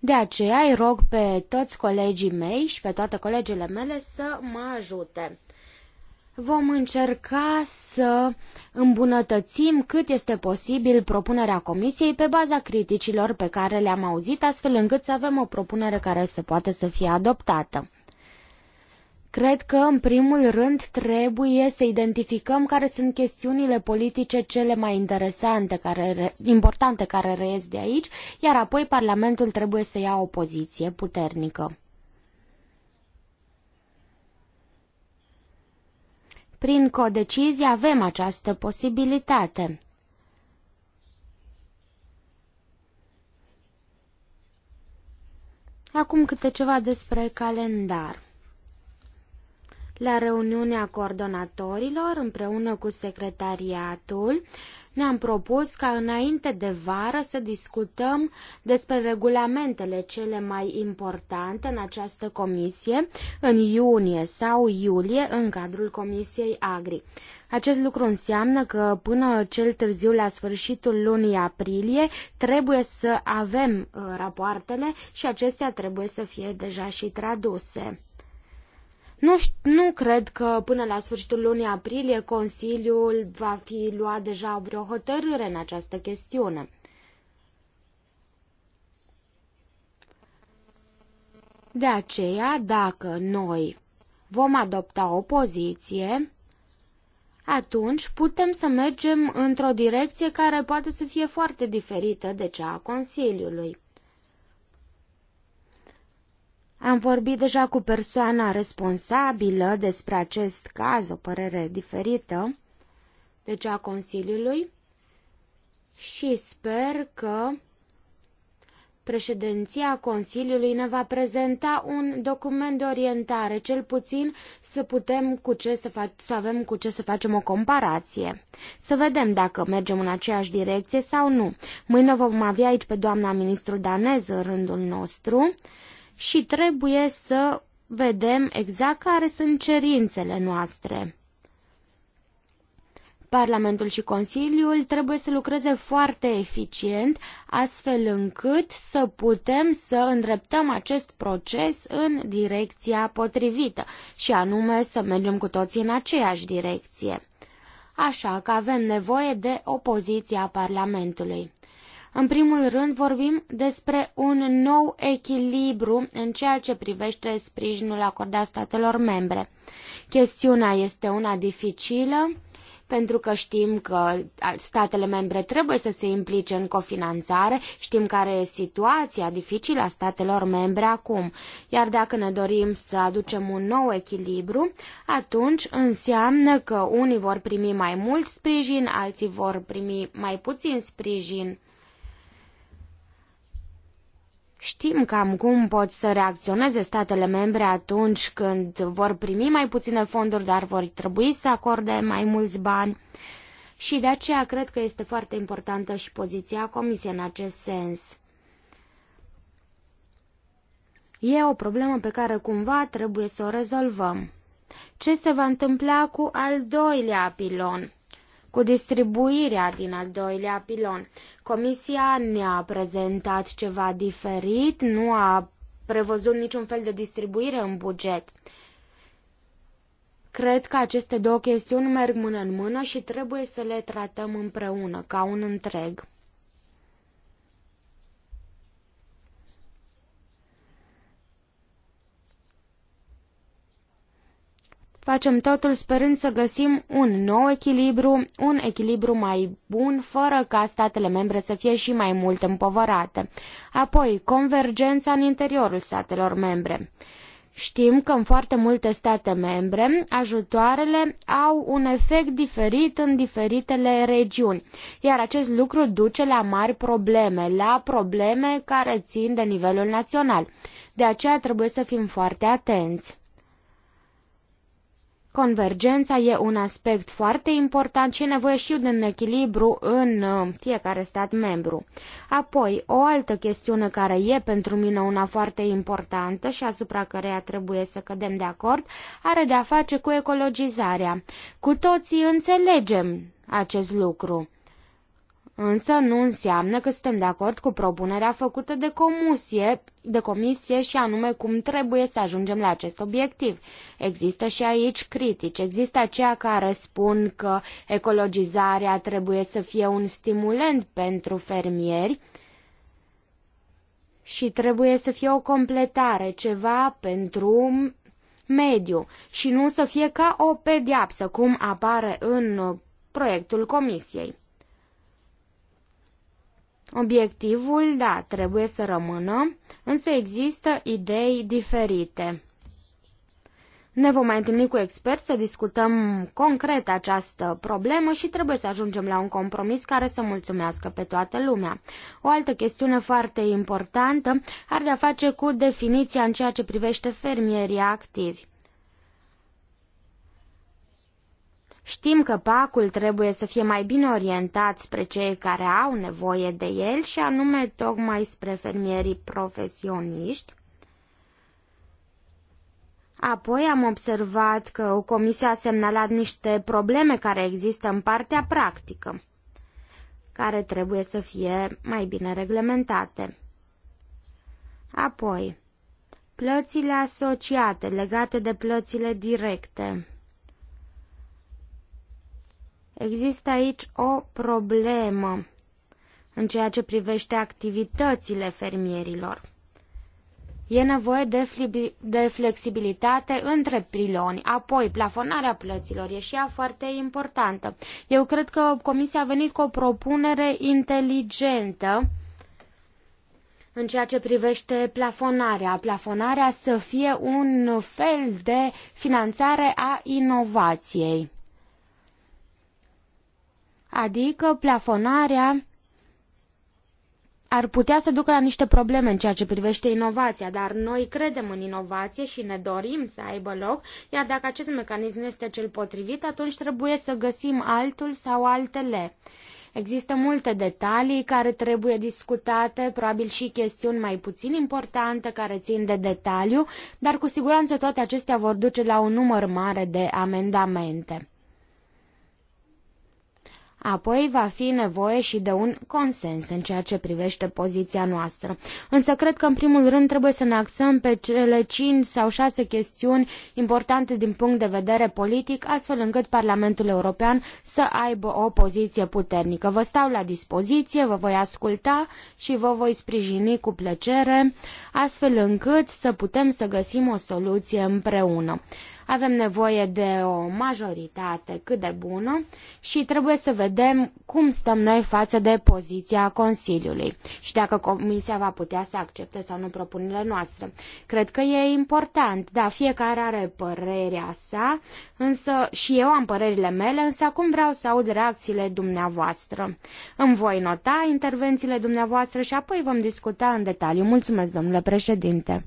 De aceea îi rog pe toți colegii mei și pe toate colegele mele să mă ajute. Vom încerca să îmbunătățim cât este posibil propunerea Comisiei pe baza criticilor pe care le-am auzit, astfel încât să avem o propunere care să poată să fie adoptată. Cred că, în primul rând, trebuie să identificăm care sunt chestiunile politice cele mai interesante, care, importante care reies de aici, iar apoi Parlamentul trebuie să ia o poziție puternică. Prin codecizie avem această posibilitate. Acum câte ceva despre calendar. La reuniunea coordonatorilor, împreună cu secretariatul, ne-am propus ca înainte de vară să discutăm despre regulamentele cele mai importante în această comisie în iunie sau iulie în cadrul Comisiei Agri. Acest lucru înseamnă că până cel târziu la sfârșitul lunii aprilie trebuie să avem uh, rapoartele și acestea trebuie să fie deja și traduse. Nu, nu cred că până la sfârșitul lunii aprilie Consiliul va fi luat deja vreo hotărâre în această chestiune. De aceea, dacă noi vom adopta o poziție, atunci putem să mergem într-o direcție care poate să fie foarte diferită de cea a Consiliului. Am vorbit deja cu persoana responsabilă despre acest caz, o părere diferită de deci cea a Consiliului și sper că președinția Consiliului ne va prezenta un document de orientare, cel puțin să putem cu ce să, fac, să avem cu ce să facem o comparație. Să vedem dacă mergem în aceeași direcție sau nu. Mâine vom avea aici pe doamna ministru danez în rândul nostru și trebuie să vedem exact care sunt cerințele noastre. Parlamentul și Consiliul trebuie să lucreze foarte eficient, astfel încât să putem să îndreptăm acest proces în direcția potrivită, și anume să mergem cu toții în aceeași direcție. Așa că avem nevoie de opoziția Parlamentului. În primul rând vorbim despre un nou echilibru în ceea ce privește sprijinul acordat statelor membre. Chestiunea este una dificilă pentru că știm că statele membre trebuie să se implice în cofinanțare, știm care e situația dificilă a statelor membre acum. Iar dacă ne dorim să aducem un nou echilibru, atunci înseamnă că unii vor primi mai mult sprijin, alții vor primi mai puțin sprijin. Știm cam cum pot să reacționeze statele membre atunci când vor primi mai puține fonduri, dar vor trebui să acorde mai mulți bani. Și de aceea cred că este foarte importantă și poziția Comisiei în acest sens. E o problemă pe care cumva trebuie să o rezolvăm. Ce se va întâmpla cu al doilea pilon? Cu distribuirea din al doilea pilon. Comisia ne-a prezentat ceva diferit, nu a prevăzut niciun fel de distribuire în buget. Cred că aceste două chestiuni merg mână în mână și trebuie să le tratăm împreună, ca un întreg. Facem totul sperând să găsim un nou echilibru, un echilibru mai bun, fără ca statele membre să fie și mai mult împovărate. Apoi, convergența în interiorul statelor membre. Știm că în foarte multe state membre ajutoarele au un efect diferit în diferitele regiuni, iar acest lucru duce la mari probleme, la probleme care țin de nivelul național. De aceea trebuie să fim foarte atenți. Convergența e un aspect foarte important și e nevoie și de un echilibru în uh, fiecare stat membru. Apoi, o altă chestiune care e pentru mine una foarte importantă și asupra căreia trebuie să cădem de acord, are de a face cu ecologizarea. Cu toții înțelegem acest lucru. Însă nu înseamnă că suntem de acord cu propunerea făcută de comisie, de comisie și anume cum trebuie să ajungem la acest obiectiv. Există și aici critici. Există aceia care spun că ecologizarea trebuie să fie un stimulent pentru fermieri, și trebuie să fie o completare, ceva pentru mediu și nu să fie ca o pediapsă, cum apare în proiectul comisiei. Obiectivul, da, trebuie să rămână, însă există idei diferite. Ne vom mai întâlni cu experți să discutăm concret această problemă și trebuie să ajungem la un compromis care să mulțumească pe toată lumea. O altă chestiune foarte importantă are de-a face cu definiția în ceea ce privește fermierii activi. Știm că pacul trebuie să fie mai bine orientat spre cei care au nevoie de el și anume tocmai spre fermierii profesioniști. Apoi am observat că o comisie a semnalat niște probleme care există în partea practică, care trebuie să fie mai bine reglementate. Apoi, plățile asociate legate de plățile directe. Există aici o problemă în ceea ce privește activitățile fermierilor. E nevoie de, de flexibilitate între piloni, apoi plafonarea plăților e și ea foarte importantă. Eu cred că Comisia a venit cu o propunere inteligentă în ceea ce privește plafonarea. Plafonarea să fie un fel de finanțare a inovației adică plafonarea ar putea să ducă la niște probleme în ceea ce privește inovația, dar noi credem în inovație și ne dorim să aibă loc, iar dacă acest mecanism este cel potrivit, atunci trebuie să găsim altul sau altele. Există multe detalii care trebuie discutate, probabil și chestiuni mai puțin importante care țin de detaliu, dar cu siguranță toate acestea vor duce la un număr mare de amendamente. Apoi va fi nevoie și de un consens în ceea ce privește poziția noastră. Însă cred că în primul rând trebuie să ne axăm pe cele 5 sau 6 chestiuni importante din punct de vedere politic, astfel încât Parlamentul European să aibă o poziție puternică. Vă stau la dispoziție, vă voi asculta și vă voi sprijini cu plăcere, astfel încât să putem să găsim o soluție împreună. Avem nevoie de o majoritate cât de bună și trebuie să vedem cum stăm noi față de poziția Consiliului și dacă Comisia va putea să accepte sau nu propunerile noastre. Cred că e important. Da, fiecare are părerea sa, însă și eu am părerile mele, însă acum vreau să aud reacțiile dumneavoastră. Îmi voi nota intervențiile dumneavoastră și apoi vom discuta în detaliu. Mulțumesc, domnule președinte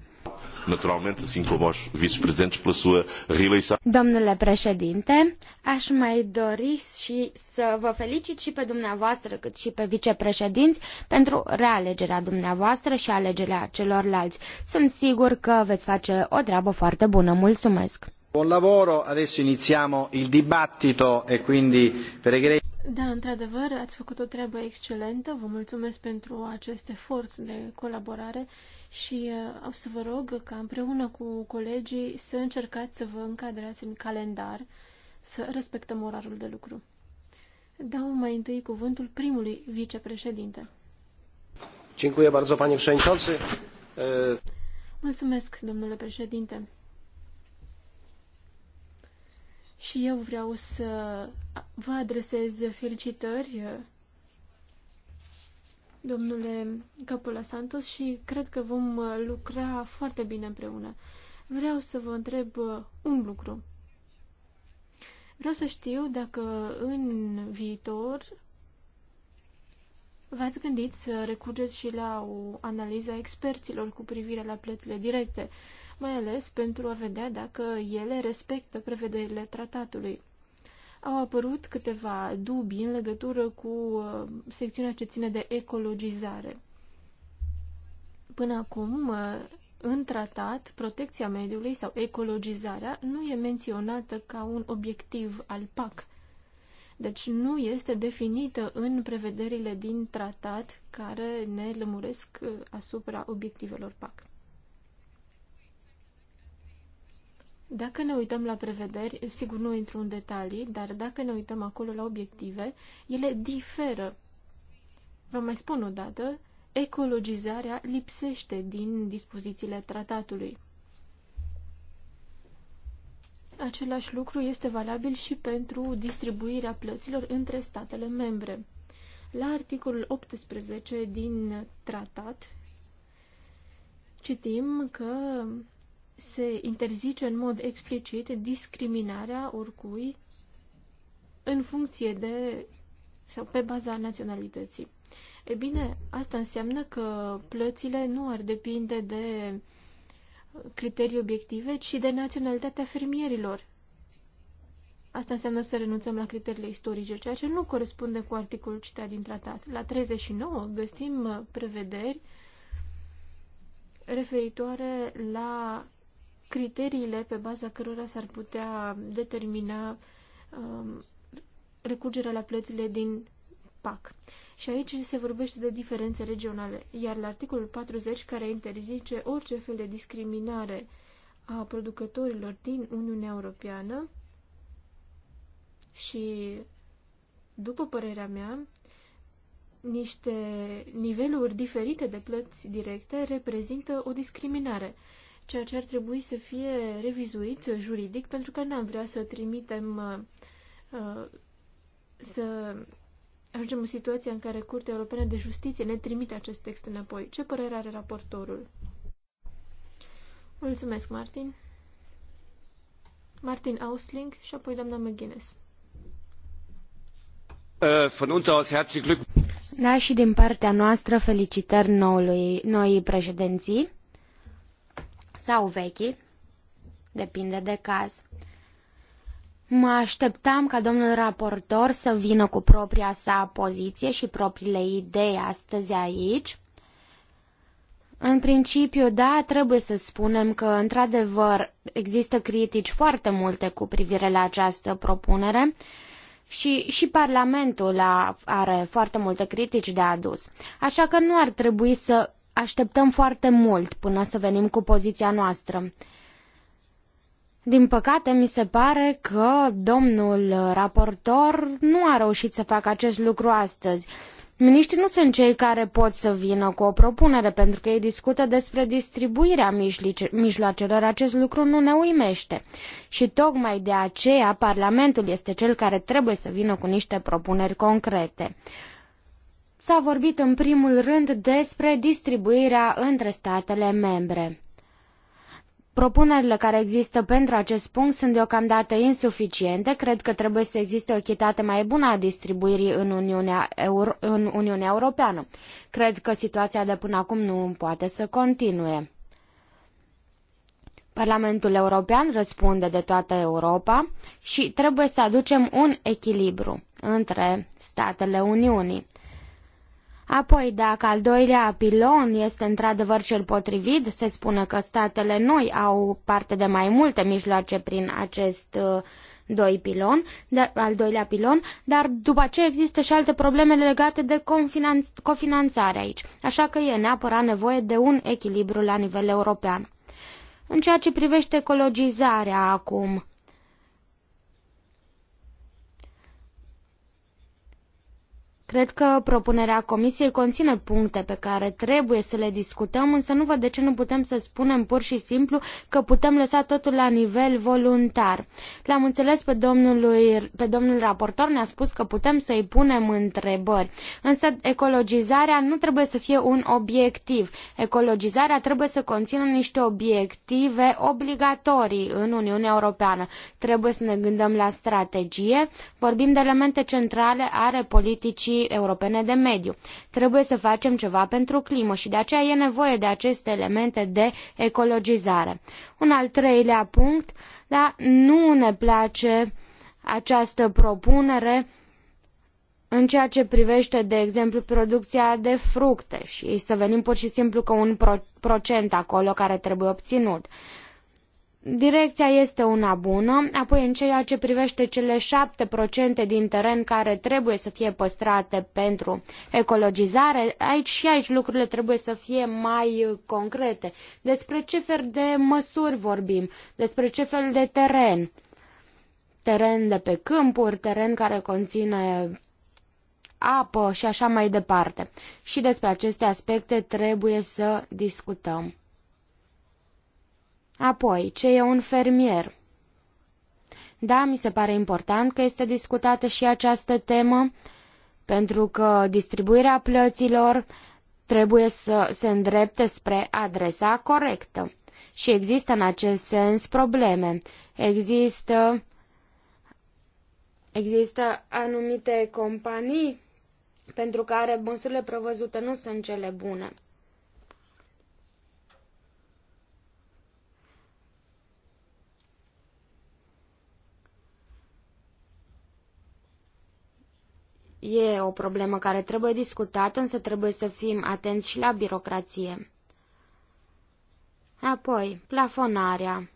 naturalmente, assim como aos vice-presidentes, pela sua reeleição. Domnule președinte, aș mai dori și să vă felicit și pe dumneavoastră, cât și pe vicepreședinți, pentru realegerea dumneavoastră și alegerea celorlalți. Sunt sigur că veți face o treabă foarte bună. Mulțumesc! Buon lavoro, adesso iniziamo il dibattito e quindi pregherei... Da, într-adevăr, ați făcut o treabă excelentă. Vă mulțumesc pentru acest efort de colaborare și uh, am să vă rog ca împreună cu colegii să încercați să vă încadrați în calendar, să respectăm orarul de lucru. Dau mai întâi cuvântul primului vicepreședinte. Dziękuję bardzo, panie przewodniczący. Mulțumesc, domnule președinte. Și eu vreau să vă adresez felicitări domnule Capola Santos, și cred că vom uh, lucra foarte bine împreună. Vreau să vă întreb uh, un lucru. Vreau să știu dacă în viitor v-ați gândit să recurgeți și la o analiză a experților cu privire la plățile directe, mai ales pentru a vedea dacă ele respectă prevederile tratatului au apărut câteva dubii în legătură cu uh, secțiunea ce ține de ecologizare. Până acum, uh, în tratat, protecția mediului sau ecologizarea nu e menționată ca un obiectiv al PAC. Deci nu este definită în prevederile din tratat care ne lămuresc uh, asupra obiectivelor PAC. Dacă ne uităm la prevederi, sigur nu intru în detalii, dar dacă ne uităm acolo la obiective, ele diferă. Vă mai spun o dată, ecologizarea lipsește din dispozițiile tratatului. Același lucru este valabil și pentru distribuirea plăților între statele membre. La articolul 18 din tratat citim că se interzice în mod explicit discriminarea oricui în funcție de sau pe baza naționalității. E bine, asta înseamnă că plățile nu ar depinde de criterii obiective, ci de naționalitatea fermierilor. Asta înseamnă să renunțăm la criteriile istorice, ceea ce nu corespunde cu articolul citat din tratat. La 39 găsim prevederi referitoare la criteriile pe baza cărora s-ar putea determina um, recurgerea la plățile din PAC. Și aici se vorbește de diferențe regionale, iar la articolul 40, care interzice orice fel de discriminare a producătorilor din Uniunea Europeană și, după părerea mea, niște niveluri diferite de plăți directe reprezintă o discriminare ceea ce ar trebui să fie revizuit juridic, pentru că n-am vrea să trimitem, uh, să ajungem în situația în care Curtea Europeană de Justiție ne trimite acest text înapoi. Ce părere are raportorul? Mulțumesc, Martin. Martin Ausling și apoi doamna McGuinness. Uh, da, și din partea noastră felicitări noului, noii președinții sau vechi, depinde de caz. Mă așteptam ca domnul raportor să vină cu propria sa poziție și propriile idei astăzi aici. În principiu, da, trebuie să spunem că, într-adevăr, există critici foarte multe cu privire la această propunere și, și Parlamentul a, are foarte multe critici de adus. Așa că nu ar trebui să așteptăm foarte mult până să venim cu poziția noastră. Din păcate, mi se pare că domnul raportor nu a reușit să facă acest lucru astăzi. Miniștrii nu sunt cei care pot să vină cu o propunere, pentru că ei discută despre distribuirea mijloacelor. Acest lucru nu ne uimește. Și tocmai de aceea Parlamentul este cel care trebuie să vină cu niște propuneri concrete. S-a vorbit în primul rând despre distribuirea între statele membre. Propunerile care există pentru acest punct sunt deocamdată insuficiente. Cred că trebuie să existe o echitate mai bună a distribuirii în Uniunea, Euro- în Uniunea Europeană. Cred că situația de până acum nu poate să continue. Parlamentul European răspunde de toată Europa și trebuie să aducem un echilibru între statele Uniunii. Apoi, dacă al doilea pilon este într-adevăr cel potrivit, se spune că statele noi au parte de mai multe mijloace prin acest uh, doi pilon, de, da, al doilea pilon, dar după aceea există și alte probleme legate de cofinanțare aici. Așa că e neapărat nevoie de un echilibru la nivel european. În ceea ce privește ecologizarea acum, Cred că propunerea Comisiei conține puncte pe care trebuie să le discutăm, însă nu văd de ce nu putem să spunem pur și simplu că putem lăsa totul la nivel voluntar. L-am înțeles pe, domnului, pe domnul raportor, ne-a spus că putem să-i punem întrebări, însă ecologizarea nu trebuie să fie un obiectiv. Ecologizarea trebuie să conțină niște obiective obligatorii în Uniunea Europeană. Trebuie să ne gândăm la strategie, vorbim de elemente centrale ale politicii politicii europene de mediu. Trebuie să facem ceva pentru climă și de aceea e nevoie de aceste elemente de ecologizare. Un al treilea punct, da, nu ne place această propunere în ceea ce privește, de exemplu, producția de fructe și să venim pur și simplu cu un procent acolo care trebuie obținut. Direcția este una bună, apoi în ceea ce privește cele 7% din teren care trebuie să fie păstrate pentru ecologizare, aici și aici lucrurile trebuie să fie mai concrete. Despre ce fel de măsuri vorbim, despre ce fel de teren, teren de pe câmpuri, teren care conține apă și așa mai departe. Și despre aceste aspecte trebuie să discutăm. Apoi, ce e un fermier? Da, mi se pare important că este discutată și această temă, pentru că distribuirea plăților trebuie să se îndrepte spre adresa corectă. Și există în acest sens probleme. Există, există anumite companii pentru care bunsurile prevăzute nu sunt cele bune. E o problemă care trebuie discutată, însă trebuie să fim atenți și la birocrație. Apoi, plafonarea.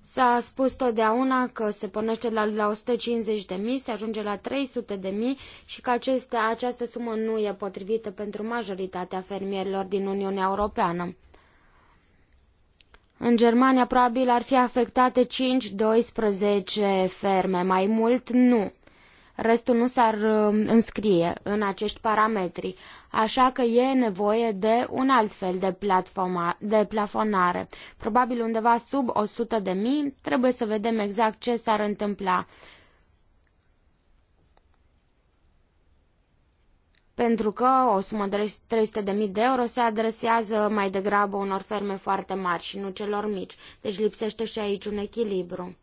S-a spus totdeauna că se pornește la, la 150 de mii, se ajunge la 300 de mii și că aceste, această sumă nu e potrivită pentru majoritatea fermierilor din Uniunea Europeană. În Germania probabil ar fi afectate 5-12 ferme, mai mult nu. Restul nu s-ar um, înscrie în acești parametri, așa că e nevoie de un alt fel de, de plafonare. Probabil undeva sub 100 de mii, trebuie să vedem exact ce s-ar întâmpla. pentru că o sumă de 300.000 de euro se adresează mai degrabă unor ferme foarte mari și nu celor mici, deci lipsește și aici un echilibru.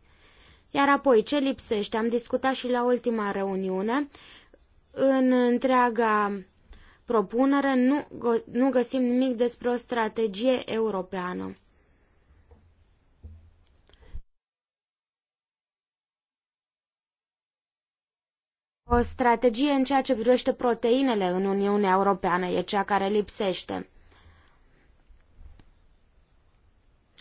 Iar apoi, ce lipsește? Am discutat și la ultima reuniune. În întreaga propunere nu, nu găsim nimic despre o strategie europeană. O strategie în ceea ce privete proteinele în Uniunea Europeană e cea care lipsește.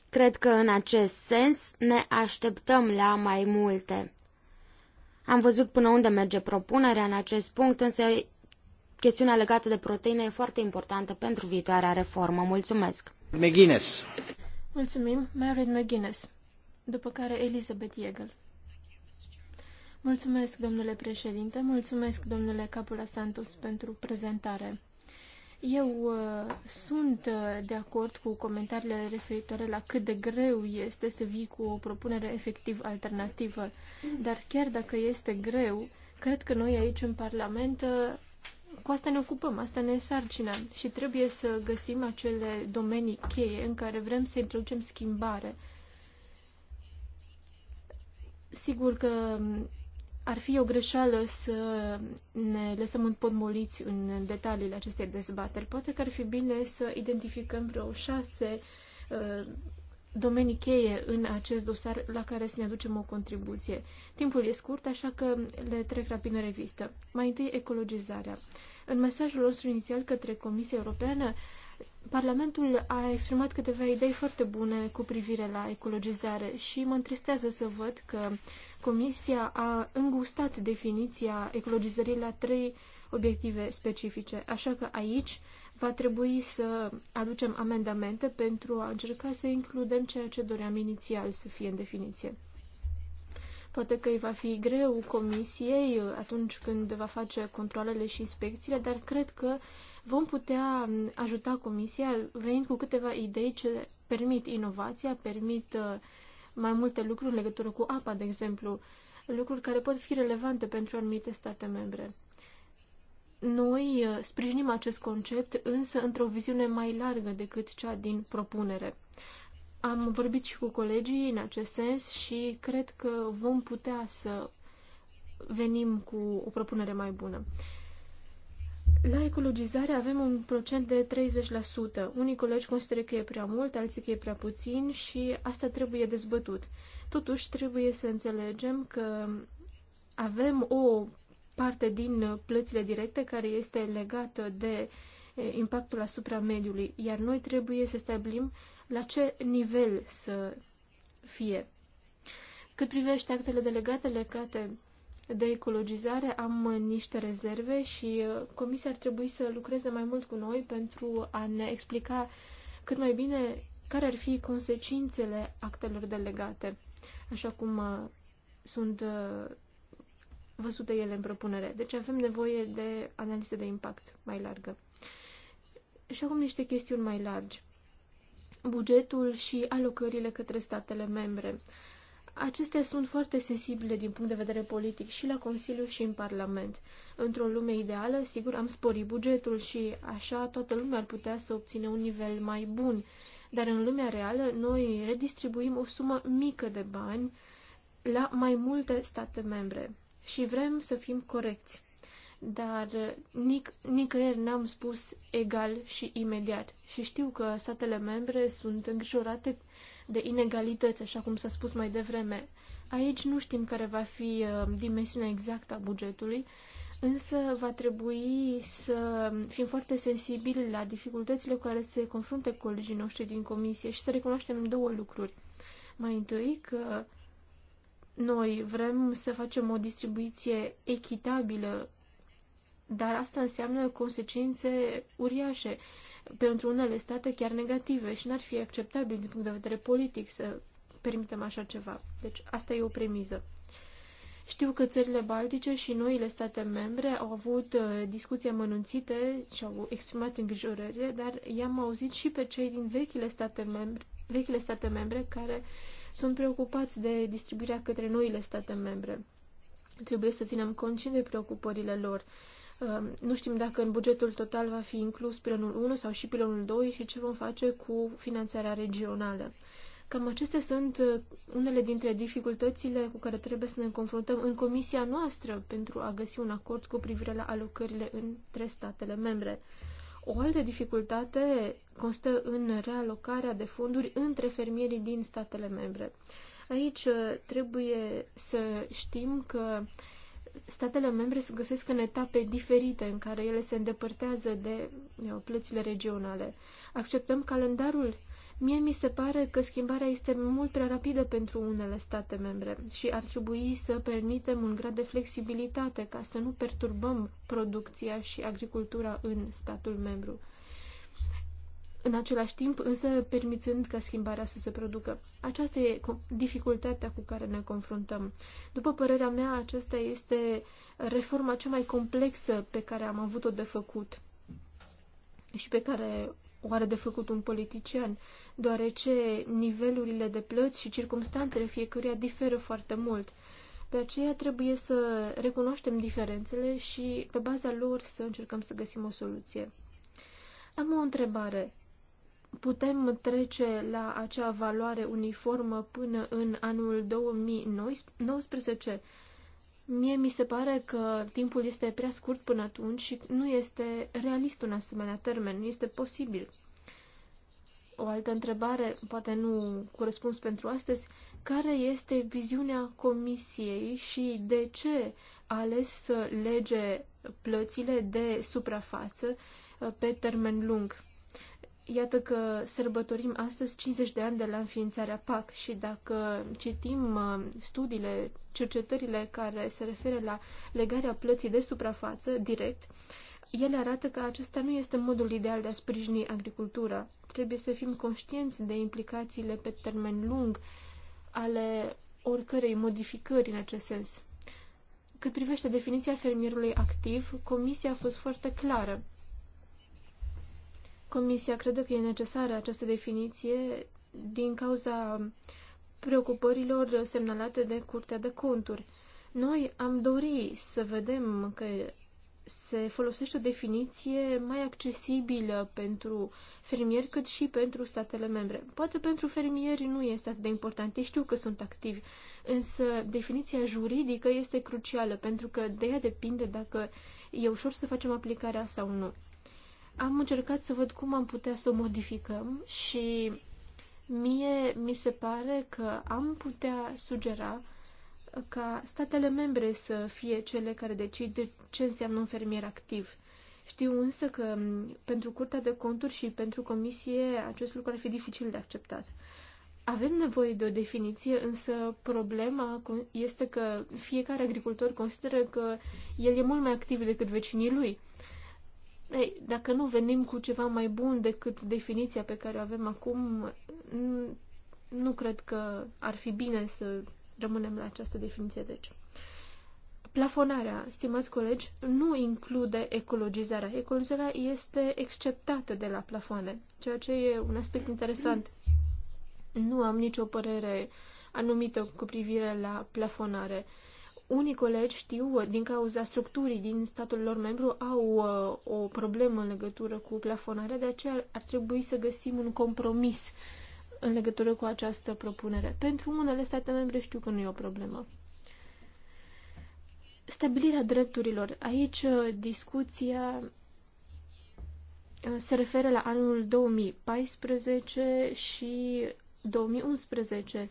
Cred că în acest sens ne așteptăm la mai multe. Am văzut până unde merge propunerea în acest punct, însă chestiunea legată de proteine e foarte importantă pentru viitoarea reformă. Mulțumesc! McGuinness. Mulțumim, Mary McGuinness, după care Elizabeth Yeagle. Mulțumesc, domnule președinte, mulțumesc, domnule Capula Santos, pentru prezentare. Eu uh, sunt uh, de acord cu comentariile referitoare la cât de greu este să vii cu o propunere efectiv alternativă, dar chiar dacă este greu, cred că noi aici în Parlament uh, cu asta ne ocupăm, asta ne sarcina și trebuie să găsim acele domenii cheie în care vrem să introducem schimbare. Sigur că um, ar fi o greșeală să ne lăsăm împotmoliți în detaliile acestei dezbateri. Poate că ar fi bine să identificăm vreo șase uh, domenii cheie în acest dosar la care să ne aducem o contribuție. Timpul e scurt, așa că le trec rapid în revistă. Mai întâi, ecologizarea. În mesajul nostru inițial către Comisia Europeană Parlamentul a exprimat câteva idei foarte bune cu privire la ecologizare și mă întristează să văd că Comisia a îngustat definiția ecologizării la trei obiective specifice. Așa că aici va trebui să aducem amendamente pentru a încerca să includem ceea ce doream inițial să fie în definiție. Poate că îi va fi greu comisiei atunci când va face controlele și inspecțiile, dar cred că vom putea ajuta Comisia venind cu câteva idei ce permit inovația, permit uh, mai multe lucruri în legătură cu apa, de exemplu, lucruri care pot fi relevante pentru anumite state membre. Noi uh, sprijinim acest concept, însă într-o viziune mai largă decât cea din propunere. Am vorbit și cu colegii în acest sens și cred că vom putea să venim cu o propunere mai bună. La ecologizare avem un procent de 30%. Unii colegi consideră că e prea mult, alții că e prea puțin și asta trebuie dezbătut. Totuși, trebuie să înțelegem că avem o parte din plățile directe care este legată de impactul asupra mediului, iar noi trebuie să stabilim la ce nivel să fie. Cât privește actele delegate legate de ecologizare am uh, niște rezerve și uh, comisia ar trebui să lucreze mai mult cu noi pentru a ne explica cât mai bine care ar fi consecințele actelor delegate, așa cum uh, sunt văzute ele în propunere. Deci avem nevoie de analize de impact mai largă. Și acum niște chestiuni mai largi. Bugetul și alocările către statele membre. Acestea sunt foarte sensibile din punct de vedere politic și la Consiliu și în Parlament. Într-o lume ideală, sigur, am spori bugetul și așa toată lumea ar putea să obțină un nivel mai bun. Dar în lumea reală, noi redistribuim o sumă mică de bani la mai multe state membre și vrem să fim corecți. Dar uh, nic- nicăieri n-am spus egal și imediat. Și știu că statele membre sunt îngrijorate de inegalități, așa cum s-a spus mai devreme. Aici nu știm care va fi uh, dimensiunea exactă a bugetului, însă va trebui să fim foarte sensibili la dificultățile cu care se confruntă colegii noștri din comisie și să recunoaștem două lucruri. Mai întâi că noi vrem să facem o distribuție echitabilă, dar asta înseamnă consecințe uriașe pentru unele state chiar negative și n-ar fi acceptabil din punct de vedere politic să permitem așa ceva. Deci asta e o premiză. Știu că țările baltice și noile state membre au avut uh, discuții amănunțite și au exprimat îngrijorările, dar i-am auzit și pe cei din vechile state membre, vechile state membre care sunt preocupați de distribuirea către noile state membre. Trebuie să ținem cont și de preocupările lor. Uh, Um, nu știm dacă în bugetul total va fi inclus pilonul 1 sau și pilonul 2 și ce vom face cu finanțarea regională. Cam acestea sunt uh, unele dintre dificultățile cu care trebuie să ne confruntăm în comisia noastră pentru a găsi un acord cu privire la alocările între statele membre. O altă dificultate constă în realocarea de fonduri între fermierii din statele membre. Aici uh, trebuie să știm că uh, statele membre se găsesc în etape diferite în care ele se îndepărtează de plățile regionale. Acceptăm calendarul? Mie mi se pare că schimbarea este mult prea rapidă pentru unele state membre și ar trebui să permitem un grad de flexibilitate ca să nu perturbăm producția și agricultura în statul membru în același timp însă permițând ca schimbarea să se producă. Aceasta e dificultatea cu care ne confruntăm. După părerea mea, aceasta este reforma cea mai complexă pe care am avut-o de făcut și pe care o are de făcut un politician, deoarece nivelurile de plăți și circumstanțele fiecăruia diferă foarte mult. De aceea trebuie să recunoaștem diferențele și pe baza lor să încercăm să găsim o soluție. Am o întrebare putem trece la acea valoare uniformă până în anul 2019? Mie mi se pare că timpul este prea scurt până atunci și nu este realist un asemenea termen, nu este posibil. O altă întrebare, poate nu cu răspuns pentru astăzi, care este viziunea comisiei și de ce a ales să lege plățile de suprafață uh, pe termen lung? Iată că sărbătorim astăzi 50 de ani de la înființarea PAC și dacă citim uh, studiile, cercetările care se referă la legarea plății de suprafață direct, ele arată că acesta nu este modul ideal de a sprijini agricultura. Trebuie să fim conștienți de implicațiile pe termen lung ale oricărei modificări în acest sens. Cât privește definiția fermierului activ, comisia a fost foarte clară. Comisia crede că e necesară această definiție din cauza preocupărilor semnalate de Curtea de Conturi. Noi am dori să vedem că se folosește o definiție mai accesibilă pentru fermieri cât și pentru statele membre. Poate pentru fermieri nu este atât de important, ei știu că sunt activi, însă definiția juridică este crucială pentru că de ea depinde dacă e ușor să facem aplicarea sau nu. Am încercat să văd cum am putea să o modificăm și mie mi se pare că am putea sugera ca statele membre să fie cele care decid ce înseamnă un fermier activ. Știu însă că pentru Curtea de Conturi și pentru Comisie acest lucru ar fi dificil de acceptat. Avem nevoie de o definiție, însă problema este că fiecare agricultor consideră că el e mult mai activ decât vecinii lui. Ei, dacă nu venim cu ceva mai bun decât definiția pe care o avem acum, nu cred că ar fi bine să rămânem la această definiție, deci. Plafonarea, stimați colegi, nu include ecologizarea. Ecologizarea este exceptată de la plafoane, ceea ce e un aspect interesant. Nu am nicio părere anumită cu privire la plafonare. Uh, unii colegi știu, din cauza structurii din statul lor membru, au uh, o problemă în legătură cu plafonarea, de aceea ar trebui să găsim un compromis în legătură cu această propunere. Pentru unele state membre știu că nu e o problemă. Stabilirea drepturilor. Aici uh, discuția uh, se referă la anul 2014 și 2011.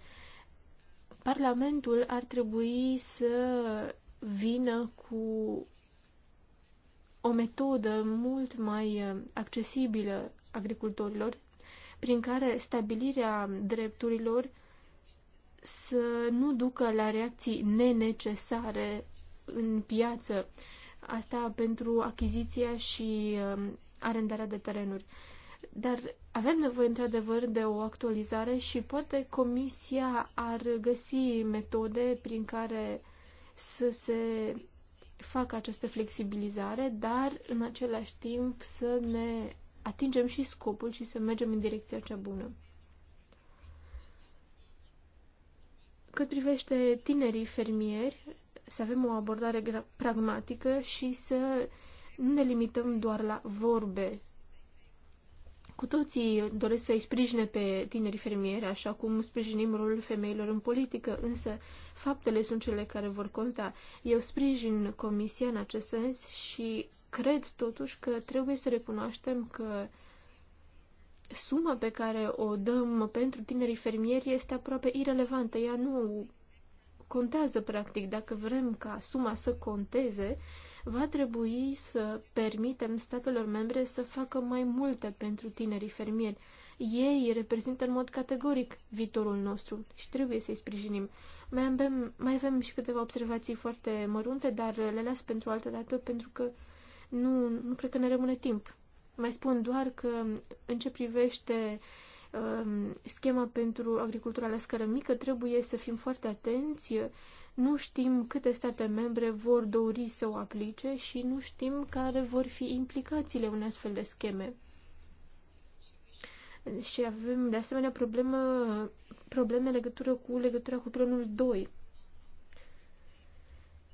Parlamentul ar trebui să vină cu o metodă mult mai uh, accesibilă agricultorilor, prin care stabilirea drepturilor să nu ducă la reacții nenecesare în piață. Asta pentru achiziția și um, arendarea de terenuri. Dar avem nevoie, într-adevăr, de o actualizare și poate Comisia ar găsi metode prin care să se facă această flexibilizare, dar în același timp să ne atingem și scopul și să mergem în direcția cea bună. Cât privește tinerii fermieri, să avem o abordare pragmatică și să nu ne limităm doar la vorbe, cu toții doresc să-i sprijine pe tinerii fermieri, așa cum sprijinim rolul femeilor în politică, însă faptele sunt cele care vor conta. Eu sprijin Comisia în acest sens și cred totuși că trebuie să recunoaștem că suma pe care o dăm pentru tinerii fermieri este aproape irelevantă. Ea nu contează practic. Dacă vrem ca suma să conteze, va trebui să permitem statelor membre să facă mai multe pentru tinerii fermieri. Ei reprezintă în mod categoric viitorul nostru și trebuie să-i sprijinim. Mai avem, mai avem și câteva observații foarte mărunte, dar le las pentru altă dată pentru că nu, nu cred că ne rămâne timp. Mai spun doar că în ce privește um, schema pentru agricultura la scară mică, trebuie să fim foarte atenți nu știm câte state membre vor dori să o aplice și nu știm care vor fi implicațiile unei astfel de scheme. Și avem de asemenea problemă, probleme legătură cu legătura cu planul 2.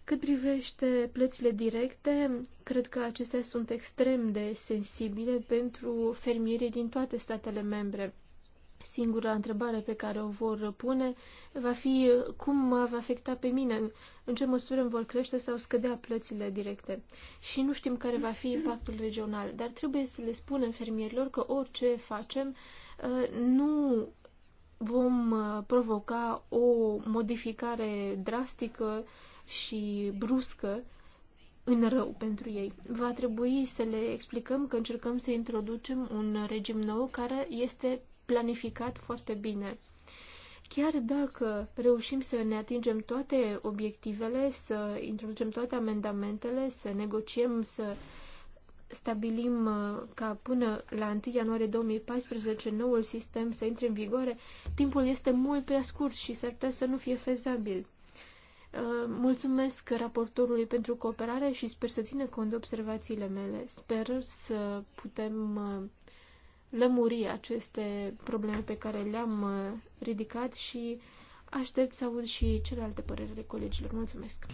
Cât privește plățile directe, cred că acestea sunt extrem de sensibile pentru fermierii din toate statele membre. Singura întrebare pe care o vor pune va fi cum mă va afecta pe mine, în ce măsură îmi vor crește sau scădea plățile directe. Și nu știm care va fi impactul regional, dar trebuie să le spunem fermierilor că orice facem uh, nu vom uh, provoca o modificare drastică și bruscă în rău pentru ei. Va trebui să le explicăm că încercăm să introducem un regim nou care este planificat foarte bine. Chiar dacă reușim să ne atingem toate obiectivele, să introducem toate amendamentele, să negociem, să stabilim uh, ca până la 1 ianuarie 2014 noul sistem să intre în vigoare, timpul este mult prea scurt și s-ar putea să nu fie fezabil. Uh, mulțumesc raportorului pentru cooperare și sper să țină cont de observațiile mele. Sper să putem uh, lămuri aceste probleme pe care le-am uh, ridicat și aștept să aud și celelalte păreri ale colegilor. Mulțumesc!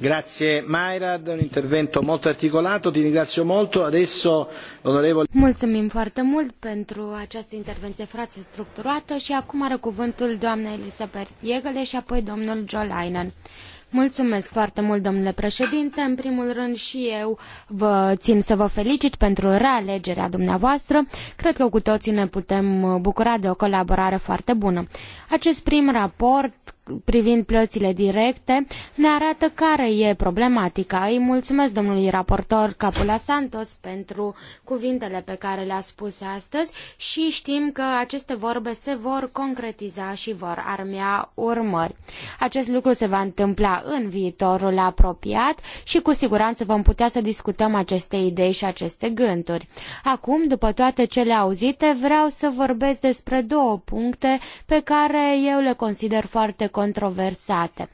Grazie Mairad, un intervento molto articolato, ti ringrazio molto. Adesso, Mulțumim foarte mult pentru această intervenție frase structurată și acum are cuvântul doamna Elisabeth Iegăle și apoi domnul Joe Linen. Mulțumesc foarte mult, domnule președinte. În primul rând și eu vă țin să vă felicit pentru realegerea dumneavoastră. Cred că cu toții ne putem bucura de o colaborare foarte bună. Acest prim raport privind plățile directe ne arată care e problematica. Îi mulțumesc domnului raportor Capula Santos pentru cuvintele pe care le-a spus astăzi și știm că aceste vorbe se vor concretiza și vor armea urmări. Acest lucru se va întâmpla în viitorul apropiat și cu siguranță vom putea să discutăm aceste idei și aceste gânduri. Acum, după toate cele auzite, vreau să vorbesc despre două puncte pe care care eu le consider foarte controversate.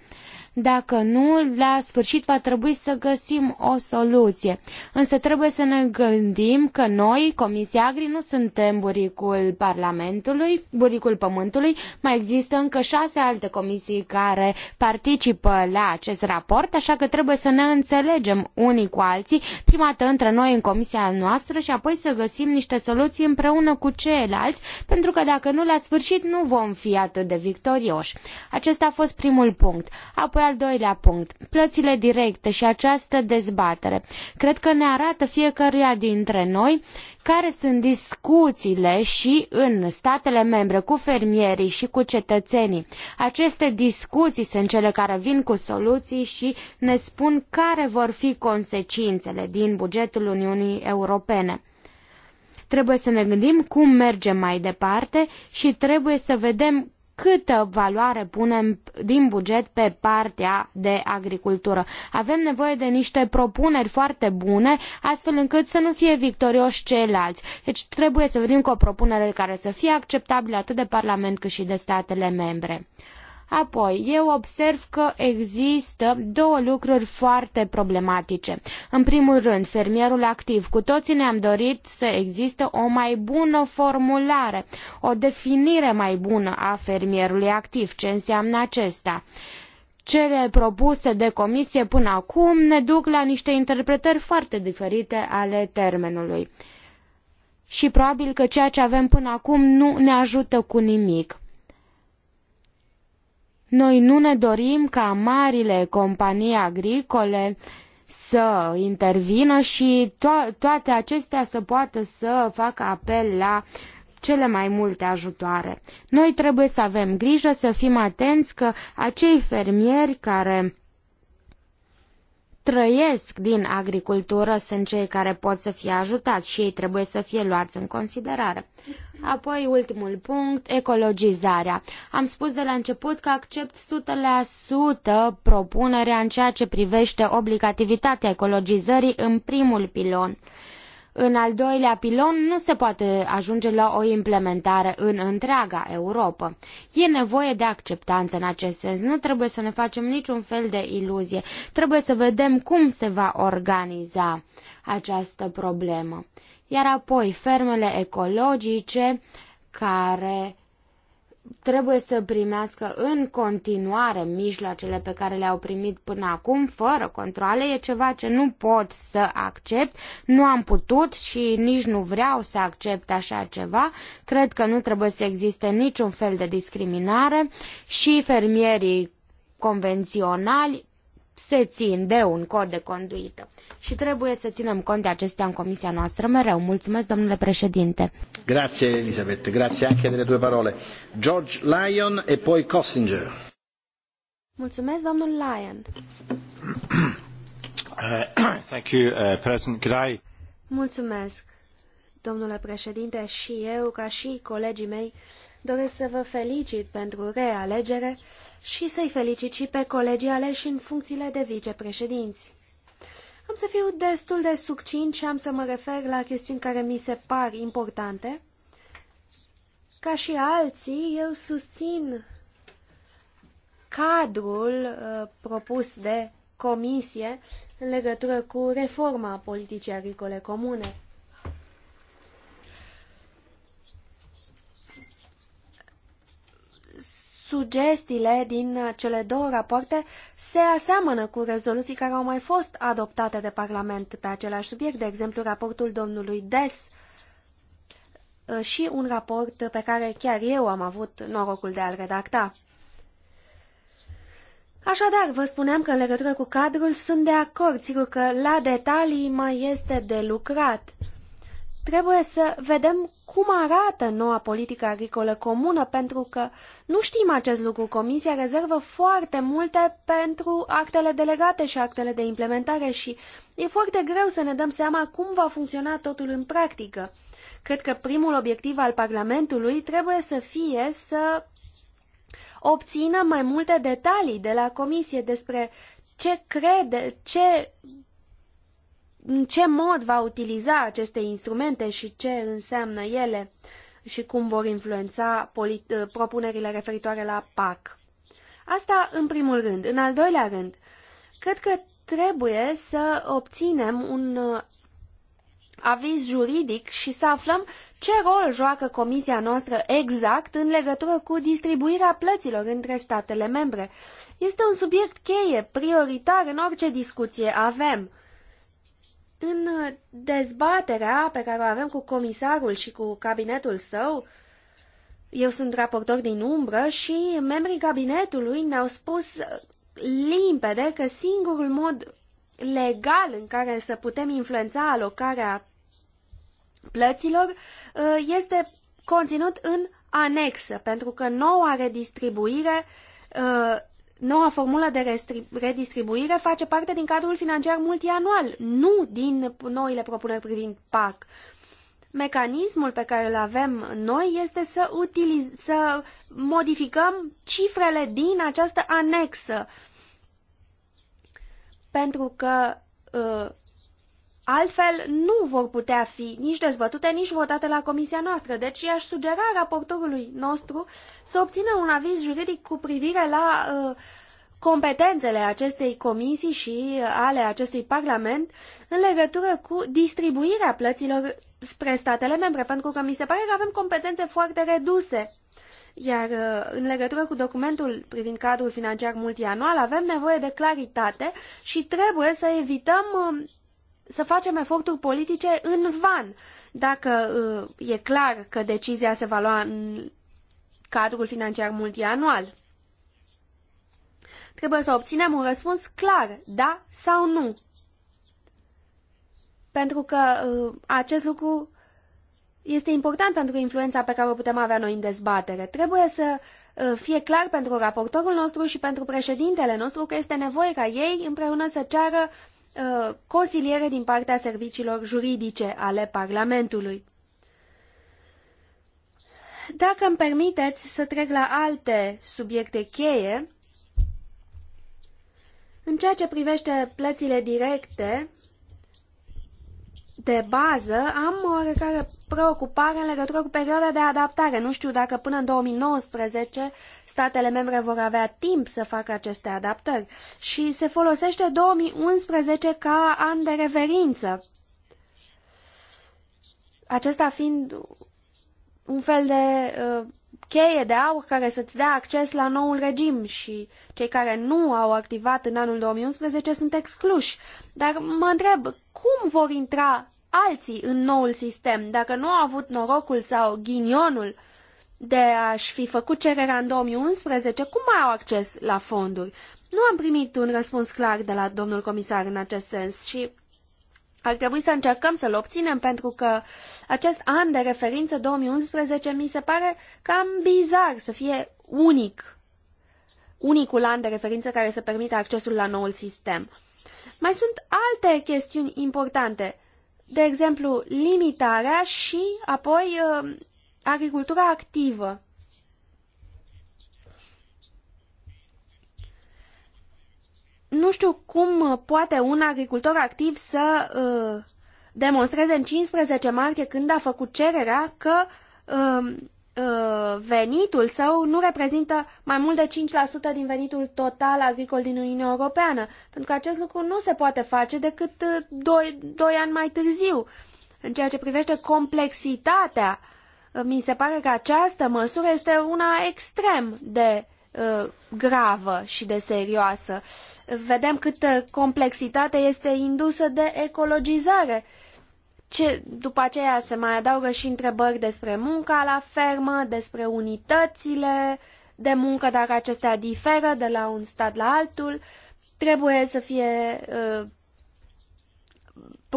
Dacă nu, la sfârșit va trebui să găsim o soluție. Însă trebuie să ne gândim că noi, Comisia Agri, nu suntem buricul Parlamentului, buricul Pământului. Mai există încă șase alte comisii care participă la acest raport, așa că trebuie să ne înțelegem unii cu alții, prima dată între noi în comisia noastră și apoi să găsim niște soluții împreună cu ceilalți, pentru că dacă nu, la sfârșit nu vom fi atât de victorioși. Acesta a fost primul punct. Apoi Apoi al doilea punct, plățile directe și această dezbatere. Cred că ne arată fiecăruia dintre noi care sunt discuțiile și în statele membre cu fermierii și cu cetățenii. Aceste discuții sunt cele care vin cu soluții și ne spun care vor fi consecințele din bugetul Uniunii Europene trebuie să ne gândim cum mergem mai departe și trebuie să vedem câtă valoare punem din buget pe partea de agricultură. Avem nevoie de niște propuneri foarte bune, astfel încât să nu fie victorioși ceilalți. Deci trebuie să venim cu o propunere care să fie acceptabilă atât de Parlament cât și de statele membre. Apoi, eu observ că există două lucruri foarte problematice. În primul rând, fermierul activ. Cu toții ne-am dorit să existe o mai bună formulare, o definire mai bună a fermierului activ. Ce înseamnă acesta? Cele propuse de comisie până acum ne duc la niște interpretări foarte diferite ale termenului. Și probabil că ceea ce avem până acum nu ne ajută cu nimic. Noi nu ne dorim ca marile companii agricole să intervină și to- toate acestea să poată să facă apel la cele mai multe ajutoare. Noi trebuie să avem grijă să fim atenți că acei fermieri care trăiesc din agricultură sunt cei care pot să fie ajutați și ei trebuie să fie luați în considerare. Apoi, ultimul punct, ecologizarea. Am spus de la început că accept 100% propunerea în ceea ce privește obligativitatea ecologizării în primul pilon. În al doilea pilon nu se poate ajunge la o implementare în întreaga Europa. E nevoie de acceptanță în acest sens. Nu trebuie să ne facem niciun fel de iluzie. Trebuie să vedem cum se va organiza această problemă. Iar apoi fermele ecologice care trebuie să primească în continuare mijloacele pe care le-au primit până acum, fără controle, e ceva ce nu pot să accept, nu am putut și nici nu vreau să accept așa ceva. Cred că nu trebuie să existe niciun fel de discriminare și fermierii convenționali se țin de un cod de conduită. Și trebuie să ținem cont de acestea în comisia noastră mereu. Mulțumesc, domnule președinte. Grazie, Elisabeth. Grazie anche delle tue parole. George Lyon e poi Mulțumesc, domnul Lyon. Uh, thank you, uh, President. Could I... Mulțumesc, domnule președinte, și eu, ca și colegii mei, Doresc să vă felicit pentru realegere și să-i felicit și pe colegii aleși în funcțiile de vicepreședinți. Am să fiu destul de succint și am să mă refer la chestiuni care mi se par importante. Ca și alții, eu susțin cadrul uh, propus de comisie în legătură cu reforma politicii agricole comune. sugestiile din cele două rapoarte se aseamănă cu rezoluții care au mai fost adoptate de Parlament pe același subiect, de exemplu raportul domnului Des ă, și un raport pe care chiar eu am avut norocul de a-l redacta. Așadar, vă spuneam că în legătură cu cadrul sunt de acord, sigur că la detalii mai este de lucrat trebuie să vedem cum arată noua politică agricolă comună, pentru că nu știm acest lucru. Comisia rezervă foarte multe pentru actele delegate și actele de implementare și e foarte greu să ne dăm seama cum va funcționa totul în practică. Cred că primul obiectiv al Parlamentului trebuie să fie să obțină mai multe detalii de la Comisie despre ce crede, ce în ce mod va utiliza aceste instrumente și ce înseamnă ele și cum vor influența uh, propunerile referitoare la PAC. Asta în primul rând. În al doilea rând, cred că trebuie să obținem un uh, aviz juridic și să aflăm ce rol joacă comisia noastră exact în legătură cu distribuirea plăților între statele membre. Este un subiect cheie, prioritar în orice discuție avem în dezbaterea pe care o avem cu comisarul și cu cabinetul său, eu sunt raportor din umbră și membrii cabinetului ne-au spus limpede că singurul mod legal în care să putem influența alocarea plăților uh, este conținut în anexă, pentru că noua redistribuire uh, Noua formulă de redistribuire face parte din cadrul financiar multianual, nu din noile propuneri privind PAC. Mecanismul pe care îl avem noi este să, utiliz- să modificăm cifrele din această anexă. Pentru că uh, Altfel, nu vor putea fi nici dezbătute, nici votate la comisia noastră. Deci, i-aș sugera raportorului nostru să obțină un aviz juridic cu privire la uh, competențele acestei comisii și uh, ale acestui Parlament în legătură cu distribuirea plăților spre statele membre, pentru că mi se pare că avem competențe foarte reduse. Iar uh, în legătură cu documentul privind cadrul financiar multianual avem nevoie de claritate și trebuie să evităm uh, să facem eforturi politice în van. Dacă uh, e clar că decizia se va lua în cadrul financiar multianual. Trebuie să obținem un răspuns clar, da sau nu. Pentru că uh, acest lucru este important pentru influența pe care o putem avea noi în dezbatere. Trebuie să uh, fie clar pentru raportorul nostru și pentru președintele nostru că este nevoie ca ei împreună să ceară consiliere din partea serviciilor juridice ale Parlamentului. Dacă îmi permiteți să trec la alte subiecte cheie, în ceea ce privește plățile directe de bază, am o oarecare preocupare în legătură cu perioada de adaptare. Nu știu dacă până în 2019 statele membre vor avea timp să facă aceste adaptări și se folosește 2011 ca an de referință. Acesta fiind un fel de uh, cheie de aur care să-ți dea acces la noul regim și cei care nu au activat în anul 2011 sunt excluși. Dar mă întreb, cum vor intra alții în noul sistem dacă nu au avut norocul sau ghinionul uh, de a-și fi făcut cererea în 2011, cum mai au acces la fonduri? Nu am primit un răspuns clar de la domnul comisar în acest sens și ar trebui să încercăm să-l obținem pentru că acest an de referință 2011 mi se pare cam bizar să fie unic, unicul an de referință care să permită accesul la noul sistem. Mai sunt alte chestiuni importante, de exemplu limitarea și apoi uh, agricultura activă. Nu știu cum poate un agricultor activ să uh, demonstreze în 15 martie, când a făcut cererea, că uh, uh, venitul său nu reprezintă mai mult de 5% din venitul total agricol din Uniunea Europeană, pentru că acest lucru nu se poate face decât 2 uh, ani mai târziu. În ceea ce privește complexitatea uh, mi se pare că această măsură este una extrem de uh, gravă și de serioasă. Vedem câtă uh, complexitate este indusă de ecologizare. Ce, după aceea se mai adaugă și întrebări despre munca la fermă, despre unitățile de muncă, dacă acestea diferă de la un stat la altul. Trebuie să fie uh,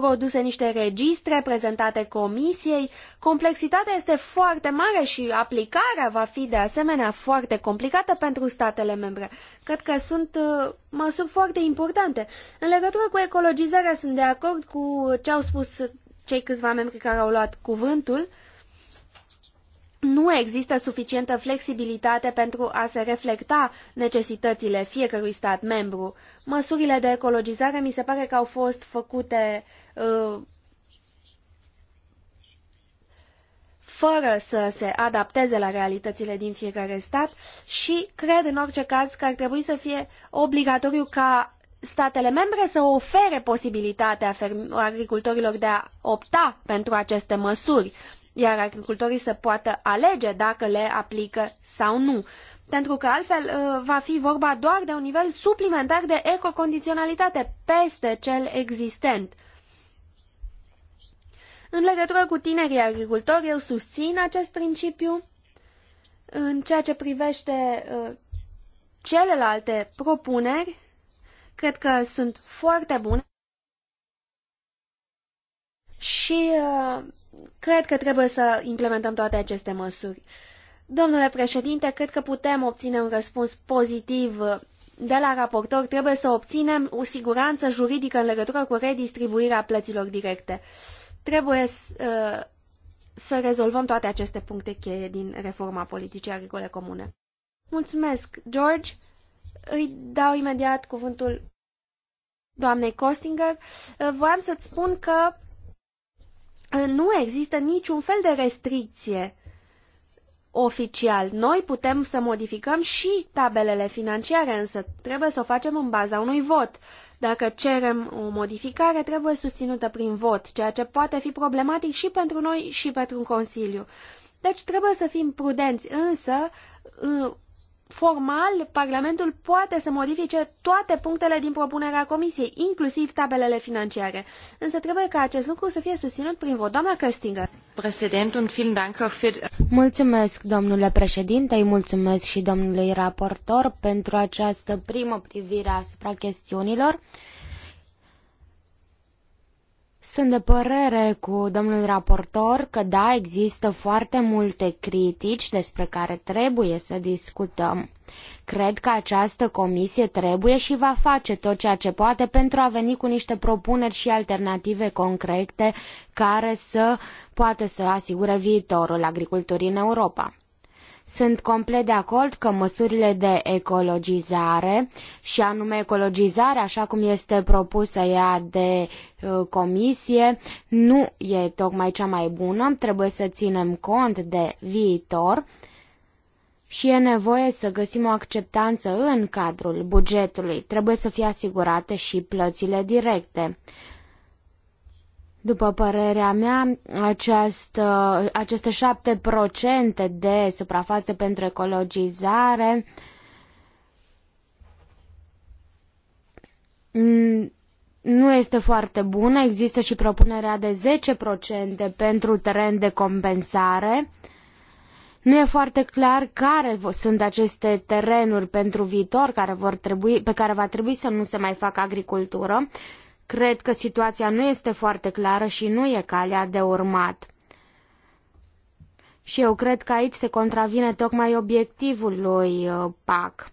produse niște registre prezentate comisiei. Complexitatea este foarte mare și aplicarea va fi de asemenea foarte complicată pentru statele membre. Cred că sunt uh, măsuri foarte importante. În legătură cu ecologizarea sunt de acord cu ce au spus cei câțiva membri care au luat cuvântul. Nu există suficientă flexibilitate pentru a se reflecta necesitățile fiecărui stat membru. Măsurile de ecologizare mi se pare că au fost făcute uh, Uh, fără să se adapteze la realitățile din fiecare stat și cred în orice caz că ar trebui să fie obligatoriu ca statele membre să ofere posibilitatea agricultorilor de a opta pentru aceste măsuri, iar agricultorii să poată alege dacă le aplică sau nu. Pentru că altfel uh, va fi vorba doar de un nivel suplimentar de ecocondiționalitate peste cel existent. În legătură cu tinerii agricultori, eu susțin acest principiu. În ceea ce privește uh, celelalte propuneri, cred că sunt foarte bune și uh, cred că trebuie să implementăm toate aceste măsuri. Domnule președinte, cred că putem obține un răspuns pozitiv uh, de la raportor. Trebuie să obținem o siguranță juridică în legătură cu redistribuirea plăților directe. Trebuie să, uh, să rezolvăm toate aceste puncte cheie din reforma politicii agricole comune. Mulțumesc, George! Îi dau imediat cuvântul doamnei Costinger. Uh, voiam să-ți spun că uh, nu există niciun fel de restricție oficial. Noi putem să modificăm și tabelele financiare, însă trebuie să o facem în baza unui vot. Dacă cerem o modificare, trebuie susținută prin vot, ceea ce poate fi problematic și pentru noi și pentru un Consiliu. Deci trebuie să fim prudenți, însă formal, Parlamentul poate să modifice toate punctele din propunerea Comisiei, inclusiv tabelele financiare. Însă trebuie ca acest lucru să fie susținut prin vot. Doamna Köstinger. Mulțumesc, domnule președinte, îi mulțumesc și domnului raportor pentru această primă privire asupra chestiunilor. Sunt de părere cu domnul raportor că da, există foarte multe critici despre care trebuie să discutăm. Cred că această comisie trebuie și va face tot ceea ce poate pentru a veni cu niște propuneri și alternative concrete care să poată să asigure viitorul agriculturii în Europa. Sunt complet de acord că măsurile de ecologizare și anume ecologizarea așa cum este propusă ea de uh, comisie nu e tocmai cea mai bună, trebuie să ținem cont de viitor și e nevoie să găsim o acceptanță în cadrul bugetului. Trebuie să fie asigurate și plățile directe. După părerea mea, această, aceste șapte procente de suprafață pentru ecologizare mm, nu este foarte bună. Există și propunerea de 10% pentru teren de compensare. Nu e foarte clar care sunt aceste terenuri pentru viitor care vor trebui, pe care va trebui să nu se mai facă agricultură Cred că situația nu este foarte clară și nu e calea de urmat. Și eu cred că aici se contravine tocmai obiectivului uh, PAC.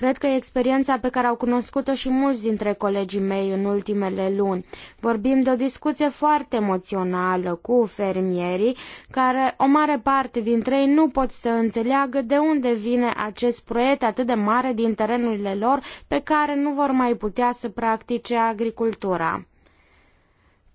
Cred că e experiența pe care au cunoscut-o și mulți dintre colegii mei în ultimele luni. Vorbim de o discuție foarte emoțională cu fermierii, care o mare parte dintre ei nu pot să înțeleagă de unde vine acest proiect atât de mare din terenurile lor pe care nu vor mai putea să practice agricultura.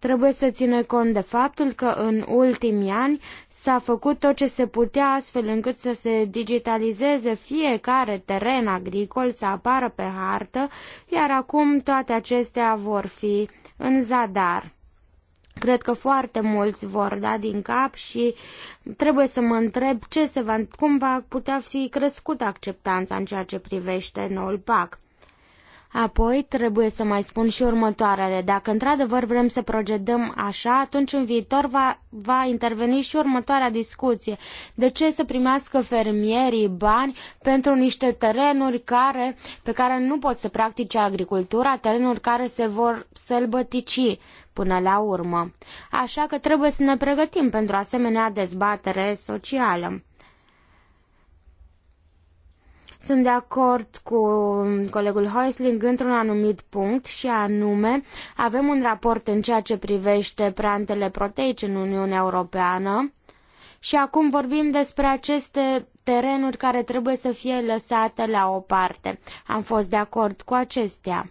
Trebuie să ține cont de faptul că în ultimii ani s-a făcut tot ce se putea astfel încât să se digitalizeze fiecare teren agricol, să apară pe hartă, iar acum toate acestea vor fi în zadar. Cred că foarte mulți vor da din cap și trebuie să mă întreb ce se va, cum va putea fi crescută acceptanța în ceea ce privește noul pact. Apoi trebuie să mai spun și următoarele. Dacă într-adevăr vrem să procedăm așa, atunci în viitor va, va interveni și următoarea discuție. De ce să primească fermierii bani pentru niște terenuri care, pe care nu pot să practice agricultura, terenuri care se vor sălbătici până la urmă. Așa că trebuie să ne pregătim pentru asemenea dezbatere socială. Sunt de acord cu colegul Heusling într-un anumit punct și anume avem un raport în ceea ce privește plantele proteice în Uniunea Europeană și acum vorbim despre aceste terenuri care trebuie să fie lăsate la o parte. Am fost de acord cu acestea.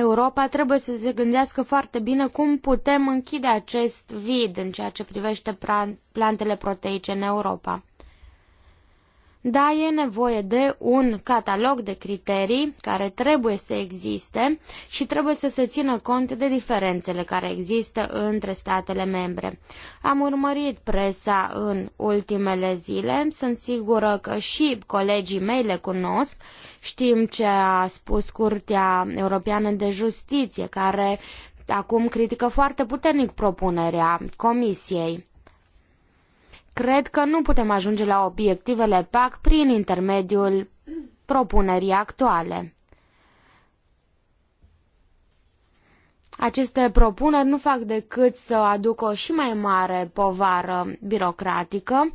Europa trebuie să se gândească foarte bine cum putem închide acest vid în ceea ce privește plantele proteice în Europa. Da, e nevoie de un catalog de criterii care trebuie să existe și trebuie să se țină cont de diferențele care există între statele membre. Am urmărit presa în ultimele zile, sunt sigură că și colegii mei le cunosc. Știm ce a spus Curtea Europeană de Justiție, care acum critică foarte puternic propunerea Comisiei. Cred că nu putem ajunge la obiectivele PAC prin intermediul propunerii actuale. Aceste propuneri nu fac decât să aducă o și mai mare povară birocratică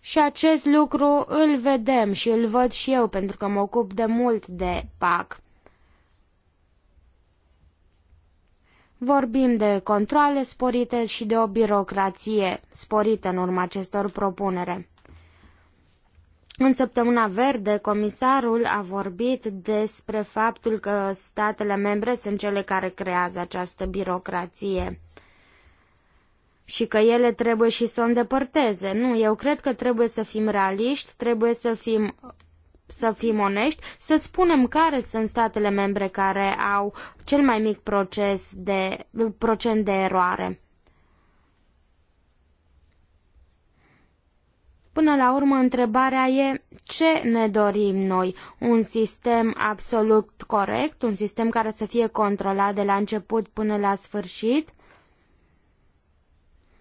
și acest lucru îl vedem și îl văd și eu pentru că mă ocup de mult de PAC. Vorbim de controle sporite și de o birocrație sporită în urma acestor propunere. În săptămâna verde, comisarul a vorbit despre faptul că statele membre sunt cele care creează această birocrație și că ele trebuie și să o îndepărteze. Nu, eu cred că trebuie să fim realiști, trebuie să fim să fim onești, să spunem care sunt statele membre care au cel mai mic proces de, procent de eroare. Până la urmă, întrebarea e ce ne dorim noi? Un sistem absolut corect, un sistem care să fie controlat de la început până la sfârșit?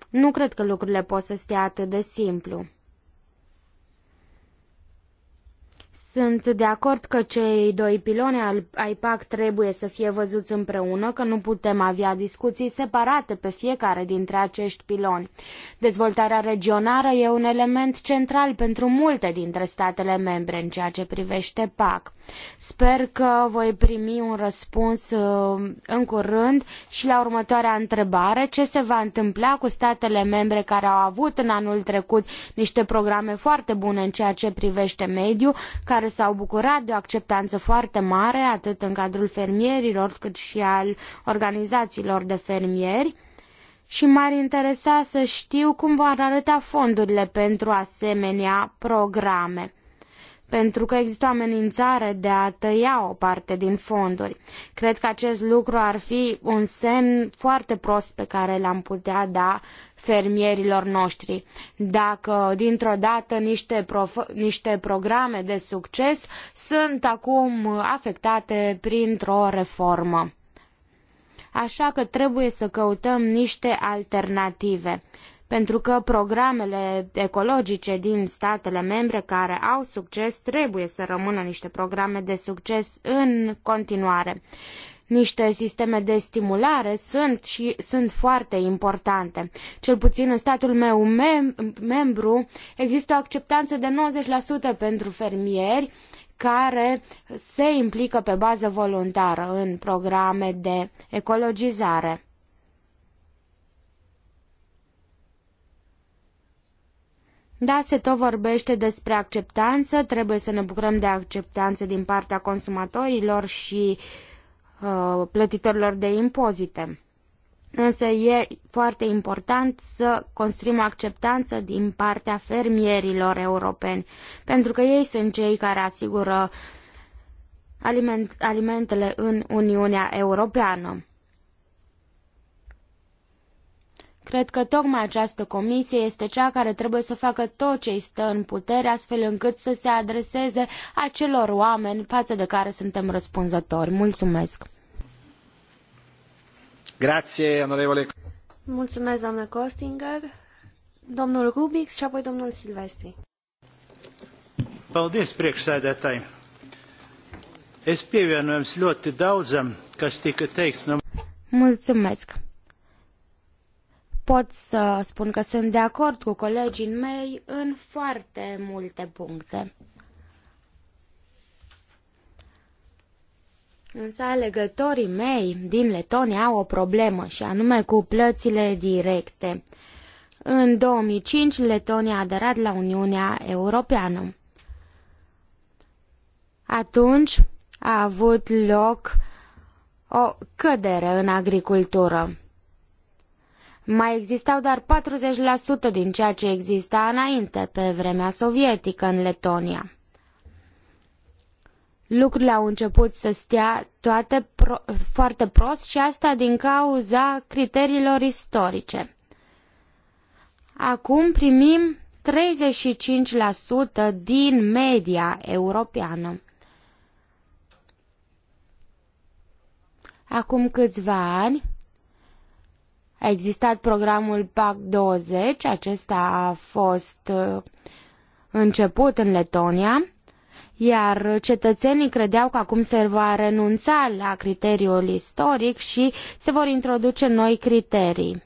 Nu cred că lucrurile pot să stea atât de simplu. Sunt de acord că cei doi piloni ai PAC trebuie să fie văzuți împreună, că nu putem avea discuții separate pe fiecare dintre acești piloni. Dezvoltarea regională e un element central pentru multe dintre statele membre în ceea ce privește PAC. Sper că voi primi un răspuns uh, în curând și la următoarea întrebare, ce se va întâmpla cu statele membre care au avut în anul trecut niște programe foarte bune în ceea ce privește mediul, care s-au bucurat de o acceptanță foarte mare, atât în cadrul fermierilor, cât și al organizațiilor de fermieri. Și m-ar interesa să știu cum vor arăta fondurile pentru asemenea programe pentru că există o amenințare de a tăia o parte din fonduri. Cred că acest lucru ar fi un semn foarte prost pe care l-am putea da fermierilor noștri. Dacă dintr-o dată niște, niște programe de succes sunt acum afectate printr-o reformă. Așa că trebuie să căutăm niște alternative pentru că programele ecologice din statele membre care au succes trebuie să rămână niște programe de succes în continuare. Niște sisteme de stimulare sunt și sunt foarte importante. Cel puțin în statul meu mem membru există o acceptanță de 90% pentru fermieri care se implică pe bază voluntară în programe de ecologizare. Da, se tot vorbește despre acceptanță, trebuie să ne bucurăm de acceptanță din partea consumatorilor și uh, plătitorilor de impozite. Însă e foarte important să construim acceptanță din partea fermierilor europeni, pentru că ei sunt cei care asigură aliment, alimentele în Uniunea Europeană. Cred că tocmai această comisie este cea care trebuie să facă tot ce îi stă în putere, astfel încât să se adreseze acelor oameni față de care suntem răspunzători. Mulțumesc! Grazie, onorevole. Mulțumesc, doamnă Costinger. Domnul Rubix și apoi domnul Silvestri. Paldies, priekšsēdētāji. Es pievienojums ļoti daudzam, kas tika teiks no... Mulțumesc pot să spun că sunt de acord cu colegii mei în foarte multe puncte. Însă alegătorii mei din Letonia au o problemă și anume cu plățile directe. În 2005 Letonia a aderat la Uniunea Europeană. Atunci a avut loc o cădere în agricultură. Mai existau doar 40% din ceea ce exista înainte, pe vremea sovietică, în Letonia. Lucrurile au început să stea toate pro foarte prost și asta din cauza criteriilor istorice. Acum primim 35% din media europeană. Acum câțiva ani, a existat programul PAC 20, acesta a fost uh, început în Letonia, iar cetățenii credeau că acum se va renunța la criteriul istoric și se vor introduce noi criterii.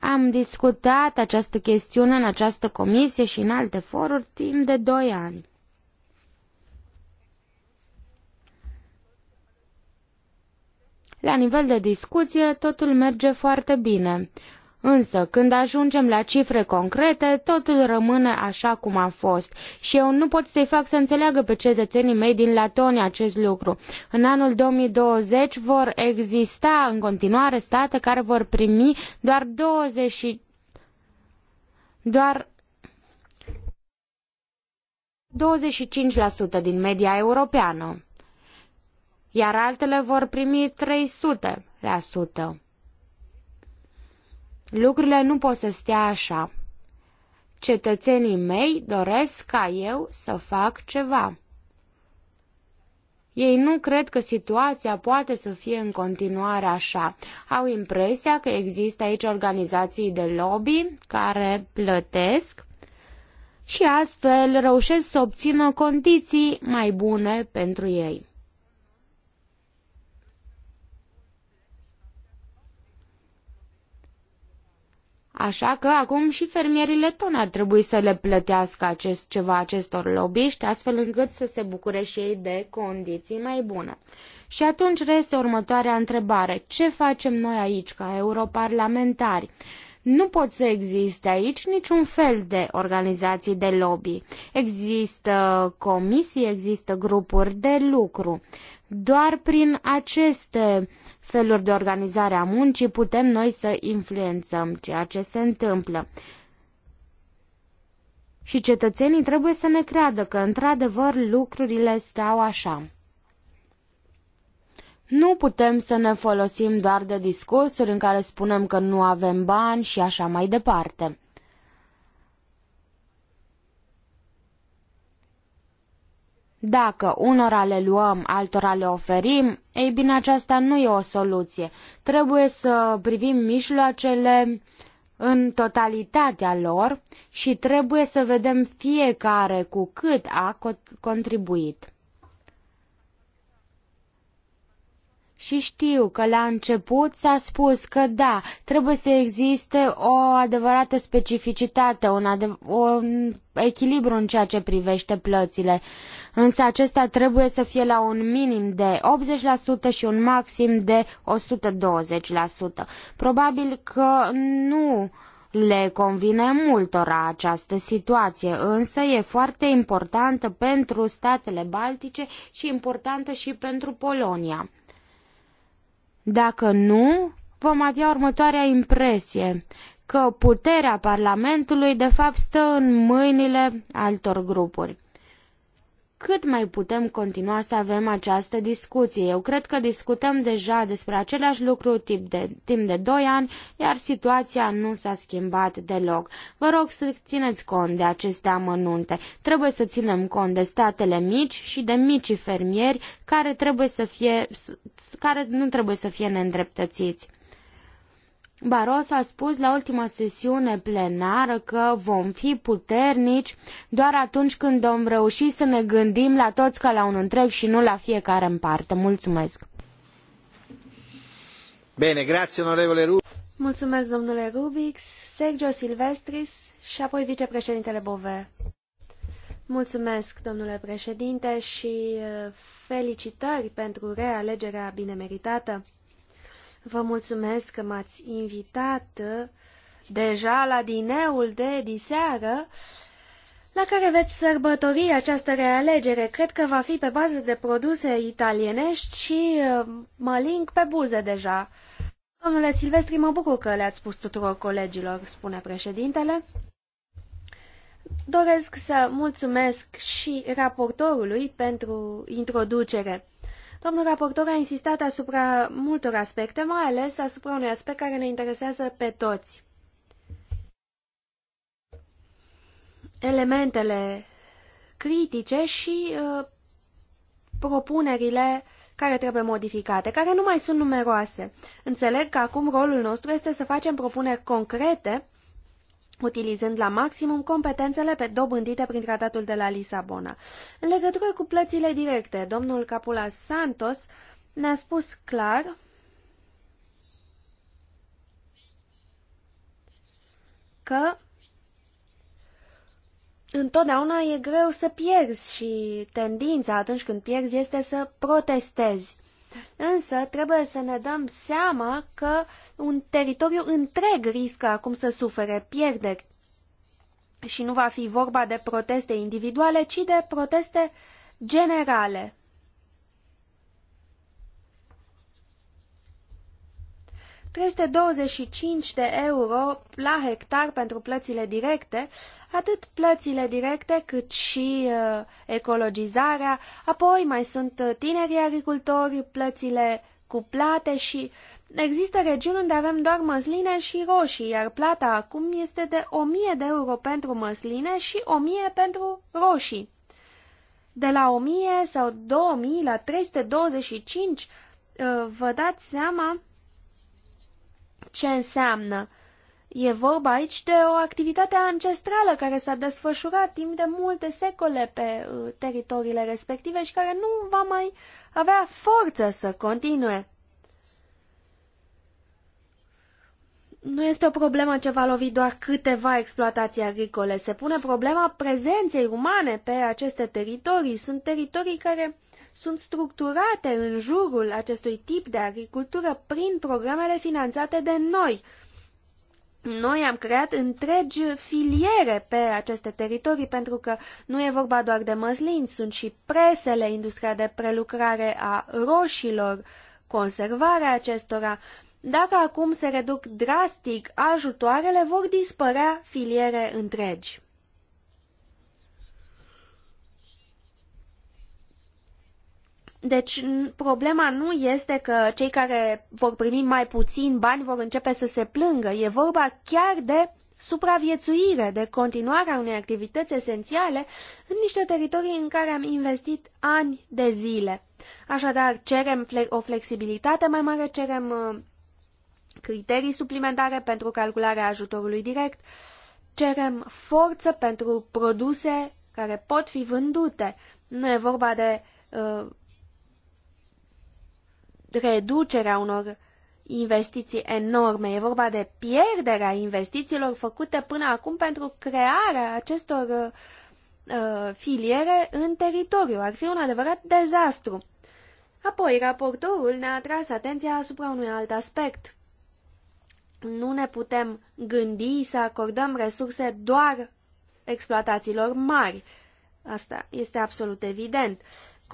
Am discutat această chestiune în această comisie și în alte foruri timp de doi ani. La nivel de discuție, totul merge foarte bine. Însă, când ajungem la cifre concrete, totul rămâne așa cum a fost. Și eu nu pot să-i fac să înțeleagă pe cetățenii mei din Latonia acest lucru. În anul 2020 vor exista în continuare state care vor primi doar 20 doar 25% din media europeană iar altele vor primi 300%. Lucrurile nu pot să stea așa. Cetățenii mei doresc ca eu să fac ceva. Ei nu cred că situația poate să fie în continuare așa. Au impresia că există aici organizații de lobby care plătesc și astfel reușesc să obțină condiții mai bune pentru ei. Așa că acum și fermierile ton ar trebui să le plătească acest ceva acestor lobiști, astfel încât să se bucure și ei de condiții mai bune. Și atunci reiese următoarea întrebare. Ce facem noi aici, ca europarlamentari? Nu pot să existe aici niciun fel de organizații de lobby. Există comisii, există grupuri de lucru. Doar prin aceste feluri de organizare a muncii putem noi să influențăm ceea ce se întâmplă. Și cetățenii trebuie să ne creadă că, într-adevăr, lucrurile stau așa. Nu putem să ne folosim doar de discursuri în care spunem că nu avem bani și așa mai departe. Dacă unora le luăm, altora le oferim, ei bine, aceasta nu e o soluție. Trebuie să privim mijloacele în totalitatea lor și trebuie să vedem fiecare cu cât a contribuit. Și știu că la început s-a spus că da, trebuie să existe o adevărată specificitate, un, adev- un echilibru în ceea ce privește plățile însă acesta trebuie să fie la un minim de 80% și un maxim de 120%. Probabil că nu le convine multora această situație, însă e foarte importantă pentru statele baltice și importantă și pentru Polonia. Dacă nu, vom avea următoarea impresie că puterea Parlamentului de fapt stă în mâinile altor grupuri cât mai putem continua să avem această discuție. Eu cred că discutăm deja despre același lucru timp de, timp de 2 ani, iar situația nu s-a schimbat deloc. Vă rog să țineți cont de aceste amănunte. Trebuie să ținem cont de statele mici și de micii fermieri care, trebuie să fie, care nu trebuie să fie neîndreptățiți. Barroso a spus la ultima sesiune plenară că vom fi puternici doar atunci când vom reuși să ne gândim la toți ca la un întreg și nu la fiecare în parte. Mulțumesc! Bine, grazie, onorevole Rubix. Mulțumesc, domnule Rubix, Sergio Silvestris și apoi vicepreședintele Bove. Mulțumesc, domnule președinte, și eh, felicitări pentru realegerea binemeritată. Vă mulțumesc că m-ați invitat uh, deja la dineul de diseară la care veți sărbători această realegere. Cred că va fi pe bază de produse italienești și uh, mă link pe buze deja. Domnule Silvestri, mă bucur că le-ați spus tuturor colegilor, spune președintele. Doresc să mulțumesc și raportorului pentru introducere. Domnul raportor a insistat asupra multor aspecte, mai ales asupra unui aspect care ne interesează pe toți. Elementele critice și uh, propunerile care trebuie modificate, care nu mai sunt numeroase. Înțeleg că acum rolul nostru este să facem propuneri concrete utilizând la maximum competențele pe dobândite prin tratatul de la Lisabona. În legătură cu plățile directe, domnul Capula Santos ne-a spus clar că întotdeauna e greu să pierzi și tendința atunci când pierzi este să protestezi. Însă trebuie să ne dăm seama că un teritoriu întreg riscă acum să sufere pierderi. Și nu va fi vorba de proteste individuale, ci de proteste generale. 325 de euro la hectar pentru plățile directe, atât plățile directe cât și uh, ecologizarea, apoi mai sunt uh, tinerii agricultori, plățile cuplate și există regiuni unde avem doar măsline și roșii, iar plata acum este de 1000 de euro pentru măsline și 1000 pentru roșii. De la 1000 sau 2000 la 325 uh, vă dați seama ce înseamnă. E vorba aici de o activitate ancestrală care s-a desfășurat timp de multe secole pe uh, teritoriile respective și care nu va mai avea forță să continue. Nu este o problemă ce va lovi doar câteva exploatații agricole. Se pune problema prezenței umane pe aceste teritorii. Sunt teritorii care sunt structurate în jurul acestui tip de agricultură prin programele finanțate de noi. Noi am creat întregi filiere pe aceste teritorii pentru că nu e vorba doar de măslini, sunt și presele, industria de prelucrare a roșilor, conservarea acestora. Dacă acum se reduc drastic ajutoarele, vor dispărea filiere întregi. Deci problema nu este că cei care vor primi mai puțin bani vor începe să se plângă. E vorba chiar de supraviețuire, de continuarea unei activități esențiale în niște teritorii în care am investit ani de zile. Așadar, cerem o flexibilitate mai mare, cerem uh, criterii suplimentare pentru calcularea ajutorului direct, cerem forță pentru produse care pot fi vândute. Nu e vorba de uh, reducerea unor investiții enorme. E vorba de pierderea investițiilor făcute până acum pentru crearea acestor uh, filiere în teritoriu. Ar fi un adevărat dezastru. Apoi, raportorul ne-a atras atenția asupra unui alt aspect. Nu ne putem gândi să acordăm resurse doar exploatațiilor mari. Asta este absolut evident.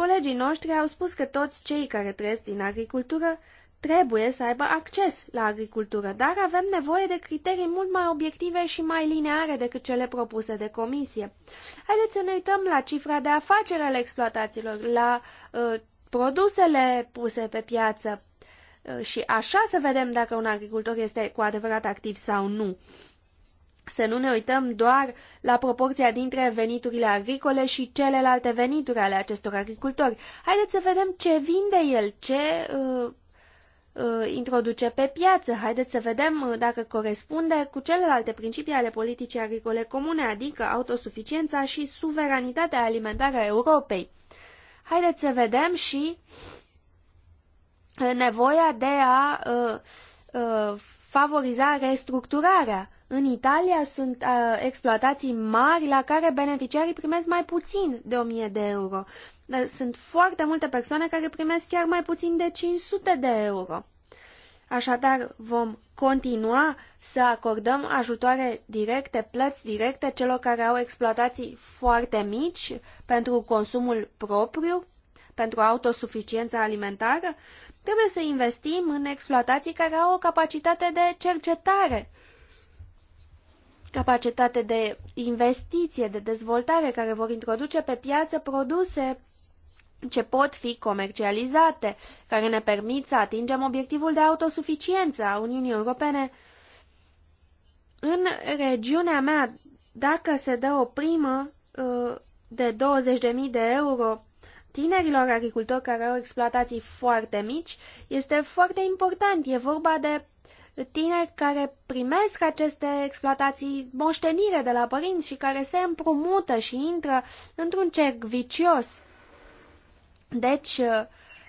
Colegii noștri au spus că toți cei care trăiesc din agricultură trebuie să aibă acces la agricultură, dar avem nevoie de criterii mult mai obiective și mai lineare decât cele propuse de comisie. Haideți să ne uităm la cifra de afaceri ale exploatațiilor, la uh, produsele puse pe piață uh, și așa să vedem dacă un agricultor este cu adevărat activ sau nu să nu ne uităm doar la proporția dintre veniturile agricole și celelalte venituri ale acestor agricultori. Haideți să vedem ce vinde el, ce uh, uh, introduce pe piață. Haideți să vedem uh, dacă corespunde cu celelalte principii ale politicii agricole comune, adică autosuficiența și suveranitatea alimentară a Europei. Haideți să vedem și uh, nevoia de a uh, uh favoriza restructurarea în Italia sunt uh, exploatații mari la care beneficiarii primesc mai puțin de 1000 de euro. Sunt foarte multe persoane care primesc chiar mai puțin de 500 de euro. Așadar, vom continua să acordăm ajutoare directe, plăți directe celor care au exploatații foarte mici pentru consumul propriu, pentru autosuficiența alimentară. Trebuie să investim în exploatații care au o capacitate de cercetare capacitate de investiție, de dezvoltare, care vor introduce pe piață produse ce pot fi comercializate, care ne permit să atingem obiectivul de autosuficiență a Uniunii Europene. În regiunea mea, dacă se dă o primă uh, de 20.000 de euro tinerilor agricultori care au exploatații foarte mici, este foarte important. E vorba de tineri care primesc aceste exploatații moștenire de la părinți și care se împrumută și intră într-un cerc vicios. Deci,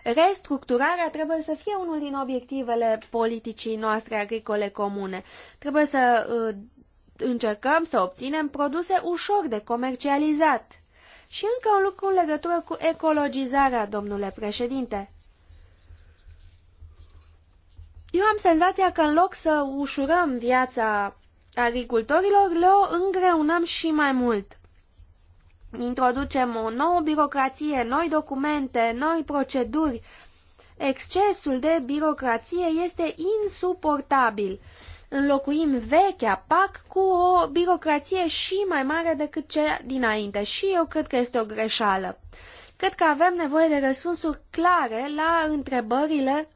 restructurarea trebuie să fie unul din obiectivele politicii noastre agricole comune. Trebuie să uh, încercăm să obținem produse ușor de comercializat. Și încă un lucru în legătură cu ecologizarea, domnule președinte. Eu am senzația că în loc să ușurăm viața agricultorilor, le-o îngreunăm și mai mult. Introducem o nouă birocrație, noi documente, noi proceduri. Excesul de birocrație este insuportabil. Înlocuim vechea PAC cu o birocrație și mai mare decât cea dinainte și eu cred că este o greșeală. Cred că avem nevoie de răspunsuri clare la întrebările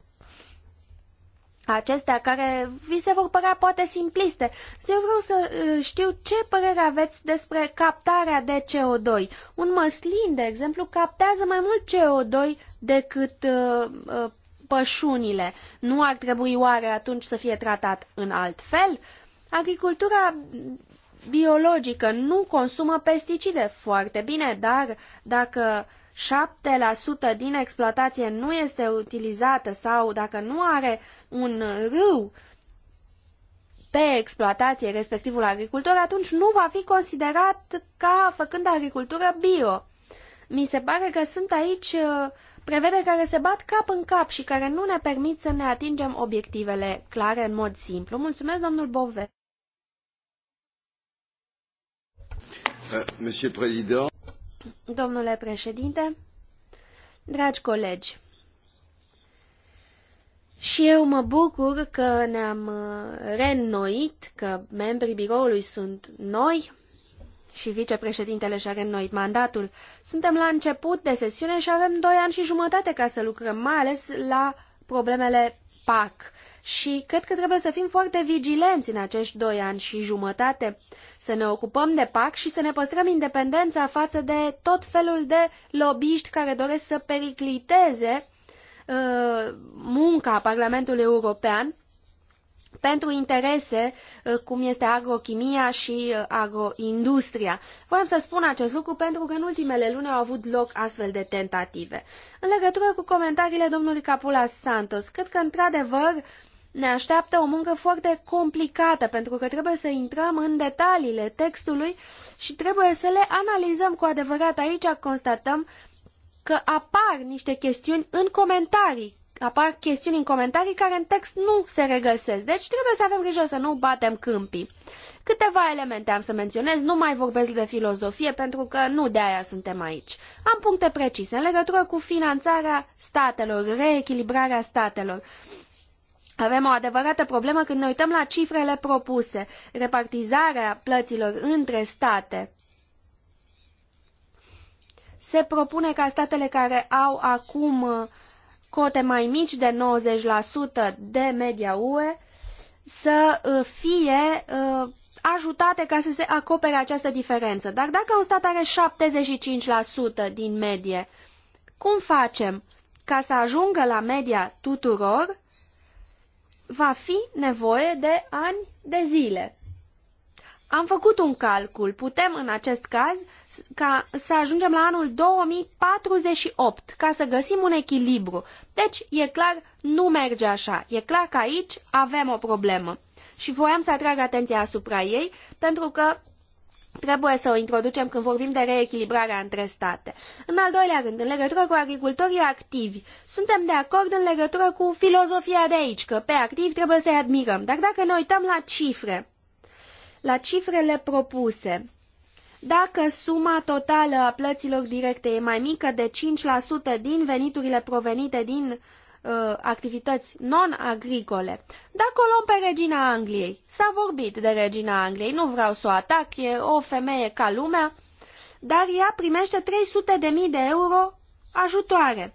acestea care vi se vor părea poate simpliste. Eu vreau să uh, știu ce părere aveți despre captarea de CO2. Un măslin, de exemplu, captează mai mult CO2 decât uh, uh, pășunile. Nu ar trebui oare atunci să fie tratat în alt fel? Agricultura biologică nu consumă pesticide foarte bine, dar dacă uh, 7% din exploatație nu este utilizată sau dacă nu are un râu pe exploatație respectivul agricultor, atunci nu va fi considerat ca făcând agricultură bio. Mi se pare că sunt aici uh, prevederi care se bat cap în cap și care nu ne permit să ne atingem obiectivele clare în mod simplu. Mulțumesc, domnul Bove. Uh, Domnule președinte, dragi colegi, și eu mă bucur că ne-am uh, reînnoit, că membrii biroului sunt noi și vicepreședintele și-a reînnoit mandatul. Suntem la început de sesiune și avem doi ani și jumătate ca să lucrăm, mai ales la problemele PAC și cred că trebuie să fim foarte vigilenți în acești doi ani și jumătate, să ne ocupăm de PAC și să ne păstrăm independența față de tot felul de lobbyști care doresc să pericliteze uh, munca Parlamentului European pentru interese uh, cum este agrochimia și uh, agroindustria. Vreau să spun acest lucru pentru că în ultimele luni au avut loc astfel de tentative. În legătură cu comentariile domnului Capula Santos, cred că într-adevăr ne așteaptă o muncă foarte complicată, pentru că trebuie să intrăm în detaliile textului și trebuie să le analizăm cu adevărat. Aici constatăm că apar niște chestiuni în comentarii, apar chestiuni în comentarii care în text nu se regăsesc. Deci trebuie să avem grijă să nu batem câmpii. Câteva elemente am să menționez, nu mai vorbesc de filozofie pentru că nu de aia suntem aici. Am puncte precise în legătură cu finanțarea statelor, reechilibrarea statelor. Avem o adevărată problemă când ne uităm la cifrele propuse, repartizarea plăților între state. Se propune ca statele care au acum cote mai mici de 90% de media UE să uh, fie uh, ajutate ca să se acopere această diferență. Dar dacă un stat are 75% din medie, cum facem ca să ajungă la media tuturor va fi nevoie de ani de zile. Am făcut un calcul. Putem, în acest caz, ca să ajungem la anul 2048, ca să găsim un echilibru. Deci, e clar, nu merge așa. E clar că aici avem o problemă. Și voiam să atrag atenția asupra ei, pentru că trebuie să o introducem când vorbim de reechilibrarea între state. În al doilea rând, în legătură cu agricultorii activi, suntem de acord în legătură cu filozofia de aici, că pe activi trebuie să-i admirăm. Dar dacă ne uităm la cifre, la cifrele propuse, dacă suma totală a plăților directe e mai mică de 5% din veniturile provenite din uh, Uh, activități non-agricole. Dacă o luăm pe regina Angliei, s-a vorbit de regina Angliei, nu vreau să o atac, e o femeie ca lumea, dar ea primește 300.000 de mii de euro ajutoare.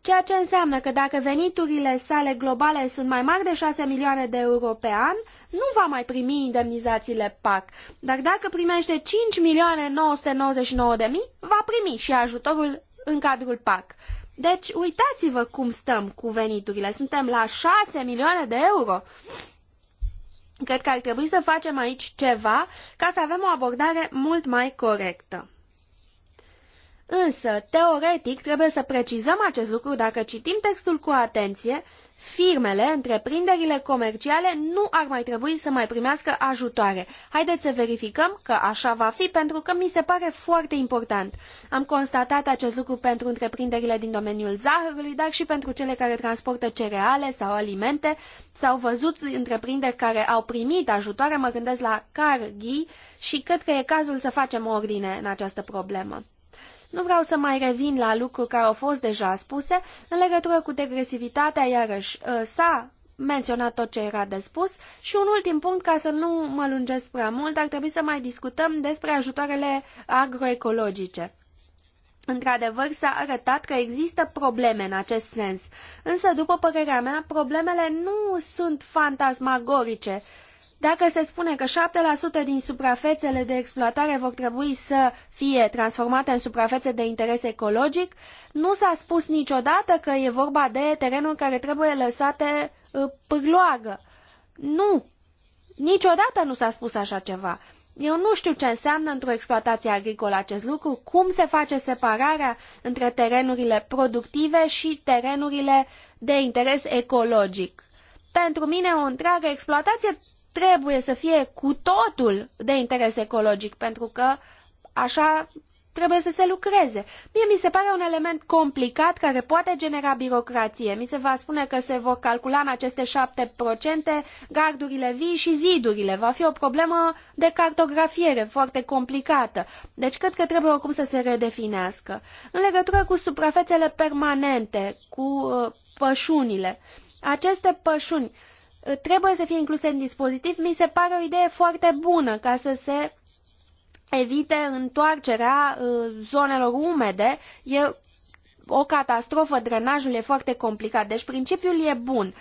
Ceea ce înseamnă că dacă veniturile sale globale sunt mai mari de 6 milioane de euro pe an, nu va mai primi indemnizațiile PAC. Dar dacă primește 5 milioane 999 de mii, va primi și ajutorul în cadrul PAC. Deci, uitați-vă cum stăm cu veniturile. Suntem la 6 milioane de euro. Cred că ar trebui să facem aici ceva ca să avem o abordare mult mai corectă. Însă, teoretic, trebuie să precizăm acest lucru dacă citim textul cu atenție, firmele, întreprinderile comerciale nu ar mai trebui să mai primească ajutoare. Haideți să verificăm că așa va fi, pentru că mi se pare foarte important. Am constatat acest lucru pentru întreprinderile din domeniul zahărului, dar și pentru cele care transportă cereale sau alimente. S-au văzut întreprinderi care au primit ajutoare, mă gândesc la Carghi și cred că e cazul să facem ordine în această problemă. Nu vreau să mai revin la lucruri care au fost deja spuse. În legătură cu degresivitatea, iarăși, ă, s-a menționat tot ce era de spus și un ultim punct, ca să nu mă lungesc prea mult, ar trebui să mai discutăm despre ajutoarele agroecologice. Într-adevăr, s-a arătat că există probleme în acest sens, însă, după părerea mea, problemele nu sunt fantasmagorice, dacă se spune că 7% din suprafețele de exploatare vor trebui să fie transformate în suprafețe de interes ecologic, nu s-a spus niciodată că e vorba de terenuri care trebuie lăsate uh, pârloagă. Nu! Niciodată nu s-a spus așa ceva. Eu nu știu ce înseamnă într-o exploatație agricolă acest lucru, cum se face separarea între terenurile productive și terenurile de interes ecologic. Pentru mine, o întreagă exploatație trebuie să fie cu totul de interes ecologic, pentru că așa trebuie să se lucreze. Mie mi se pare un element complicat care poate genera birocrație. Mi se va spune că se vor calcula în aceste 7% gardurile vii și zidurile. Va fi o problemă de cartografiere foarte complicată. Deci cred că trebuie oricum să se redefinească. În legătură cu suprafețele permanente, cu uh, pășunile, aceste pășuni, uh, trebuie să fie incluse în dispozitiv. Mi se pare o idee foarte bună ca să se evite întoarcerea uh, zonelor umede. E o catastrofă, drenajul e foarte complicat, deci principiul e bun.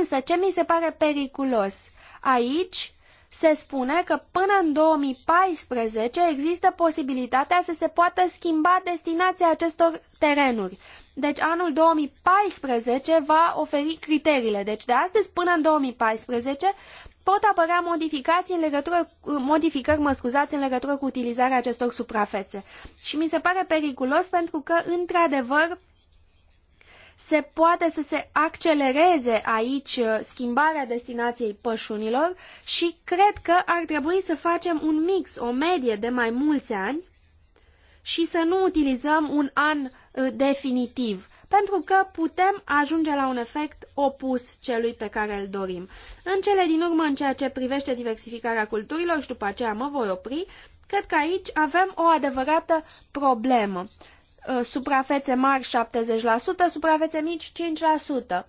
Însă, ce mi se pare periculos? Aici se spune că până în 2014 există posibilitatea să se poată schimba destinația acestor terenuri. Deci anul 2014 va oferi criteriile. Deci de astăzi până în 2014 pot apărea modificații în legătură, modificări, mă scuzați, în legătură cu utilizarea acestor suprafețe. Și mi se pare periculos pentru că, într-adevăr, se poate să se accelereze aici uh, schimbarea destinației pășunilor și cred că ar trebui să facem un mix, o medie de mai mulți ani și să nu utilizăm un an Uh, definitiv, pentru că putem ajunge la un efect opus celui pe care îl dorim. În cele din urmă, în ceea ce privește diversificarea culturilor și după aceea mă voi opri, cred că aici avem o adevărată problemă. Uh, suprafețe mari 70%, suprafețe mici 5%.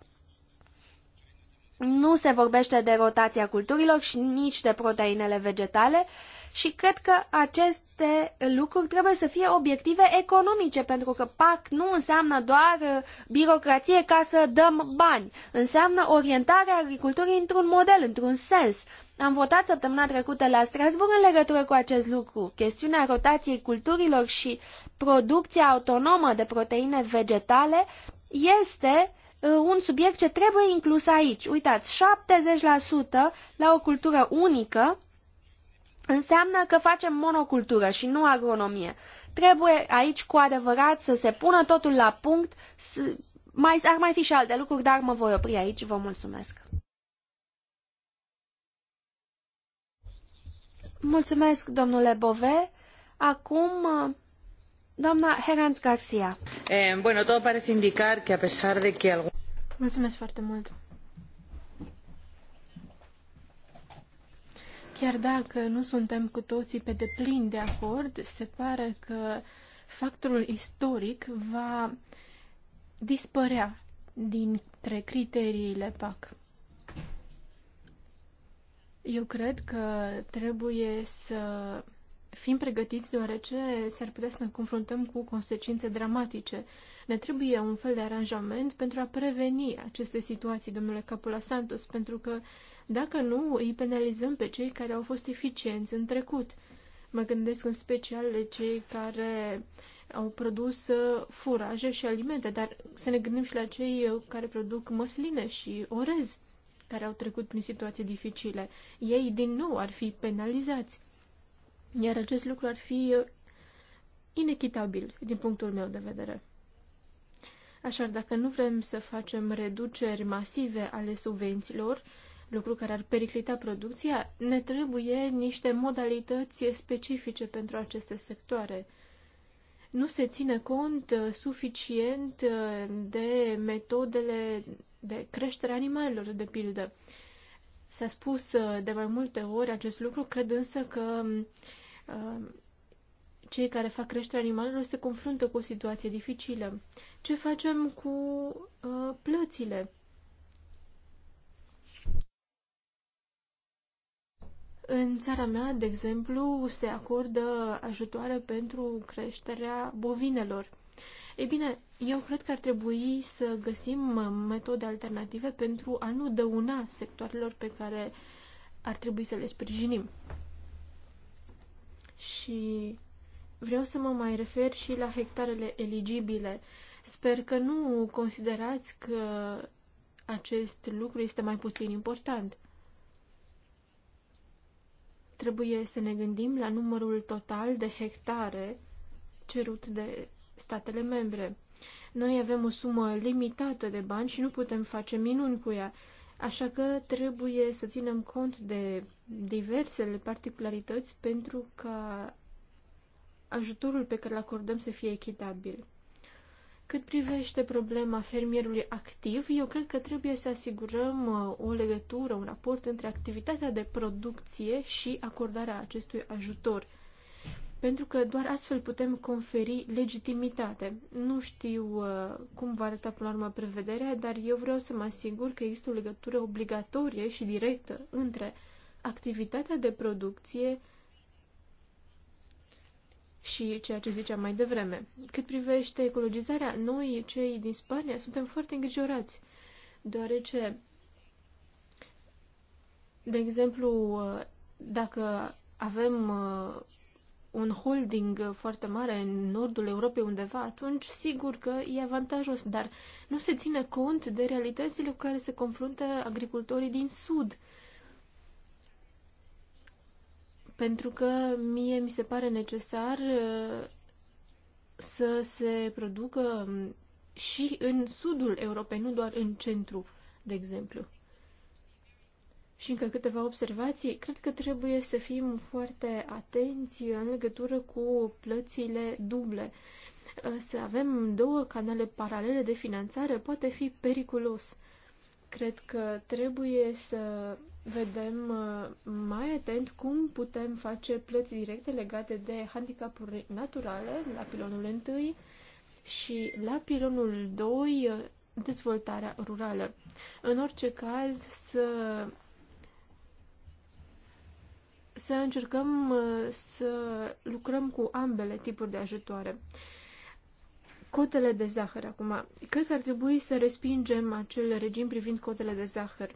Nu se vorbește de rotația culturilor și nici de proteinele vegetale, și cred că aceste lucruri trebuie să fie obiective economice, pentru că PAC nu înseamnă doar uh, birocrație ca să dăm bani, înseamnă orientarea agriculturii într-un model, într-un sens. Am votat săptămâna trecută la Strasbourg în legătură cu acest lucru. Chestiunea rotației culturilor și producția autonomă de proteine vegetale este uh, un subiect ce trebuie inclus aici. Uitați, 70% la o cultură unică înseamnă că facem monocultură și nu agronomie. Trebuie aici cu adevărat să se pună totul la punct. Mai, ar mai fi și alte lucruri, dar mă voi opri aici. Vă mulțumesc. Mulțumesc, domnule Bove. Acum, doamna Heranz Garcia. Eh, bueno, todo parece indicar que a pesar de que algo. Mulțumesc foarte mult. Chiar dacă nu suntem cu toții pe deplin de acord, se pare că factorul istoric va dispărea dintre criteriile PAC. Eu cred că trebuie să fim pregătiți deoarece s-ar putea să ne confruntăm cu consecințe dramatice. Ne trebuie un fel de aranjament pentru a preveni aceste situații, domnule Capula Santos, pentru că uh, dacă nu îi penalizăm pe cei care au fost eficienți în trecut. Mă gândesc în special la cei care au produs uh, furaje și alimente, dar să ne gândim și la cei uh, care produc măsline și orez, care au trecut prin situații dificile. Ei, din nou, ar fi penalizați. Iar acest lucru ar fi uh, inechitabil, din punctul meu de vedere. Așadar, dacă nu vrem să facem reduceri masive ale subvențiilor, lucru care ar periclita producția, ne trebuie niște modalități specifice pentru aceste sectoare. Nu se ține cont uh, suficient uh, de metodele de creștere animalelor, de pildă. S-a spus uh, de mai multe ori acest lucru, cred însă că cei care fac creșterea animalelor se confruntă cu o situație dificilă. Ce facem cu plățile? În țara mea, de exemplu, se acordă ajutoare pentru creșterea bovinelor. Ei bine, eu cred că ar trebui să găsim metode alternative pentru a nu dăuna sectoarelor pe care ar trebui să le sprijinim. Și vreau să mă mai refer și la hectarele eligibile. Sper că nu considerați că acest lucru este mai puțin important. Trebuie să ne gândim la numărul total de hectare cerut de statele membre. Noi avem o sumă limitată de bani și nu putem face minuni cu ea, așa că trebuie să ținem cont de diversele particularități pentru ca ajutorul pe care îl acordăm să fie echitabil. Cât privește problema fermierului activ, eu cred că trebuie să asigurăm uh, o legătură, un raport între activitatea de producție și acordarea acestui ajutor. Pentru că doar astfel putem conferi legitimitate. Nu știu uh, cum va arăta până la urmă prevederea, dar eu vreau să mă asigur că există o legătură obligatorie și directă între activitatea de producție și ceea ce ziceam mai devreme. Cât privește ecologizarea, noi, cei din Spania, suntem foarte îngrijorați, deoarece, de exemplu, dacă avem uh, un holding foarte mare în nordul Europei undeva, atunci sigur că e avantajos, dar nu se ține cont de realitățile cu care se confruntă agricultorii din sud. Uh, pentru că mie mi se pare necesar uh, să se producă um, și în sudul Europei, nu doar în centru, de exemplu. Și încă câteva observații. Cred că trebuie să fim foarte atenți în legătură cu plățile duble. Uh, să avem două canale paralele de finanțare poate fi periculos. Cred că trebuie să vedem uh, mai atent cum putem face plăți directe legate de handicapuri naturale la pilonul 1 și la pilonul 2 uh, dezvoltarea rurală. În orice caz să să încercăm uh, să lucrăm cu ambele tipuri de ajutoare. Cotele de zahăr acum. Cred că ar trebui să respingem acel regim privind cotele de zahăr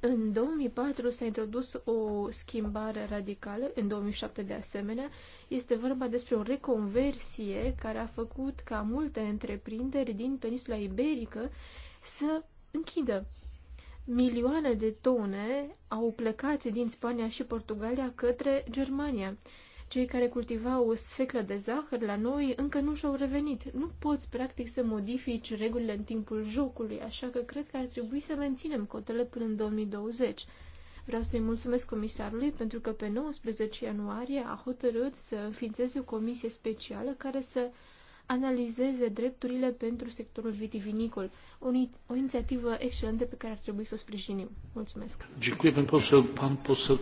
în 2004 s-a introdus o schimbare radicală, în 2007 de asemenea. Este vorba despre o reconversie care a făcut ca multe întreprinderi din peninsula iberică să închidă. Milioane de tone au plecat din Spania și Portugalia către Germania cei care cultivau o sfeclă de zahăr la noi încă nu și-au revenit. Nu poți, practic, să modifici regulile în timpul jocului, așa că cred că ar trebui să menținem cotele până în 2020. Vreau să-i mulțumesc comisarului pentru că pe 19 ianuarie a hotărât să înființeze o comisie specială care să analizeze drepturile pentru sectorul vitivinicol. O, o inițiativă excelentă pe care ar trebui să o sprijinim. Mulțumesc. Dziękuję pan poseł, pan poseł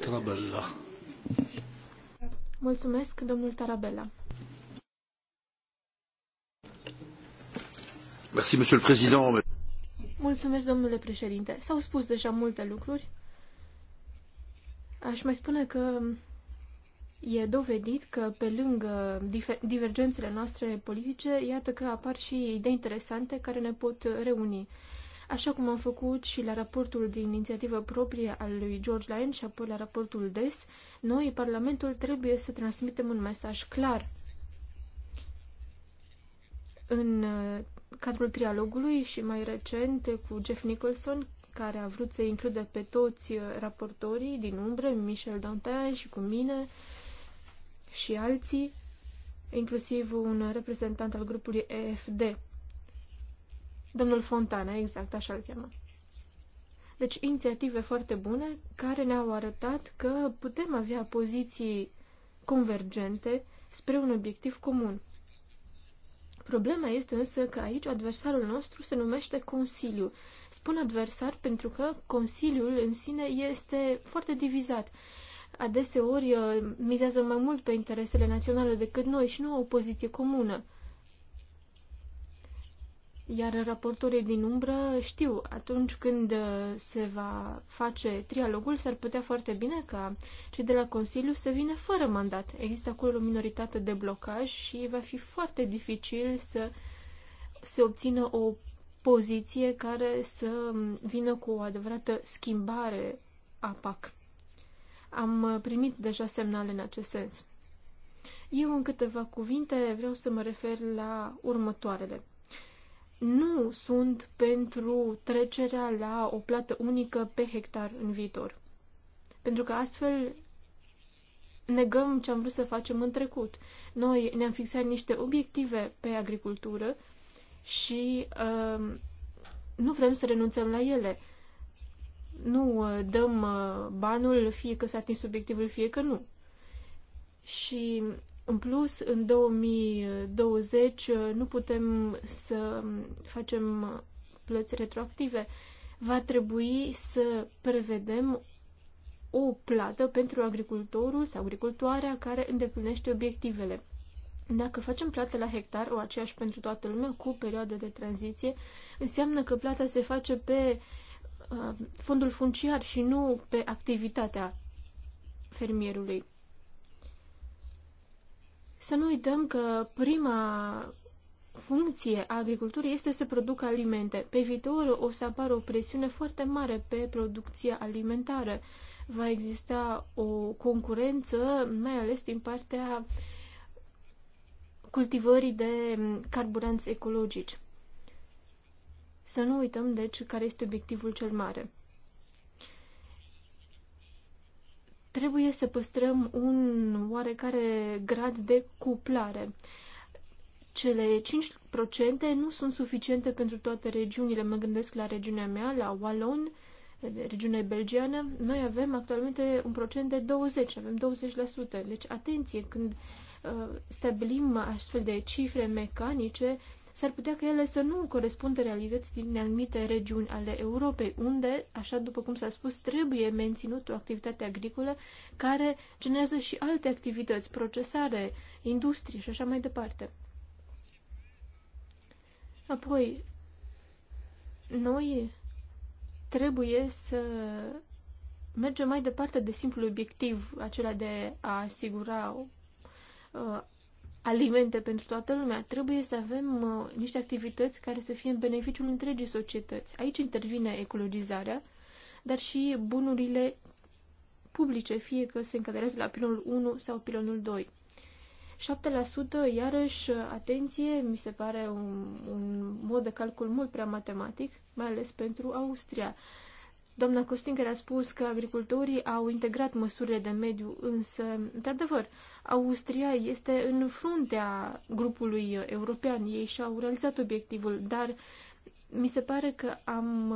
Mulțumesc, domnul Tarabella. Merci, monsieur le président. Mulțumesc, domnule președinte. S-au spus deja multe lucruri. Aș mai spune că e dovedit că pe lângă divergențele noastre politice, iată că apar și idei interesante care ne pot reuni așa cum am făcut și la raportul din inițiativă proprie al lui George Lyon și apoi la raportul DES, noi, Parlamentul, trebuie să transmitem un mesaj clar în uh, cadrul trialogului și mai recent cu Jeff Nicholson, care a vrut să includă pe toți uh, raportorii din umbră, Michel Dantin și cu mine și alții, inclusiv un reprezentant al grupului EFD. Domnul Fontana, exact, așa îl cheamă. Deci, inițiative foarte bune care ne-au arătat că putem avea poziții convergente spre un obiectiv comun. Problema este însă că aici adversarul nostru se numește Consiliu. Spun adversar pentru că Consiliul în sine este foarte divizat. Adeseori uh, mizează mai mult pe interesele naționale decât noi și nu o poziție comună. Iar raportorii din umbră știu, atunci când uh, se va face trialogul, s-ar putea foarte bine ca cei de la Consiliu să vină fără mandat. Există acolo o minoritate de blocaj și va fi foarte dificil să se obțină o poziție care să vină cu o adevărată schimbare a PAC. Am uh, primit deja semnale în acest sens. Eu, în câteva cuvinte, vreau să mă refer la următoarele nu sunt pentru trecerea la o plată unică pe hectar în viitor. Pentru că astfel negăm ce am vrut să facem în trecut. Noi ne-am fixat niște obiective pe agricultură și uh, nu vrem să renunțăm la ele. Nu uh, dăm uh, banul fie că s-a atins obiectivul, fie că nu. Și în plus, în 2020 nu putem să facem plăți retroactive. Va trebui să prevedem o plată pentru agricultorul sau agricultoarea care îndeplinește obiectivele. Dacă facem plată la hectar, o aceeași pentru toată lumea, cu perioade de tranziție, înseamnă că plata se face pe uh, fondul funciar și nu pe activitatea fermierului. Să nu uităm că prima funcție a agriculturii este să producă alimente. Pe viitor o să apară o presiune foarte mare pe producția alimentară. Va exista o concurență, mai ales din partea cultivării de carburanți ecologici. Să nu uităm, deci, care este obiectivul cel mare. Trebuie să păstrăm un oarecare grad de cuplare. Cele 5% nu sunt suficiente pentru toate regiunile. Mă gândesc la regiunea mea, la Wallon, regiunea belgiană. Noi avem actualmente un procent de 20, avem 20%. Deci, atenție, când uh, stabilim astfel de cifre mecanice, uh, s-ar putea că ele să nu corespundă realității din anumite regiuni ale Europei, unde, așa după cum s-a spus, trebuie menținut o activitate agricolă care generează și alte activități, procesare, industrie și așa mai departe. Apoi, noi trebuie să mergem mai departe de simplul obiectiv acela de a asigura uh, alimente pentru toată lumea. Trebuie să avem uh, niște activități care să fie în beneficiul întregii societăți. Aici intervine ecologizarea, dar și bunurile publice, fie că se încadrează la pilonul 1 sau pilonul 2. 7%, iarăși, atenție, mi se pare un, un mod de calcul mult prea matematic, mai ales pentru Austria. Doamna Costinger a spus că agricultorii au integrat măsurile de mediu, însă, într-adevăr, Austria este în fruntea grupului european. Ei și-au realizat obiectivul, dar mi se pare că am,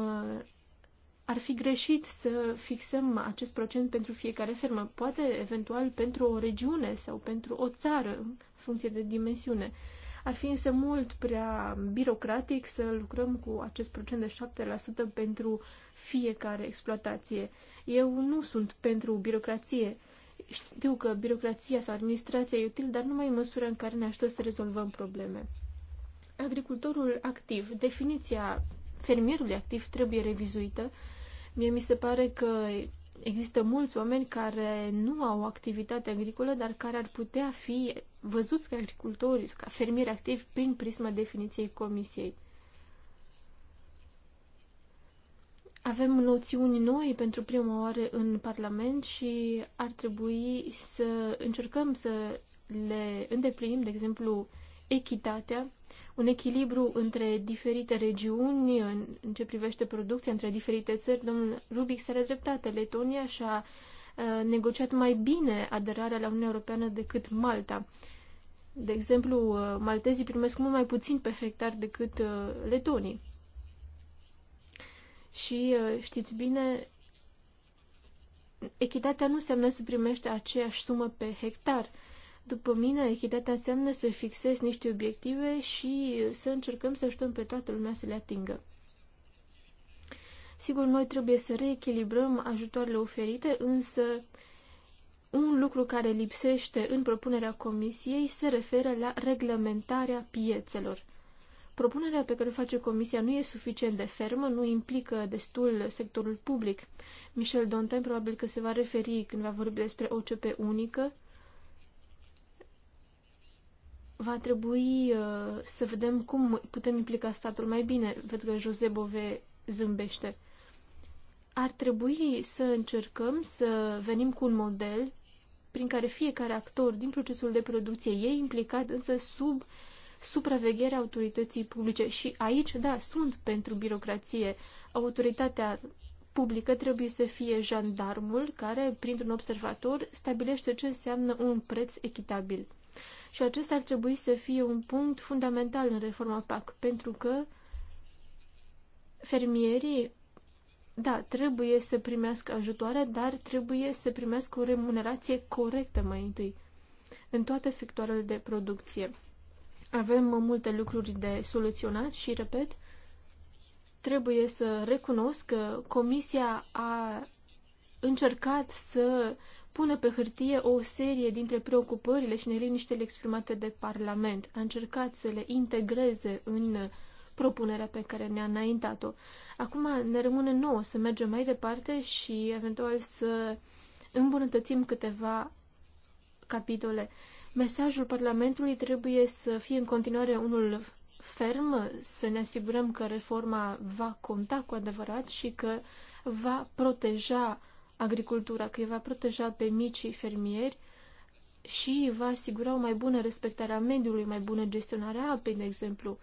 ar fi greșit să fixăm acest procent pentru fiecare fermă. Poate, eventual, pentru o regiune sau pentru o țară, în funcție de dimensiune. Uh, ar fi însă mult prea birocratic să lucrăm cu acest procent de 7% pentru fiecare exploatație. Eu nu sunt pentru birocrație. Știu că birocrația sau administrația e util, dar numai în măsura în care ne ajută să rezolvăm probleme. Agricultorul activ, definiția fermierului activ trebuie revizuită. Mie mi se pare că Există mulți oameni care nu au activitate agricolă, dar care ar putea fi văzuți ca agricultori, ca fermieri activi prin prisma definiției comisiei. Avem noțiuni noi pentru prima oară în Parlament și ar trebui să încercăm să le îndeplinim, de exemplu, echitatea, un echilibru între diferite regiuni în ce privește producția, între diferite țări. Domnul Rubic s-a dreptate. Letonia și-a uh, negociat mai bine aderarea la Uniunea Europeană decât Malta. De exemplu, uh, maltezii primesc mult mai puțin pe hectar decât uh, letonii. Și știți bine, echitatea nu înseamnă să primește aceeași sumă pe hectar. După mine, echitatea înseamnă să fixez niște obiective și să încercăm să ajutăm pe toată lumea să le atingă. Sigur, noi trebuie să reechilibrăm ajutoarele oferite, însă un lucru care lipsește în propunerea Comisiei se referă la reglementarea piețelor. Propunerea pe care o face Comisia nu e suficient de fermă, nu implică destul sectorul public. Michel Dantin probabil că se va referi când va vorbi despre OCP unică va trebui uh, să vedem cum putem implica statul mai bine. Văd că Jose Bove zâmbește. Ar trebui să încercăm să venim cu un model prin care fiecare actor din procesul de producție e implicat, însă sub supravegherea autorității publice. Și aici, da, sunt pentru birocrație. Autoritatea publică trebuie să fie jandarmul care, printr-un observator, stabilește ce înseamnă un preț echitabil și acesta ar trebui să fie un punct fundamental în reforma PAC, pentru că fermierii, da, trebuie să primească ajutoare, dar trebuie să primească o remunerație corectă mai întâi în toate sectoarele de producție. Avem multe lucruri de soluționat și, repet, trebuie să recunosc că Comisia a încercat să pune pe hârtie o serie dintre preocupările și neliniștele exprimate de Parlament. A încercat să le integreze în uh, propunerea pe care ne-a înaintat-o. Acum ne rămâne nouă să mergem mai departe și eventual să îmbunătățim câteva capitole. Mesajul Parlamentului trebuie să fie în continuare unul ferm, să ne asigurăm că reforma va conta cu adevărat și că va proteja agricultura, că îi va proteja pe micii fermieri și va asigura o mai bună respectare a mediului, mai bună gestionare a apei, de exemplu.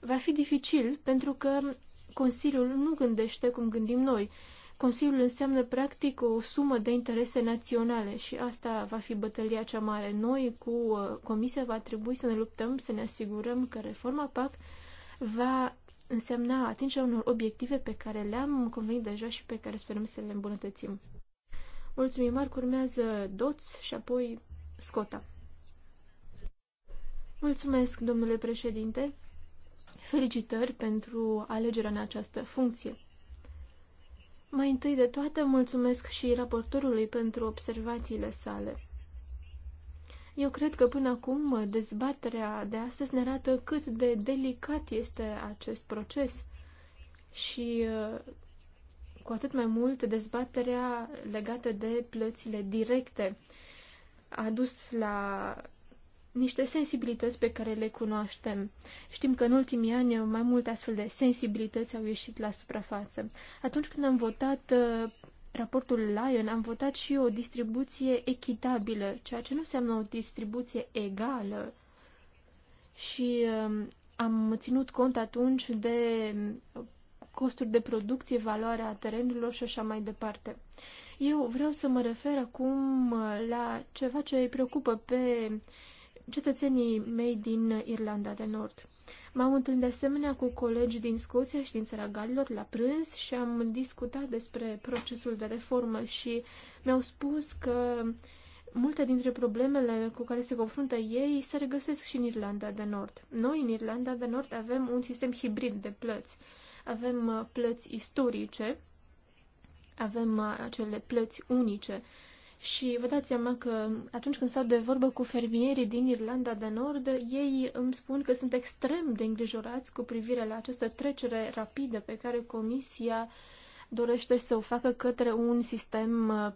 Va fi dificil pentru că Consiliul nu gândește cum gândim noi. Consiliul înseamnă practic o sumă de interese naționale și asta va fi bătălia cea mare. Noi cu uh, Comisia va trebui să ne luptăm, să ne asigurăm că reforma PAC va însemna atingerea unor obiective pe care le-am convenit deja și pe care sperăm să le îmbunătățim. Mulțumim, Marc. Urmează Doț și apoi Scota. Mulțumesc, domnule președinte. Felicitări pentru alegerea în această funcție. Mai întâi de toate, mulțumesc și raportorului pentru observațiile sale. Eu cred că până acum dezbaterea de astăzi ne arată cât de delicat este acest proces și uh, cu atât mai mult dezbaterea legată de plățile directe a dus la niște sensibilități pe care le cunoaștem. Știm că în ultimii ani mai multe astfel de sensibilități au ieșit la suprafață. Atunci când am votat uh, raportul Lyon am votat și o distribuție echitabilă, ceea ce nu înseamnă o distribuție egală. Și um, am ținut cont atunci de um, costuri de producție, valoarea terenurilor și așa mai departe. Eu vreau să mă refer acum uh, la ceva ce îi preocupă pe cetățenii mei din Irlanda de Nord. M-am întâlnit de asemenea cu colegi din Scoția și din țara Galilor la prânz și am discutat despre procesul de reformă și mi-au spus că multe dintre problemele cu care se confruntă ei se regăsesc și în Irlanda de Nord. Noi, în Irlanda de Nord, avem un sistem hibrid de plăți. Avem uh, plăți istorice, avem uh, acele plăți unice și vă dați seama că atunci când stau de vorbă cu fermierii din Irlanda de Nord, ei îmi spun că sunt extrem de îngrijorați cu privire la această trecere rapidă pe care Comisia dorește să o facă către un sistem uh,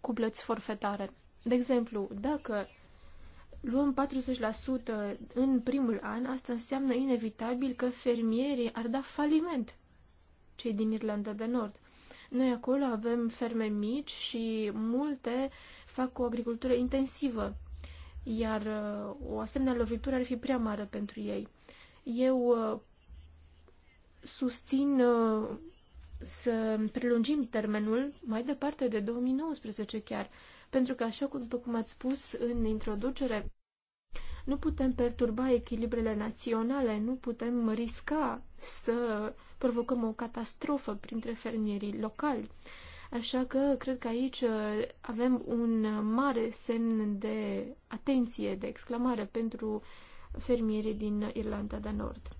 cu plăți forfetare. De exemplu, dacă luăm 40% în primul an, asta înseamnă inevitabil că fermierii ar da faliment, cei din Irlanda de Nord. Noi acolo avem ferme mici și multe fac o agricultură intensivă, iar uh, o asemenea lovitură ar fi prea mare pentru ei. Eu uh, susțin uh, să prelungim termenul mai departe de 2019 chiar, pentru că, așa cum, după cum ați spus în introducere, nu putem perturba echilibrele naționale, nu putem risca să provocăm o catastrofă printre fermierii locali. Așa că cred că aici uh, avem un mare semn de atenție, de exclamare pentru fermierii din Irlanda de Nord.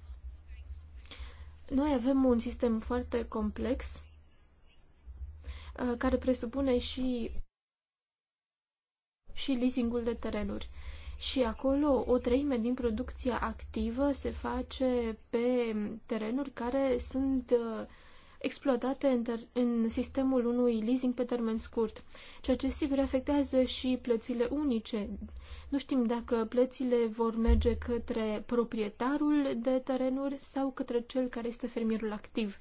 Noi avem un sistem foarte complex uh, care presupune și, și leasingul de terenuri și acolo o treime din producția activă se face pe terenuri care sunt uh, exploatate în, în sistemul unui leasing pe termen scurt, ceea ce sigur afectează și plățile unice. Nu știm dacă plățile vor merge către proprietarul de terenuri sau către cel care este fermierul activ.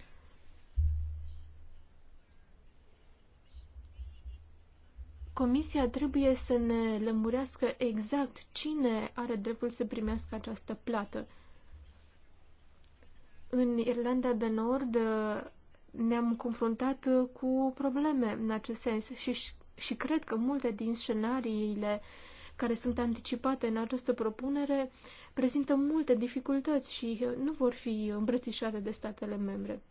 Comisia trebuie să ne lămurească exact cine are dreptul să primească această plată. În Irlanda de Nord uh, ne-am confruntat uh, cu probleme în acest sens și, și cred că multe din scenariile care sunt anticipate în această propunere prezintă multe dificultăți și uh, nu vor fi îmbrățișate de statele membre.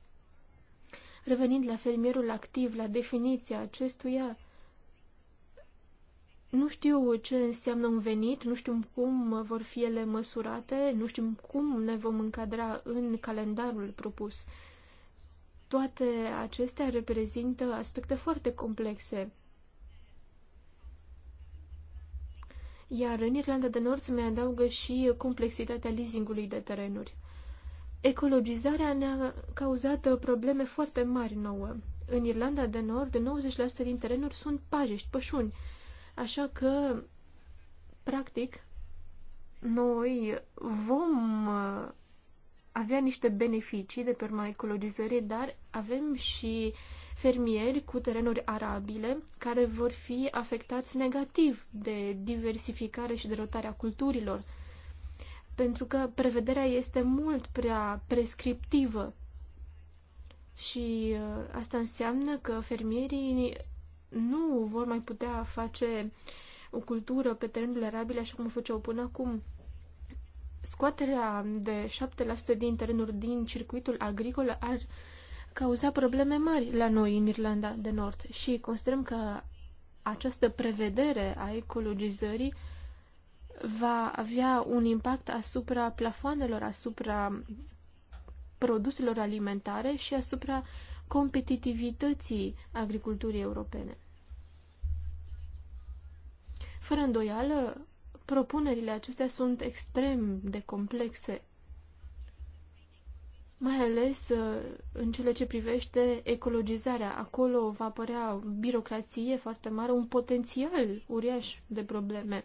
Revenind la fermierul activ, la definiția acestuia, nu știu ce înseamnă un venit, nu știu cum vor fi ele măsurate, nu știu cum ne vom încadra în calendarul propus. Toate acestea reprezintă aspecte foarte complexe. Iar în Irlanda de Nord se mai adaugă și complexitatea leasingului de terenuri. Ecologizarea ne-a cauzat probleme foarte mari nouă. În Irlanda de Nord, 90% din terenuri sunt pajiști, pășuni, Așa că, practic, noi vom uh, avea niște beneficii de pe ecologizării, dar avem și fermieri cu terenuri arabile care vor fi afectați negativ de diversificare și de rotarea culturilor, pentru că prevederea este mult prea prescriptivă. Și uh, asta înseamnă că fermierii nu vor mai putea face o cultură pe terenul arabile așa cum o făceau până acum. Scoaterea de 7% din terenuri din circuitul agricol ar cauza probleme mari la noi în Irlanda de Nord și considerăm că această prevedere a ecologizării va avea un impact asupra plafoanelor, asupra produselor alimentare și asupra competitivității agriculturii europene. Fără îndoială, propunerile acestea sunt extrem de complexe, mai ales uh, în cele ce privește ecologizarea. Acolo va apărea birocrație foarte mare, un potențial uriaș de probleme.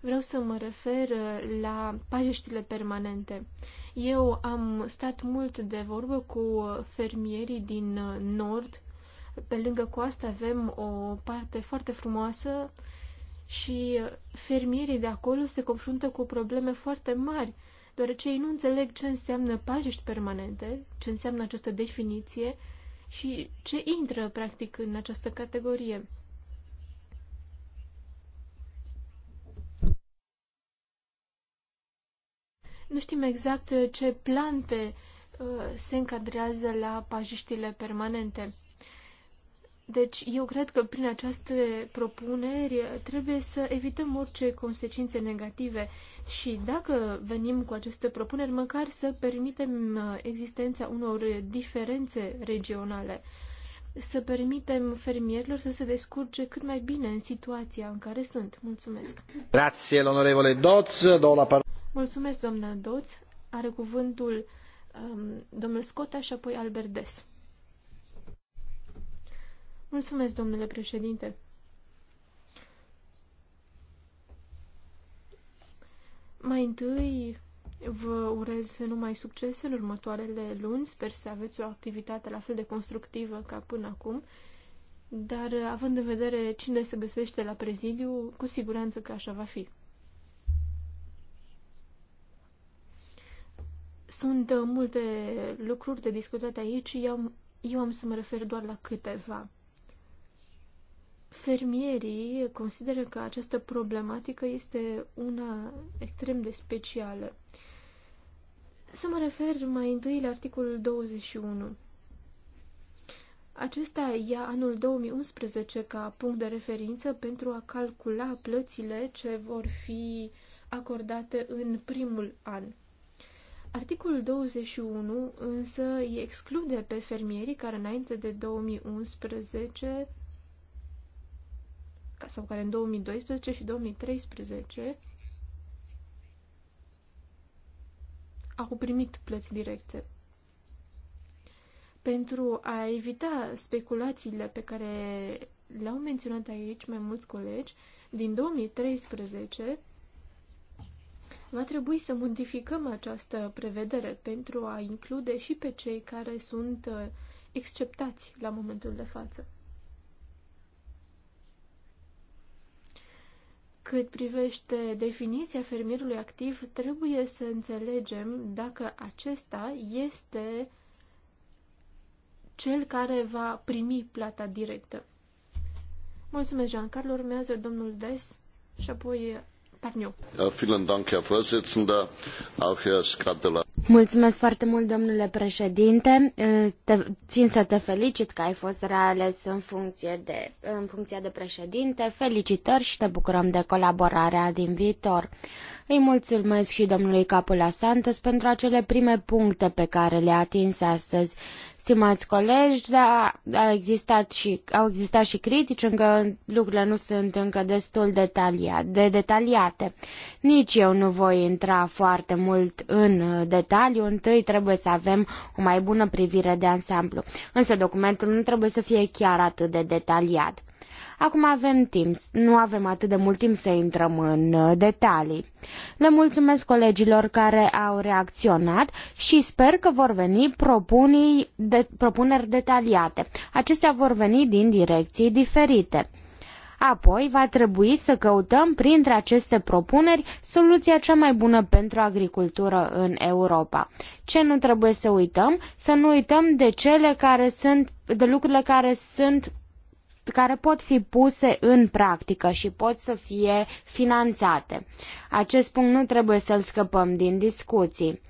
Vreau să mă refer uh, la paieștile permanente. Eu am stat mult de vorbă cu uh, fermierii din nord. Pe lângă coastă avem o parte foarte frumoasă și fermierii de acolo se confruntă cu probleme foarte mari, deoarece ei nu înțeleg ce înseamnă pajiști permanente, ce înseamnă această definiție și ce intră, practic, în această categorie. Nu știm exact ce plante uh, se încadrează la pajiștile permanente. Deci eu cred că prin această propuneri trebuie să evităm orice consecințe negative și dacă venim cu aceste propuneri, măcar să permitem uh, existența unor diferențe regionale, să permitem fermierilor să se descurce cât mai bine în situația în care sunt. Mulțumesc! Grație, onorevole Doț, Mulțumesc, doamna Doț. Are cuvântul um, domnul Scota și apoi Albert Des. Mulțumesc, domnule președinte. Mai întâi vă urez numai succes în următoarele luni. Sper să aveți o activitate la fel de constructivă ca până acum. Dar având în vedere cine se găsește la prezidiu, cu siguranță că așa va fi. Sunt uh, multe lucruri de discutat aici, eu, eu am să mă refer doar la câteva fermierii consideră că această problematică este una extrem de specială. Să mă refer mai întâi la articolul 21. Acesta ia anul 2011 ca punct de referință pentru a calcula plățile ce vor fi acordate în primul an. Articolul 21 însă îi exclude pe fermierii care înainte de 2011 sau care în 2012 și 2013 au primit plăți directe. Pentru a evita speculațiile pe care le-au menționat aici mai mulți colegi, din 2013 va trebui să modificăm această prevedere pentru a include și pe cei care sunt uh, exceptați la momentul de față. Cât privește definiția fermierului activ, trebuie să înțelegem dacă acesta este cel care va primi plata directă. Mulțumesc, jean Carlo. Urmează domnul Des și apoi Parniu. vielen Dank, Herr Vorsitzender, auch Herr Scratela. Mulțumesc foarte mult, domnule președinte. Te, țin să te felicit că ai fost reales în, funcție de, în funcția de președinte. Felicitări și te bucurăm de colaborarea din viitor. Îi mulțumesc și domnului Capula Santos pentru acele prime puncte pe care le-a atins astăzi. Stimați colegi, dar a existat și, au existat și critici, încă lucrurile nu sunt încă destul de detaliate. Nici eu nu voi intra foarte mult în detaliu, întâi trebuie să avem o mai bună privire de ansamblu. Însă documentul nu trebuie să fie chiar atât de detaliat. Acum avem timp, nu avem atât de mult timp să intrăm în uh, detalii. Le mulțumesc colegilor care au reacționat și sper că vor veni de, propuneri detaliate. Acestea vor veni din direcții diferite. Apoi va trebui să căutăm printre aceste propuneri soluția cea mai bună pentru agricultură în Europa. Ce nu trebuie să uităm? Să nu uităm de cele care sunt de lucrurile care sunt care pot fi puse în practică și pot să fie finanțate. Acest punct nu trebuie să-l scăpăm din discuții.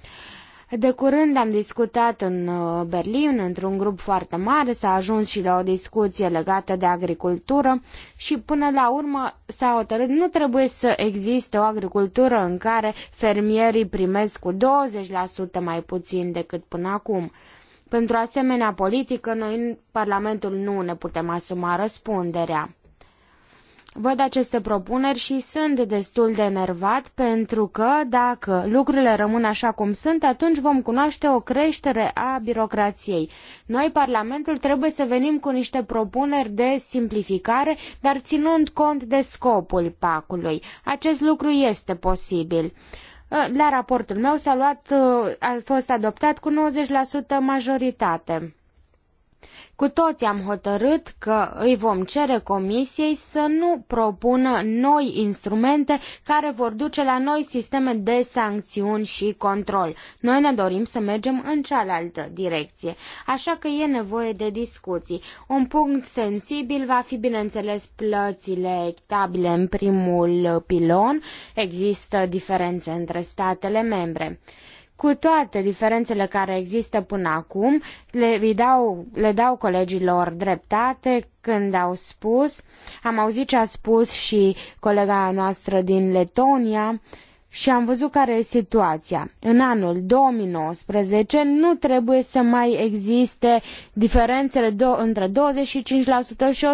De curând am discutat în uh, Berlin, într-un grup foarte mare, s-a ajuns și la o discuție legată de agricultură și până la urmă s-a hotărât nu trebuie să existe o agricultură în care fermierii primesc cu 20% mai puțin decât până acum. Pentru asemenea politică, noi în Parlamentul nu ne putem asuma răspunderea. Văd aceste propuneri și sunt destul de enervat pentru că dacă lucrurile rămân așa cum sunt, atunci vom cunoaște o creștere a birocrației. Noi, Parlamentul, trebuie să venim cu niște propuneri de simplificare, dar ținând cont de scopul pacului. Acest lucru este posibil. Uh, la raportul meu s-a luat, uh, a fost adoptat cu 90% majoritate. Cu toți am hotărât că îi vom cere comisiei să nu propună noi instrumente care vor duce la noi sisteme de sancțiuni și control. Noi ne dorim să mergem în cealaltă direcție, așa că e nevoie de discuții. Un punct sensibil va fi, bineînțeles, plățile echitabile în primul pilon. Există diferențe între statele membre. Cu toate diferențele care există până acum, le dau, le dau colegilor dreptate când au spus, am auzit ce a spus și colega noastră din Letonia și am văzut care e situația. În anul 2019 nu trebuie să mai existe diferențele do- între 25% și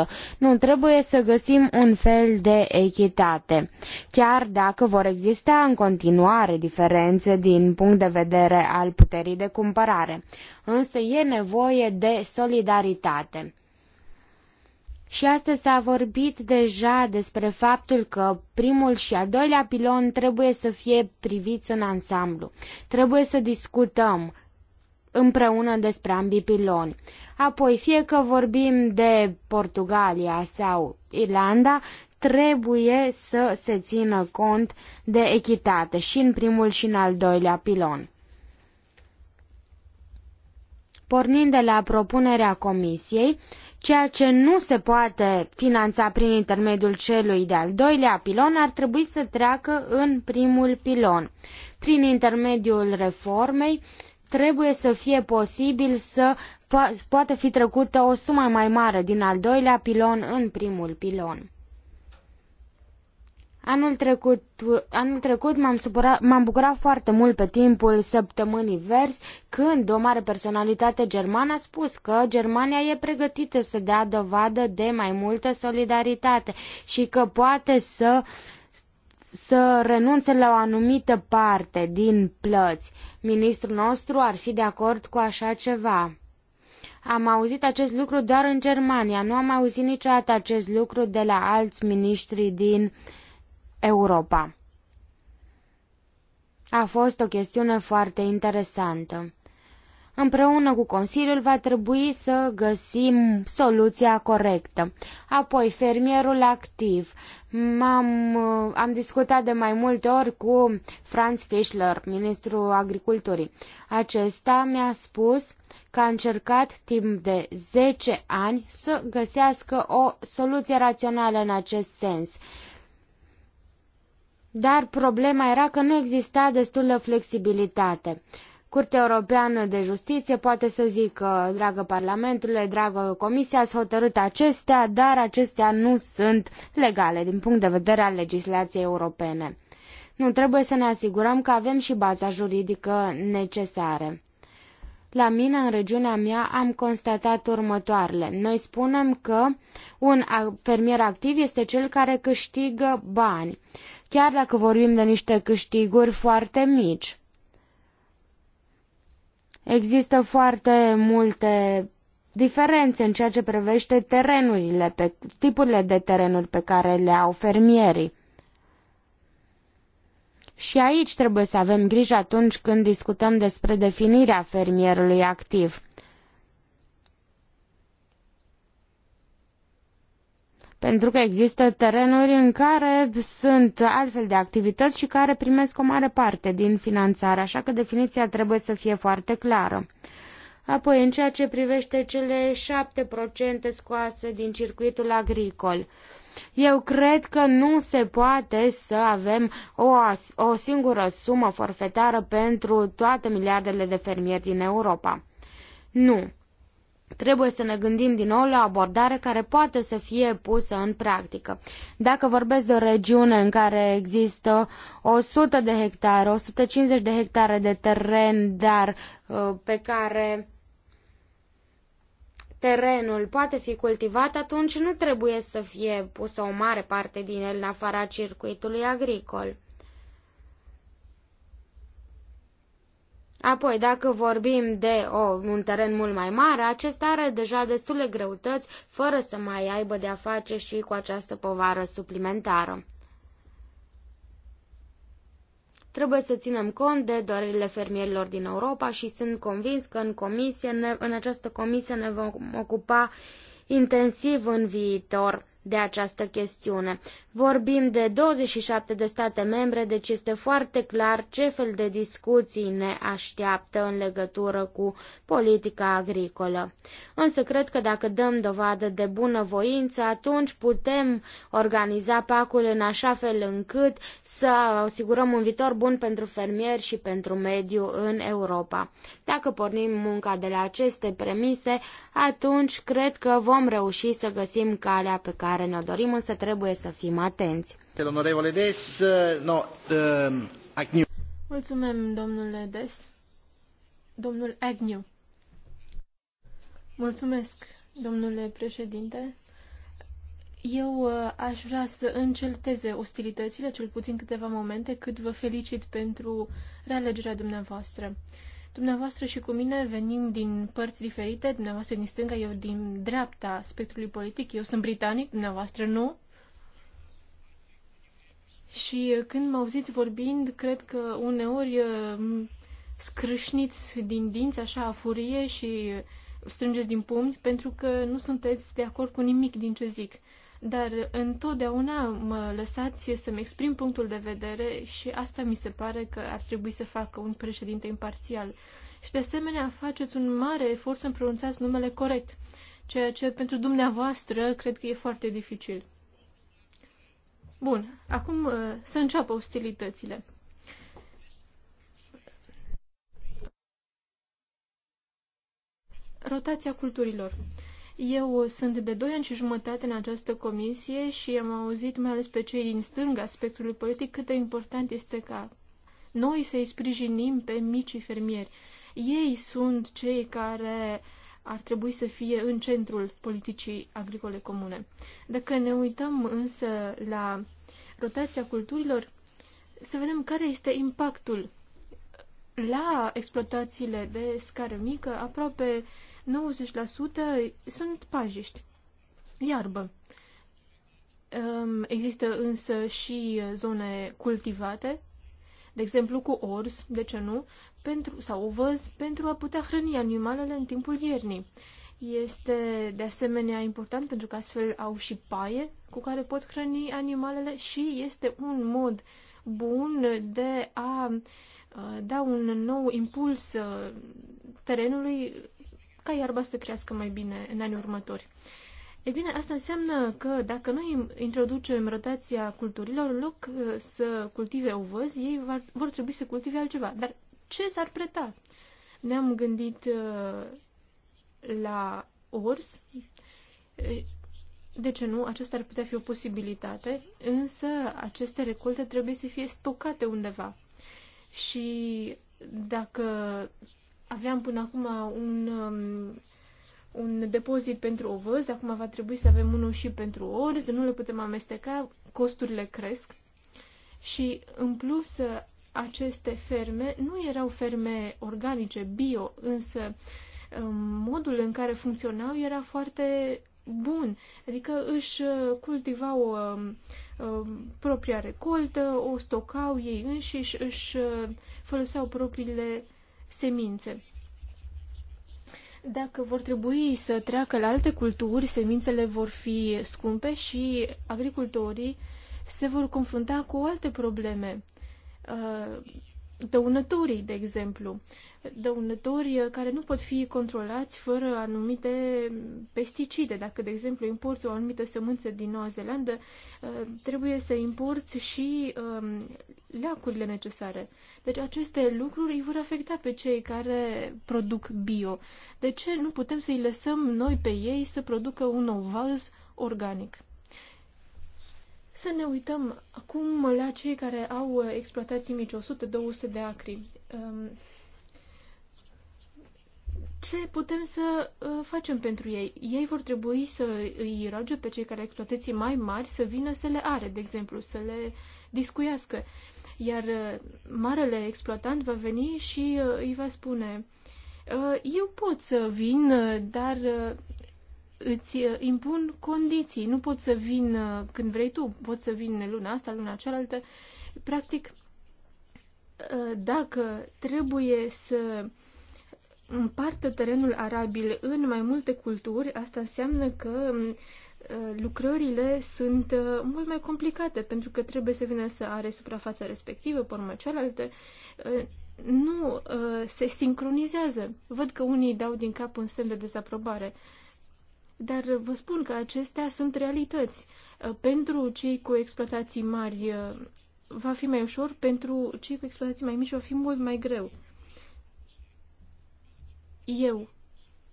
150%. Nu trebuie să găsim un fel de echitate. Chiar dacă vor exista în continuare diferențe din punct de vedere al puterii de cumpărare. Însă e nevoie de solidaritate și astăzi s-a vorbit deja despre faptul că primul și al doilea pilon trebuie să fie priviți în ansamblu. Trebuie să discutăm împreună despre ambii piloni. Apoi, fie că vorbim de Portugalia sau Irlanda, trebuie să se țină cont de echitate și în primul și în al doilea pilon. Pornind de la propunerea Comisiei, Ceea ce nu se poate finanța prin intermediul celui de-al doilea pilon ar trebui să treacă în primul pilon. Prin intermediul reformei trebuie să fie posibil să po- poate fi trecută o sumă mai mare din al doilea pilon în primul pilon. Anul trecut, anul trecut m-am, m-am bucurat foarte mult pe timpul săptămânii verzi când o mare personalitate germană a spus că Germania e pregătită să dea dovadă de mai multă solidaritate și că poate să să renunțe la o anumită parte din plăți. Ministrul nostru ar fi de acord cu așa ceva. Am auzit acest lucru doar în Germania, nu am auzit niciodată acest lucru de la alți miniștri din Europa. A fost o chestiune foarte interesantă. Împreună cu Consiliul va trebui să găsim soluția corectă. Apoi, fermierul activ. am am discutat de mai multe ori cu Franz Fischler, ministrul agriculturii. Acesta mi-a spus că a încercat timp de 10 ani să găsească o soluție rațională în acest sens dar problema era că nu exista destulă flexibilitate. Curtea Europeană de Justiție poate să zică, dragă Parlamentule, dragă Comisie, ați hotărât acestea, dar acestea nu sunt legale din punct de vedere al legislației europene. Nu trebuie să ne asigurăm că avem și baza juridică necesară. La mine, în regiunea mea, am constatat următoarele. Noi spunem că un fermier activ este cel care câștigă bani chiar dacă vorbim de niște câștiguri foarte mici. Există foarte multe diferențe în ceea ce privește terenurile, pe, tipurile de terenuri pe care le au fermierii. Și aici trebuie să avem grijă atunci când discutăm despre definirea fermierului activ. Pentru că există terenuri în care sunt altfel de activități și care primesc o mare parte din finanțare, așa că definiția trebuie să fie foarte clară. Apoi, în ceea ce privește cele 7% scoase din circuitul agricol, eu cred că nu se poate să avem o, o singură sumă forfetară pentru toate miliardele de fermieri din Europa. Nu. Trebuie să ne gândim din nou la o abordare care poate să fie pusă în practică. Dacă vorbesc de o regiune în care există 100 de hectare, 150 de hectare de teren, dar uh, pe care terenul poate fi cultivat, atunci nu trebuie să fie pusă o mare parte din el în afara circuitului agricol. Apoi, dacă vorbim de o, un teren mult mai mare, acesta are deja destule greutăți fără să mai aibă de-a face și cu această povară suplimentară. Trebuie să ținem cont de dorile fermierilor din Europa și sunt convins că în, comisie ne, în această comisie ne vom ocupa intensiv în viitor de această chestiune. Vorbim de 27 de state membre, deci este foarte clar ce fel de discuții ne așteaptă în legătură cu politica agricolă. Însă cred că dacă dăm dovadă de bunăvoință, atunci putem organiza pacul în așa fel încât să asigurăm un viitor bun pentru fermieri și pentru mediu în Europa. Dacă pornim munca de la aceste premise, atunci cred că vom reuși să găsim calea pe care ne-o dorim, însă trebuie să fim atenți. no, um, Mulțumim, domnule Des. Domnul Agnew. Mulțumesc, domnule președinte. Eu uh, aș vrea să încelteze ostilitățile, cel puțin câteva momente, cât vă felicit pentru realegerea dumneavoastră. Dumneavoastră și cu mine venim din părți diferite, dumneavoastră din stânga, eu din dreapta spectrului politic, eu sunt britanic, dumneavoastră nu. Și uh, când mă auziți vorbind, cred că uneori uh, scrâșniți din dinți așa a furie și uh, strângeți din pumni pentru că nu sunteți de acord cu nimic din ce zic. Dar întotdeauna mă lăsați să-mi exprim punctul de vedere și asta mi se pare că ar trebui să facă un președinte imparțial. Și de asemenea faceți un mare efort să-mi pronunțați numele corect, ceea ce pentru dumneavoastră cred că e foarte dificil. Bun, acum uh, să înceapă ostilitățile. Rotația culturilor. Eu sunt de 2 ani și jumătate în această comisie și am auzit mai ales pe cei din stânga spectrului politic cât de important este ca noi să-i sprijinim pe micii fermieri. Ei sunt cei care uh, ar trebui să fie în centrul politicii agricole comune. Dacă ne uităm însă la rotația culturilor, să vedem care este impactul. La exploatațiile de scară mică, aproape 90% sunt pajiști, iarbă. Există însă și zone cultivate, de exemplu cu orz, de ce nu, pentru, sau ovăz pentru a putea hrăni animalele în timpul iernii. Este de asemenea important pentru că astfel au și paie cu care pot hrăni animalele și este un mod bun de a da un nou impuls terenului ca iarba să crească mai bine în anii următori. E bine, asta înseamnă că dacă noi introducem rotația culturilor, în loc să cultive ovăz, ei vor trebui să cultive altceva. Dar ce s-ar preta? Ne-am gândit uh, la ors. De ce nu? Aceasta ar putea fi o posibilitate, însă aceste recolte trebuie să fie stocate undeva. Și dacă aveam până acum un, um, un depozit pentru ovăz, acum va trebui să avem unul și pentru orz, nu le putem amesteca, costurile cresc și în plus aceste ferme nu erau ferme organice, bio, însă um, modul în care funcționau era foarte bun, adică își uh, cultivau um, um, propria recoltă, o stocau ei înșiși, își uh, foloseau propriile semințe. Dacă vor trebui să treacă la alte culturi, semințele vor fi scumpe și agricultorii se vor confrunta cu alte probleme. Uh, dăunătorii, de exemplu. Dăunători uh, care nu pot fi controlați fără anumite pesticide. Dacă, de exemplu, importi o anumită sămânță din Noua Zeelandă, uh, trebuie să importi și um, leacurile necesare. Deci aceste lucruri îi vor afecta pe cei care produc bio. De ce nu putem să-i lăsăm noi pe ei să producă un ovaz organic? Să ne uităm acum la cei care au exploatații mici, 100-200 de acri. Um, ce putem să uh, facem pentru ei? Ei vor trebui să îi roage pe cei care exploatații mai mari să vină să le are, de exemplu, să le discuiască. Iar uh, marele exploatant va veni și uh, îi va spune eu pot să vin, dar îți uh, impun condiții. Nu pot să vin uh, când vrei tu, pot să vin luna asta, luna cealaltă. Practic, uh, dacă trebuie să împartă terenul arabil în mai multe culturi, asta înseamnă că lucrările sunt mult mai complicate, pentru că trebuie să vină să are suprafața respectivă, pe urmă cealaltă. Nu se sincronizează. Văd că unii dau din cap un semn de dezaprobare. Dar vă spun că acestea sunt realități. Pentru cei cu exploatații mari eh, va fi mai ușor, pentru cei cu exploatații mai mici va fi mult mai greu. Eu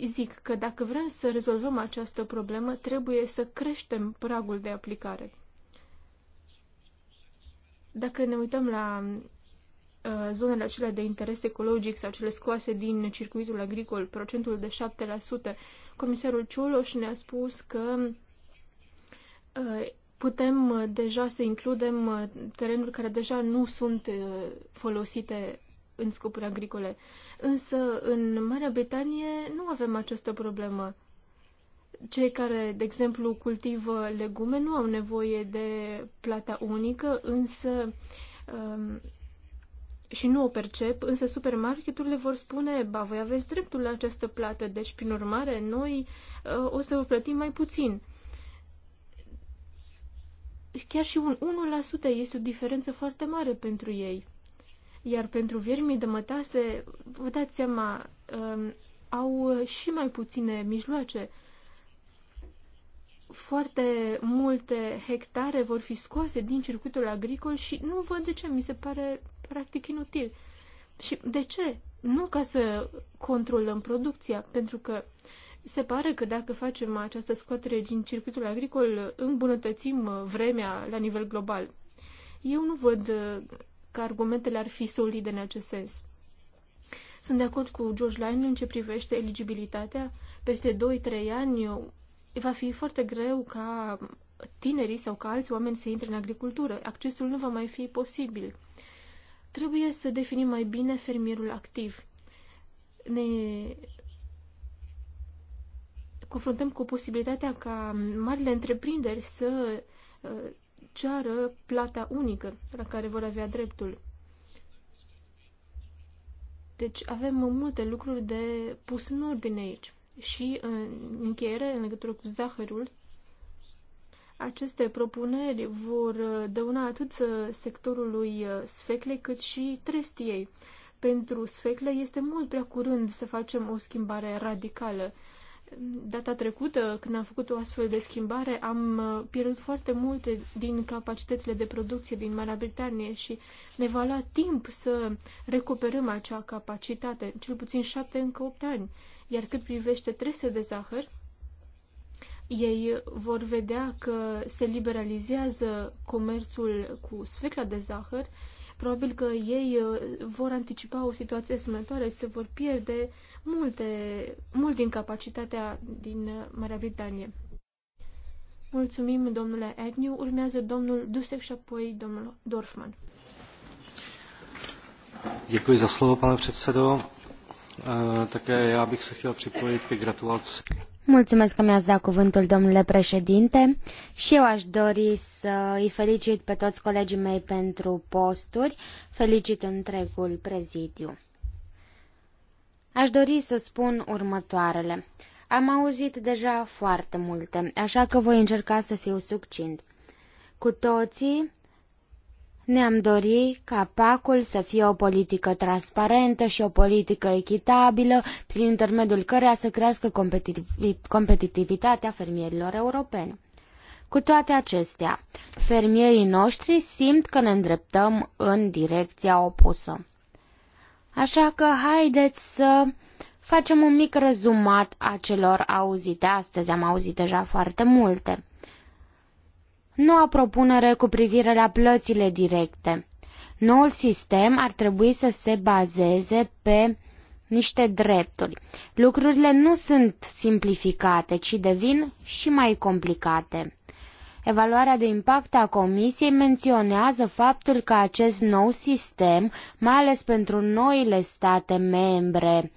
zic că dacă vrem să rezolvăm această problemă, trebuie să creștem pragul de aplicare. Dacă ne uităm la Uh, zonele acelea de interes ecologic sau cele scoase din circuitul agricol, procentul de 7%. Comisarul Cioloș ne-a spus că uh, putem uh, deja să includem terenuri care deja nu sunt folosite în scopuri agricole. Însă, în Marea Britanie nu avem această problemă. Cei care, de exemplu, cultivă legume nu au nevoie de plata unică, însă um, și nu o percep, însă supermarketurile vor spune, ba, voi aveți dreptul la această plată, deci, prin urmare, noi uh, o să vă plătim mai puțin. Chiar și un 1% este o diferență foarte mare pentru ei. Iar pentru viermii de mătase, vă dați seama, uh, au și mai puține mijloace. Foarte multe hectare vor fi scoase din circuitul agricol și nu văd de ce, mi se pare practic inutil. Și de ce? Nu ca să controlăm producția, pentru că se pare că dacă facem această scoatere din circuitul agricol, îmbunătățim uh, vremea la nivel global. Eu nu văd uh, că argumentele ar fi solide în acest sens. Sunt de acord cu George Lyon în ce privește eligibilitatea. Peste 2-3 ani uh, va fi foarte greu ca tinerii sau ca alți oameni să intre în agricultură. Accesul nu va mai fi posibil. Trebuie să definim mai bine fermierul activ. Ne confruntăm cu posibilitatea ca marile întreprinderi să uh, ceară plata unică la care vor avea dreptul. Deci avem multe lucruri de pus în ordine aici. Și în încheiere, în legătură cu zahărul, aceste propuneri vor dăuna atât sectorului uh, sfecle cât și trestiei. Pentru sfecle este mult prea curând să facem o schimbare radicală. Data trecută, când am făcut o astfel de schimbare, am uh, pierdut foarte multe din capacitățile de producție din Marea Britanie și ne va lua timp să recuperăm acea capacitate, cel puțin șapte încă opt ani. Iar cât privește trese de zahăr, ei vor vedea că se liberalizează comerțul cu sfecla de zahăr, probabil că ei uh, vor anticipa o situație asemănătoare, se vor pierde multe, mult din capacitatea din Marea Britanie. Mulțumim, domnule Agnew. Urmează domnul Dusek și apoi domnul Dorfman. Děkuji za slovo, pane předsedo. Eh, také já bych se chtěl připojit ke gratulaci. Mulțumesc că mi-ați dat cuvântul, domnule președinte, și eu aș dori să îi felicit pe toți colegii mei pentru posturi, felicit întregul prezidiu. Aș dori să spun următoarele. Am auzit deja foarte multe, așa că voi încerca să fiu succint. Cu toții ne-am dorit ca pacul să fie o politică transparentă și o politică echitabilă, prin intermediul căreia să crească competitivitatea fermierilor europeni. Cu toate acestea, fermierii noștri simt că ne îndreptăm în direcția opusă. Așa că haideți să facem un mic rezumat a celor auzite astăzi. Am auzit deja foarte multe noua propunere cu privire la plățile directe. Noul sistem ar trebui să se bazeze pe niște drepturi. Lucrurile nu sunt simplificate, ci devin și mai complicate. Evaluarea de impact a Comisiei menționează faptul că acest nou sistem, mai ales pentru noile state membre,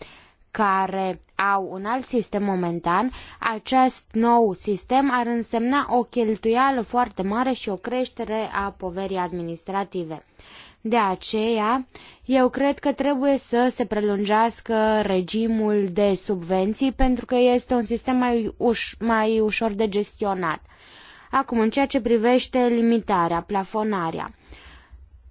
care au un alt sistem momentan, acest nou sistem ar însemna o cheltuială foarte mare și o creștere a poverii administrative. De aceea, eu cred că trebuie să se prelungească regimul de subvenții pentru că este un sistem mai, uș- mai ușor de gestionat. Acum, în ceea ce privește limitarea, plafonarea, uh,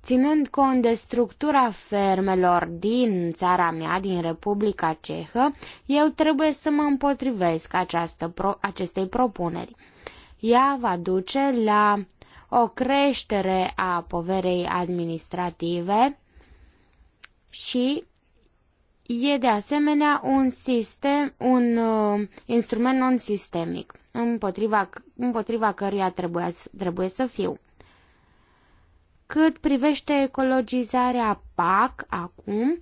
Ținând cont de structura fermelor din țara mea, din Republica Cehă, eu trebuie să mă împotrivesc această pro- acestei propuneri. Ea va duce la o creștere a poverei administrative și e de asemenea un sistem, un uh, instrument non-sistemic împotriva, împotriva căruia trebuie, trebuie să fiu. Cât privește ecologizarea PAC acum,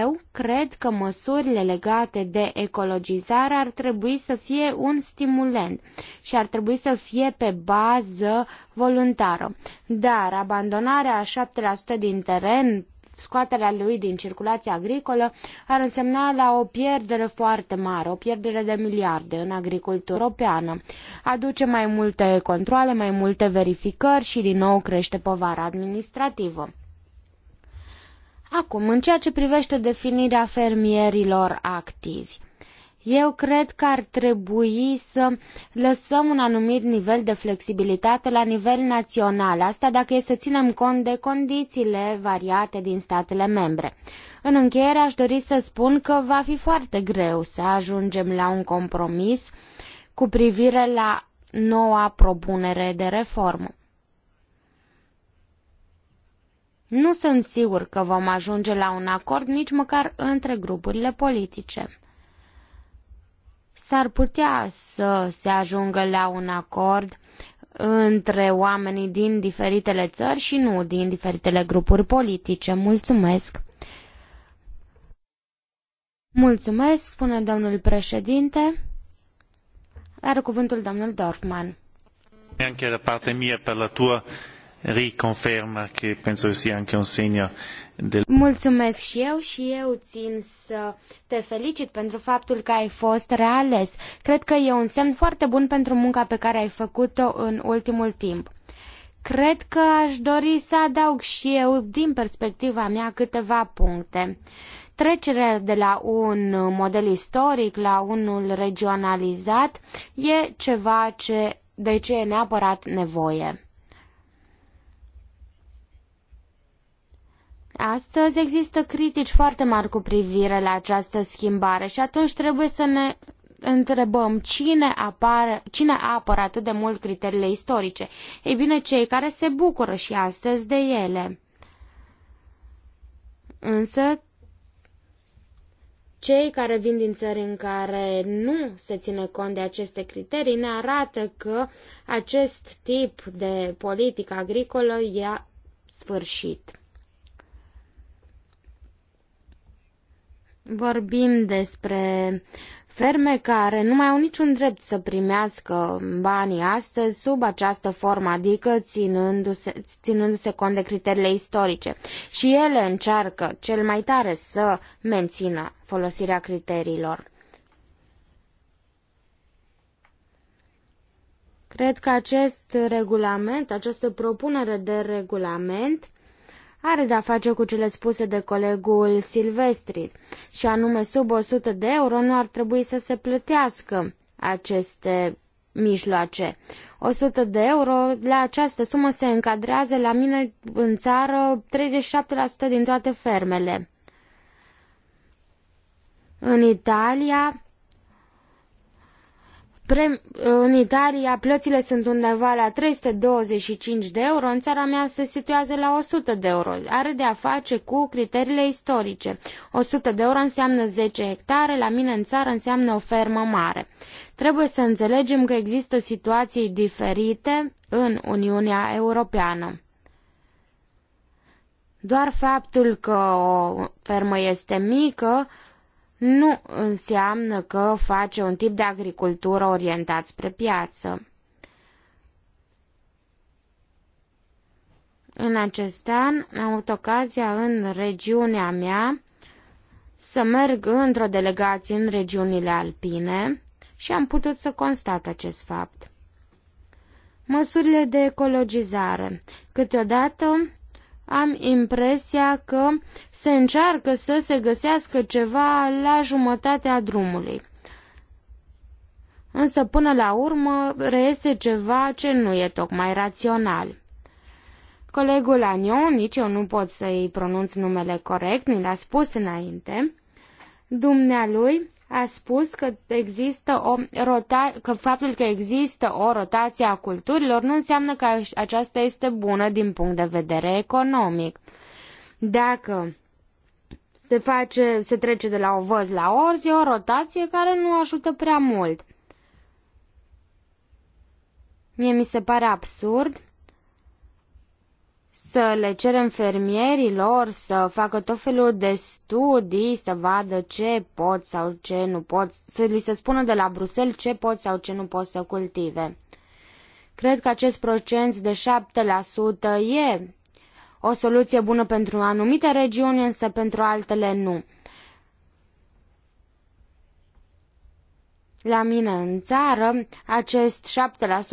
eu cred că măsurile legate de ecologizare ar trebui să fie un stimulent și ar trebui să fie pe bază voluntară. Dar abandonarea a 7% din teren scoaterea lui din circulație agricolă ar însemna la o pierdere foarte mare, o pierdere de miliarde în agricultura europeană. Aduce mai multe controle, mai multe verificări și din nou crește povara administrativă. Acum, în ceea ce privește definirea fermierilor activi. Eu cred că ar trebui să lăsăm un anumit nivel de flexibilitate la nivel național, asta dacă e să ținem cont de condițiile variate din statele membre. În încheiere aș dori să spun că va fi foarte greu să ajungem la un compromis cu privire la noua propunere de reformă. Nu sunt sigur că vom ajunge la un acord nici măcar între grupurile politice s-ar putea să se ajungă la un acord între oamenii din diferitele țări și nu din diferitele grupuri politice. Mulțumesc! Mulțumesc, spune domnul președinte. Are cuvântul domnul Dorfman. Anche da parte mia per la tua riconferma che penso sia anche un segno de... Mulțumesc și eu și eu țin să te felicit pentru faptul că ai fost reales. Cred că e un semn foarte bun pentru munca pe care ai făcut-o în ultimul timp. Cred că aș dori să adaug și eu, din perspectiva mea, câteva puncte. Trecerea de la un model istoric la unul regionalizat e ceva ce, de ce e neapărat nevoie. Astăzi există critici foarte mari cu privire la această schimbare și atunci trebuie să ne întrebăm cine, apare, cine apără atât de mult criteriile istorice. Ei bine, cei care se bucură și astăzi de ele. Însă, cei care vin din țări în care nu se ține cont de aceste criterii ne arată că acest tip de politică agricolă i-a sfârșit. vorbim despre ferme care nu mai au niciun drept să primească banii astăzi sub această formă, adică ținându-se, ținându-se cont de criteriile istorice. Și ele încearcă cel mai tare să mențină folosirea criteriilor. Cred că acest regulament, această propunere de regulament are de-a face cu cele spuse de colegul Silvestri, și anume sub 100 de euro nu ar trebui să se plătească aceste mijloace. 100 de euro, la această sumă se încadrează la mine în țară 37% din toate fermele. În Italia, Pre- în Italia plățile sunt undeva la 325 de euro, în țara mea se situează la 100 de euro. Are de a face cu criteriile istorice. 100 de euro înseamnă 10 hectare, la mine în țară înseamnă o fermă mare. Trebuie să înțelegem că există situații diferite în Uniunea Europeană. Doar faptul că o fermă este mică nu înseamnă că face un tip de agricultură orientat spre piață. În acest an am avut ocazia în regiunea mea să merg într-o delegație în regiunile alpine și am putut să constat acest fapt. Măsurile de ecologizare. Câteodată am impresia că se încearcă să se găsească ceva la jumătatea drumului. Însă până la urmă reiese ceva ce nu e tocmai rațional. Colegul Anion, nici eu nu pot să-i pronunț numele corect, ni l-a spus înainte, dumnealui a spus că există o rota- că faptul că există o rotație a culturilor nu înseamnă că aceasta este bună din punct de vedere economic. Dacă se face, se trece de la o văz la orz, e o rotație care nu ajută prea mult. Mie mi se pare absurd să le cerem fermierilor să facă tot felul de studii, să vadă ce pot sau ce nu pot, să li se spună de la Bruxelles ce pot sau ce nu pot să cultive. Cred că acest procent de 7% e o soluție bună pentru anumite regiuni, însă pentru altele nu. La mine în țară, acest 7%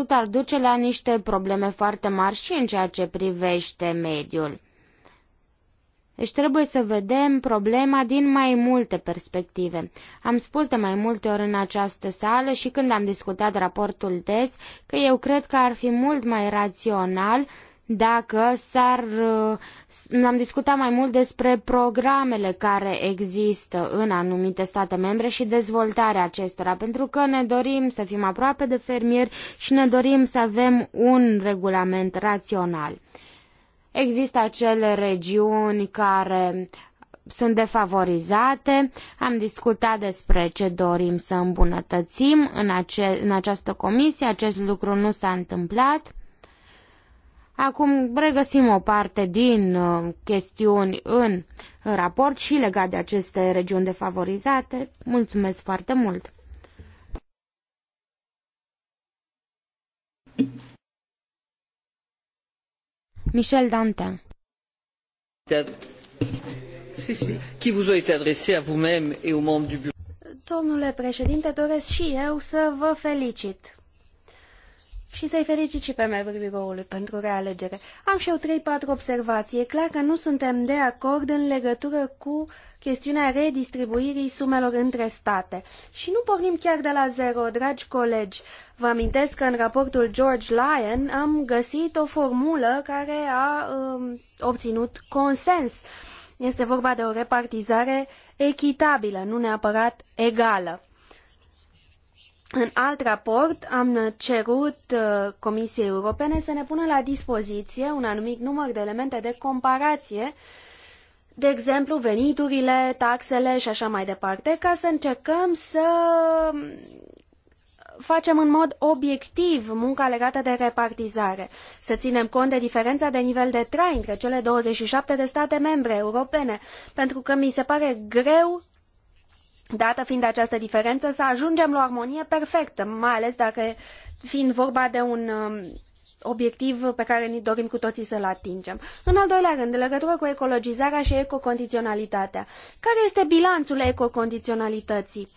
ar duce la niște probleme foarte mari și în ceea ce privește mediul. Deci trebuie să vedem problema din mai multe perspective. Am spus de mai multe ori în această sală și când am discutat raportul DES că eu cred că ar fi mult mai rațional uh, dacă s-ar... Uh, am discutat mai mult despre programele care există în anumite state membre și dezvoltarea acestora, pentru că ne dorim să fim aproape de fermieri și ne dorim să avem un regulament rațional. Există acele regiuni care sunt defavorizate. Am discutat despre ce dorim să îmbunătățim în, ace- în această comisie. Acest lucru nu s-a întâmplat. Acum regăsim o parte din uh, chestiuni în raport și legat de aceste regiuni defavorizate. Mulțumesc foarte mult! Michel Dantin. Qui vous a été adressé à vous-même et aux membres du bureau. Domnule președinte, doresc și eu să vă felicit și să-i felicit și pe membrii biroului pentru realegere. Am și eu 3-4 observații. E clar că nu suntem de acord în legătură cu chestiunea redistribuirii sumelor între state. Și nu pornim chiar de la zero, dragi colegi. Vă amintesc că în raportul George Lyon am găsit o formulă care a um, obținut consens. Este vorba de o repartizare echitabilă, nu neapărat egală. În alt raport am cerut uh, Comisiei Europene să ne pună la dispoziție un anumit număr de elemente de comparație, de exemplu veniturile, taxele și așa mai departe, ca să încercăm să facem în mod obiectiv munca legată de repartizare, să ținem cont de diferența de nivel de trai între cele 27 de state membre europene, pentru că mi se pare greu Dată fiind această diferență, să ajungem la o armonie perfectă, mai ales dacă fiind vorba de un um, obiectiv pe care ni dorim cu toții să-l atingem. În al doilea rând, în legătură cu ecologizarea și ecocondiționalitatea. Care este bilanțul ecocondiționalității?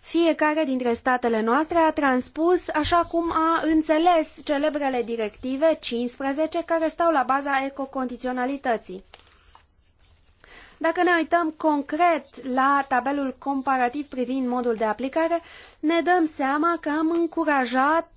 Fiecare dintre statele noastre a transpus așa cum a înțeles celebrele directive 15 care stau la baza ecocondiționalității. Dacă ne uităm concret la tabelul comparativ privind modul de aplicare, ne dăm seama că am încurajat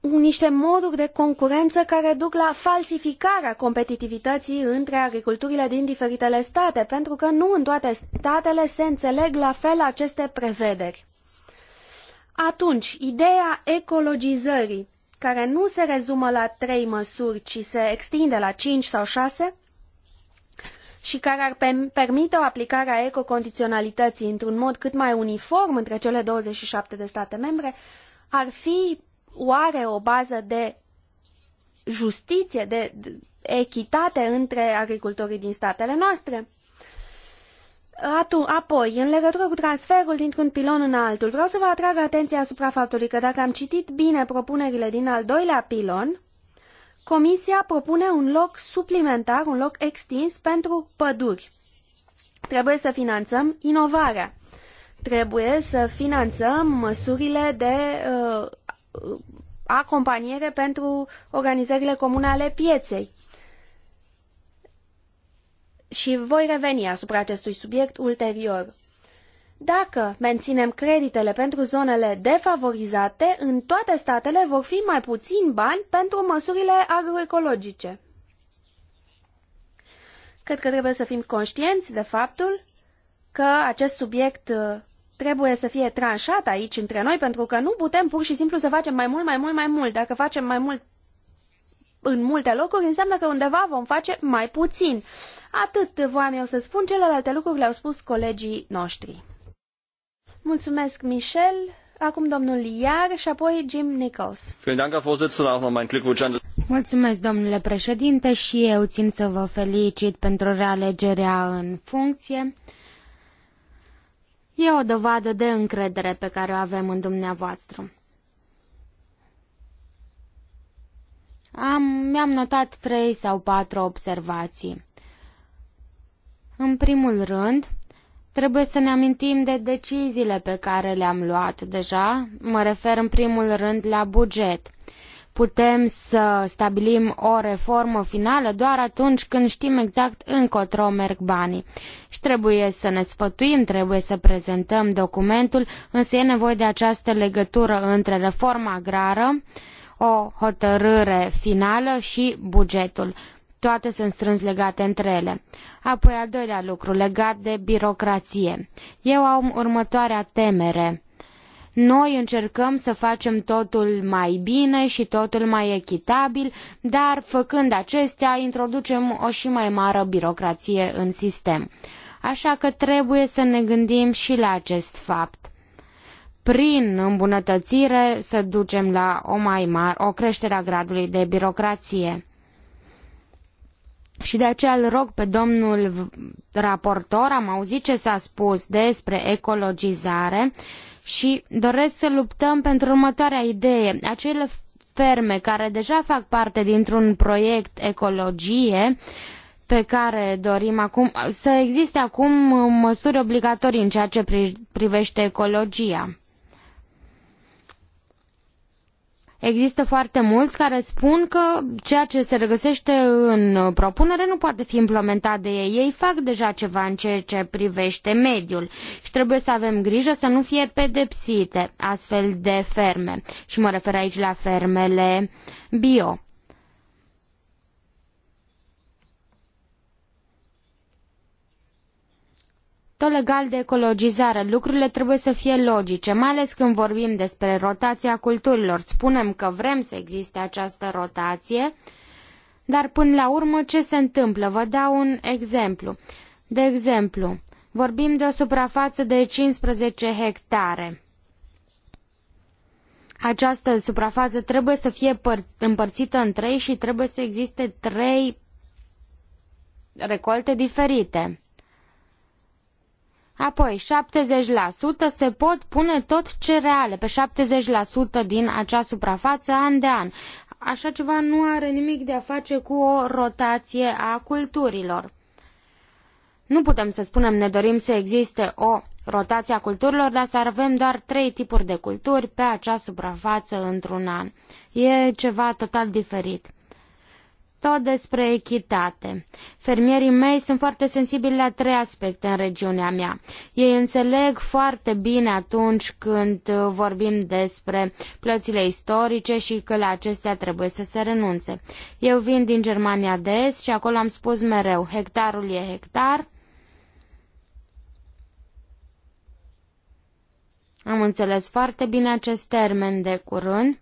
niște moduri de concurență care duc la falsificarea competitivității între agriculturile din diferitele state, pentru că nu în toate statele se înțeleg la fel aceste prevederi. Atunci, ideea ecologizării, care nu se rezumă la trei măsuri, ci se extinde la cinci sau șase, și care ar permite o aplicare a ecocondiționalității într-un mod cât mai uniform între cele 27 de state membre, ar fi oare o bază de justiție, de echitate între agricultorii din statele noastre? Atu, apoi, în legătură cu transferul dintr-un pilon în altul, vreau să vă atrag atenția asupra faptului că dacă am citit bine propunerile din al doilea pilon, Comisia propune un loc suplimentar, un loc extins pentru păduri. Trebuie să finanțăm inovarea. Trebuie să finanțăm măsurile de uh, acompaniere pentru organizările comune ale pieței. Și voi reveni asupra acestui subiect ulterior. Dacă menținem creditele pentru zonele defavorizate, în toate statele vor fi mai puțin bani pentru măsurile agroecologice. Cred că trebuie să fim conștienți de faptul că acest subiect uh, trebuie să fie tranșat aici între noi, pentru că nu putem pur și simplu să facem mai mult, mai mult, mai mult. Dacă facem mai mult în multe locuri, înseamnă că undeva vom face mai puțin. Atât voiam eu să spun, celelalte lucruri le-au spus colegii noștri. Mulțumesc, Michel. Acum domnul Iar și apoi Jim Nichols. Mulțumesc, domnule președinte, și eu țin să vă felicit pentru realegerea în funcție. E o dovadă de încredere pe care o avem în dumneavoastră. Am, mi-am notat trei sau patru observații. În primul rând, Trebuie să ne amintim de deciziile pe care le-am luat deja. Mă refer în primul rând la buget. Putem să stabilim o reformă finală doar atunci când știm exact încotro merg banii. Și trebuie să ne sfătuim, trebuie să prezentăm documentul, însă e nevoie de această legătură între reforma agrară, o hotărâre finală și bugetul toate sunt strâns legate între ele. Apoi, al doilea lucru, legat de birocrație. Eu am următoarea temere. Noi încercăm să facem totul mai bine și totul mai echitabil, dar făcând acestea introducem o și mai mare birocrație în sistem. Așa că trebuie să ne gândim și la acest fapt. Prin îmbunătățire să ducem la o, mai mare, o creștere a gradului de birocrație. Și de aceea îl rog pe domnul raportor, am auzit ce s-a spus despre ecologizare și doresc să luptăm pentru următoarea idee. Acele ferme care deja fac parte dintr-un proiect ecologie, pe care dorim acum, să existe acum măsuri obligatorii în ceea ce privește ecologia. Există foarte mulți care spun că ceea ce se regăsește în propunere nu poate fi implementat de ei. Ei fac deja ceva în ceea ce privește mediul și trebuie să avem grijă să nu fie pedepsite astfel de ferme. Și mă refer aici la fermele bio. Tot legal de ecologizare, lucrurile trebuie să fie logice, mai ales când vorbim despre rotația culturilor. Spunem că vrem să existe această rotație, dar până la urmă ce se întâmplă? Vă dau un exemplu. De exemplu, vorbim de o suprafață de 15 hectare. Această suprafață trebuie să fie împărțită în trei și trebuie să existe trei recolte diferite. Apoi, 70% se pot pune tot cereale pe 70% din acea suprafață an de an. Așa ceva nu are nimic de a face cu o rotație a culturilor. Nu putem să spunem ne dorim să existe o rotație a culturilor, dar să avem doar trei tipuri de culturi pe acea suprafață într-un an. E ceva total diferit tot despre echitate. Fermierii mei sunt foarte sensibili la trei aspecte în regiunea mea. Ei înțeleg foarte bine atunci când uh, vorbim despre plățile istorice și că la acestea trebuie să se renunțe. Eu vin din Germania de Est și acolo am spus mereu, hectarul e hectar, Am înțeles foarte bine acest termen de curând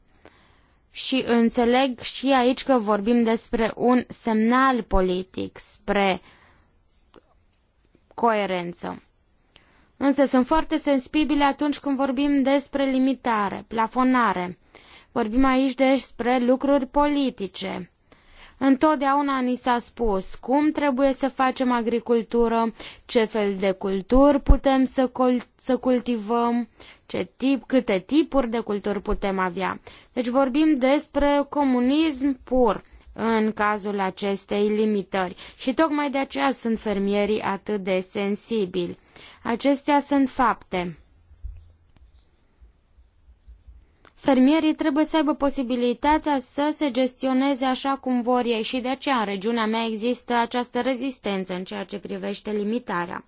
și înțeleg și aici că vorbim despre un semnal politic spre coerență. Însă sunt foarte sensibile atunci când vorbim despre limitare, plafonare. Vorbim aici despre lucruri politice. Întotdeauna ni s-a spus cum trebuie să facem agricultură, ce fel de culturi putem să, să cultivăm ce tip, câte tipuri de culturi putem avea. Deci vorbim despre comunism pur în cazul acestei limitări și tocmai de aceea sunt fermierii atât de sensibili. Acestea sunt fapte. Fermierii trebuie să aibă posibilitatea să se gestioneze așa cum vor ei și de aceea în regiunea mea există această rezistență în ceea ce privește limitarea.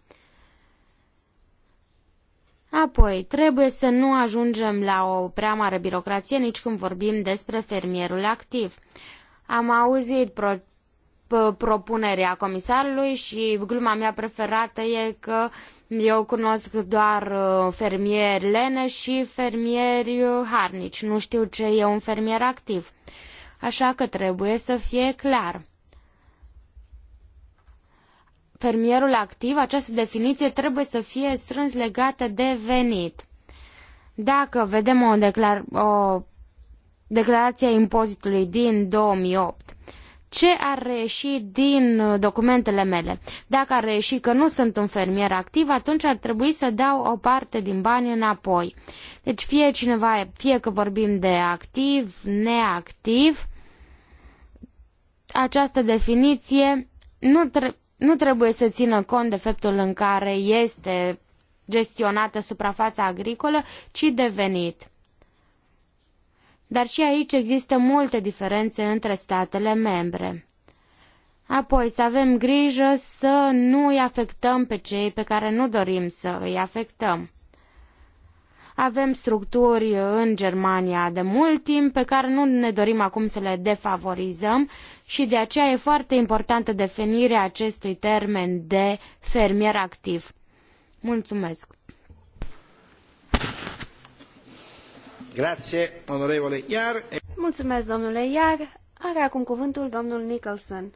Apoi, trebuie să nu ajungem la o prea mare birocrație nici când vorbim despre fermierul activ. Am auzit pro- propunerea comisarului și gluma mea preferată e că eu cunosc doar uh, fermieri lene și fermieri uh, harnici. Nu știu ce e un fermier activ. Așa că trebuie să fie clar fermierul activ, această definiție trebuie să fie strâns legată de venit. Dacă vedem o, declar- o declarație a impozitului din 2008, ce ar reieși din documentele mele? Dacă ar reieși că nu sunt un fermier activ, atunci ar trebui să dau o parte din bani înapoi. Deci fie cineva, fie că vorbim de activ, neactiv, această definiție nu, nu trebuie să țină cont de faptul în care este gestionată suprafața agricolă, ci de venit. Dar și aici există multe diferențe între statele membre. Apoi să avem grijă să nu îi afectăm pe cei pe care nu dorim să îi afectăm. Avem structuri în Germania de mult timp pe care nu ne dorim acum să le defavorizăm și de aceea e foarte importantă definirea acestui termen de fermier activ. Mulțumesc! Grazie, onorevole Iar. Mulțumesc, domnule Iar. Are acum cuvântul domnul Nicholson.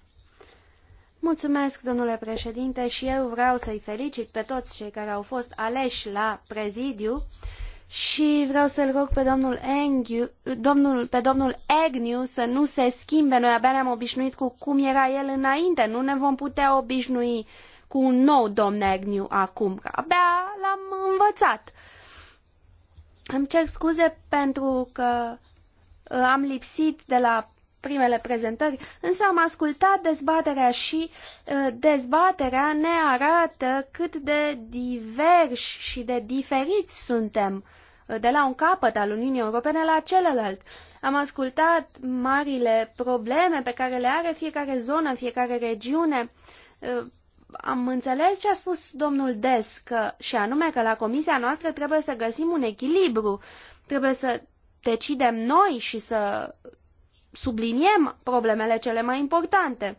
Mulțumesc, domnule președinte, și eu vreau să-i felicit pe toți cei care au fost aleși la prezidiu și vreau să-l rog pe domnul, Enghiu, domnul, pe domnul Agnew să nu se schimbe. Noi abia ne-am obișnuit cu cum era el înainte. Nu ne vom putea obișnui cu un nou domn Agnew acum, că abia l-am învățat. Îmi cer scuze pentru că uh, am lipsit de la primele prezentări, însă am ascultat dezbaterea și uh, dezbaterea ne arată cât de diversi și de diferiți suntem uh, de la un capăt al Uniunii Europene la celălalt. Am ascultat marile probleme pe care le are fiecare zonă, fiecare regiune. Uh, am înțeles ce a spus domnul Des, că, și anume că la comisia noastră trebuie să găsim un echilibru, trebuie să decidem noi și să subliniem problemele cele mai importante.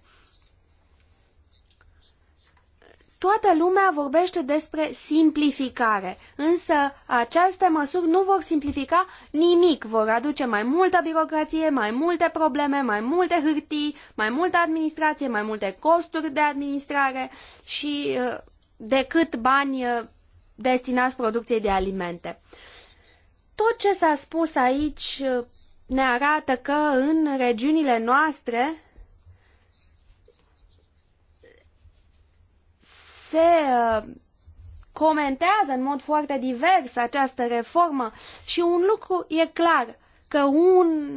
Toată lumea vorbește despre simplificare, însă aceste măsuri nu vor simplifica nimic, vor aduce mai multă birocrație, mai multe probleme, mai multe hârtii, mai multă administrație, mai multe costuri de administrare și uh, decât bani uh, destinați producției de alimente. Tot ce s-a spus aici uh, ne arată că în regiunile noastre se uh, comentează în mod foarte divers această reformă și un lucru e clar, că un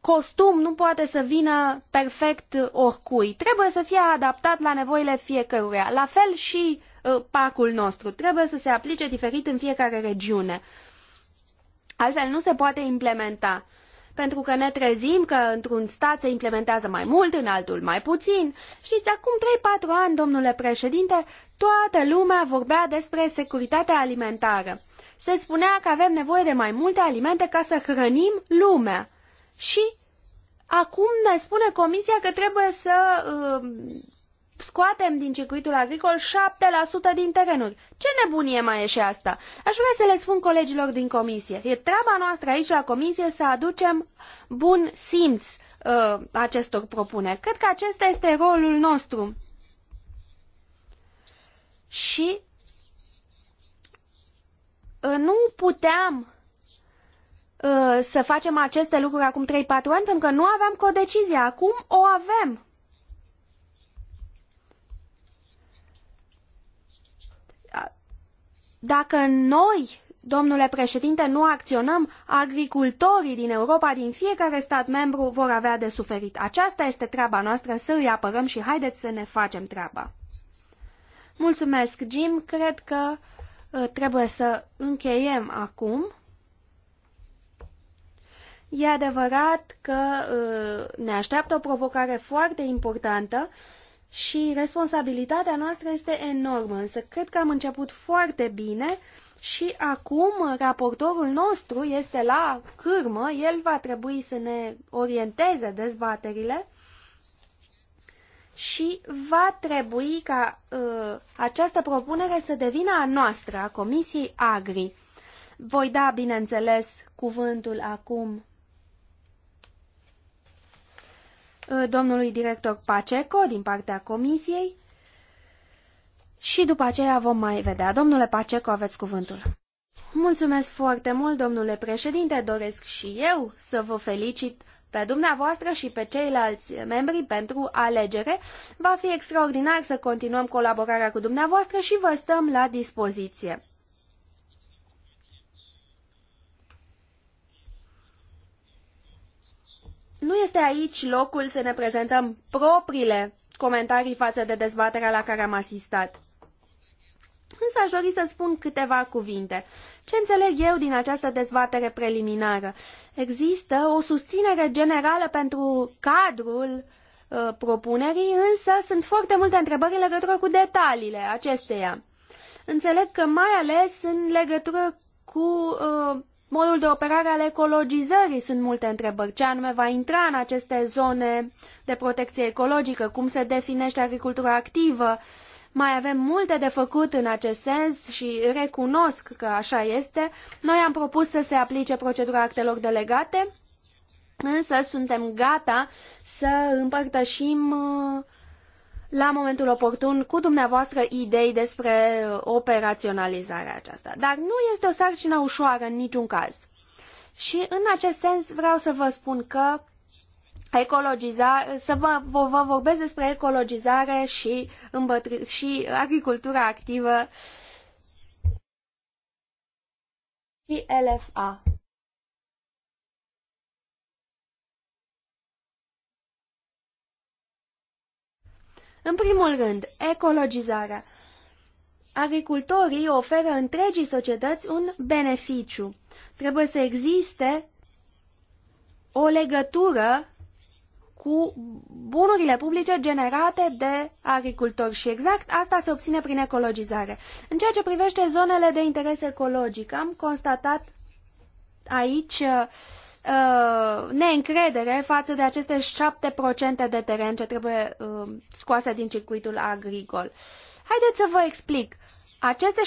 costum nu poate să vină perfect oricui. Trebuie să fie adaptat la nevoile fiecăruia. La fel și uh, pacul nostru. Trebuie să se aplice diferit în fiecare regiune. Altfel nu se poate implementa pentru că ne trezim că într-un stat se implementează mai mult, în altul mai puțin. Știți, acum 3-4 ani, domnule președinte, toată lumea vorbea despre securitatea alimentară. Se spunea că avem nevoie de mai multe alimente ca să hrănim lumea. Și acum ne spune Comisia că trebuie să uh, scoatem din circuitul agricol 7% din terenuri. Ce nebunie mai e și asta? Aș vrea să le spun colegilor din comisie. E treaba noastră aici la comisie să aducem bun simț uh, acestor propuneri. Cred că acesta este rolul nostru. Și uh, nu puteam uh, să facem aceste lucruri acum 3-4 ani pentru că nu aveam codecizie. Acum o avem. Dacă noi, domnule președinte, nu acționăm, agricultorii din Europa, din fiecare stat membru, vor avea de suferit. Aceasta este treaba noastră, să îi apărăm și haideți să ne facem treaba. Mulțumesc, Jim. Cred că uh, trebuie să încheiem acum. E adevărat că uh, ne așteaptă o provocare foarte importantă și responsabilitatea noastră este enormă, însă cred că am început foarte bine și acum raportorul nostru este la cârmă, el va trebui să ne orienteze dezbaterile și va trebui ca uh, această propunere să devină a noastră, a Comisiei Agri. Voi da, bineînțeles, cuvântul acum Uh, domnului director Paceco din partea comisiei și după aceea vom mai vedea. Domnule Paceco, aveți cuvântul. Mulțumesc foarte mult, domnule președinte. Doresc și eu să vă felicit pe dumneavoastră și pe ceilalți membri pentru alegere. Va fi extraordinar să continuăm colaborarea cu dumneavoastră și vă stăm la dispoziție. Nu este aici locul să ne prezentăm propriile comentarii față de dezbaterea la care am asistat. Însă aș dori să spun câteva cuvinte. Ce înțeleg eu din această dezbatere preliminară? Există o susținere generală pentru cadrul uh, propunerii, însă sunt foarte multe întrebări în legătură cu detaliile acesteia. Înțeleg că mai ales în legătură cu uh, modul de operare al ecologizării sunt multe întrebări. Ce anume va intra în aceste zone de protecție ecologică? Cum se definește agricultura activă? Mai avem multe de făcut în acest sens și recunosc că așa este. Noi am propus să se aplice procedura actelor delegate, însă suntem gata să împărtășim uh, la momentul oportun cu dumneavoastră idei despre operaționalizarea aceasta. Dar nu este o sarcină ușoară în niciun caz. Și în acest sens vreau să vă spun că ecologiza, să vă, vă, vă vorbesc despre ecologizare și, îmbătri, și agricultura activă și LFA. În primul rând, ecologizarea. Agricultorii oferă întregii societăți un beneficiu. Trebuie să existe o legătură cu bunurile publice generate de agricultori și exact asta se obține prin ecologizare. În ceea ce privește zonele de interes ecologic, am constatat aici uh, Uh, neîncredere față de aceste 7% de teren ce trebuie uh, scoase din circuitul agricol. Haideți să vă explic. Aceste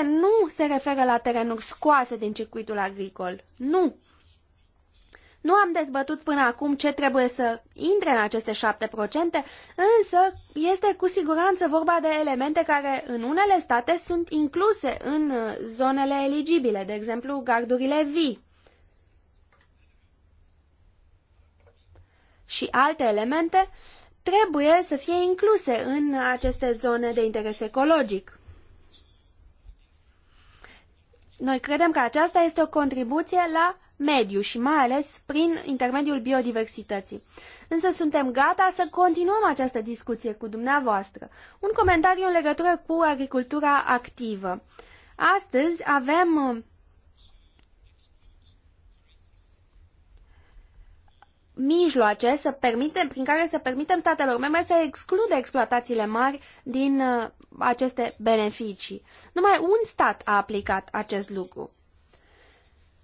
7% nu se referă la terenuri scoase din circuitul agricol. Nu. Nu am dezbătut până acum ce trebuie să intre în aceste 7%, însă este cu siguranță vorba de elemente care în unele state sunt incluse în uh, zonele eligibile, de exemplu gardurile vii. și alte elemente trebuie să fie incluse în aceste zone de interes ecologic. Noi credem că aceasta este o contribuție la mediu și mai ales prin intermediul biodiversității. Însă suntem gata să continuăm această discuție cu dumneavoastră. Un comentariu în legătură cu agricultura activă. Astăzi avem mijloace să permitem, prin care să permitem statelor membre să exclude exploatațiile mari din uh, aceste beneficii. Numai un stat a aplicat acest lucru.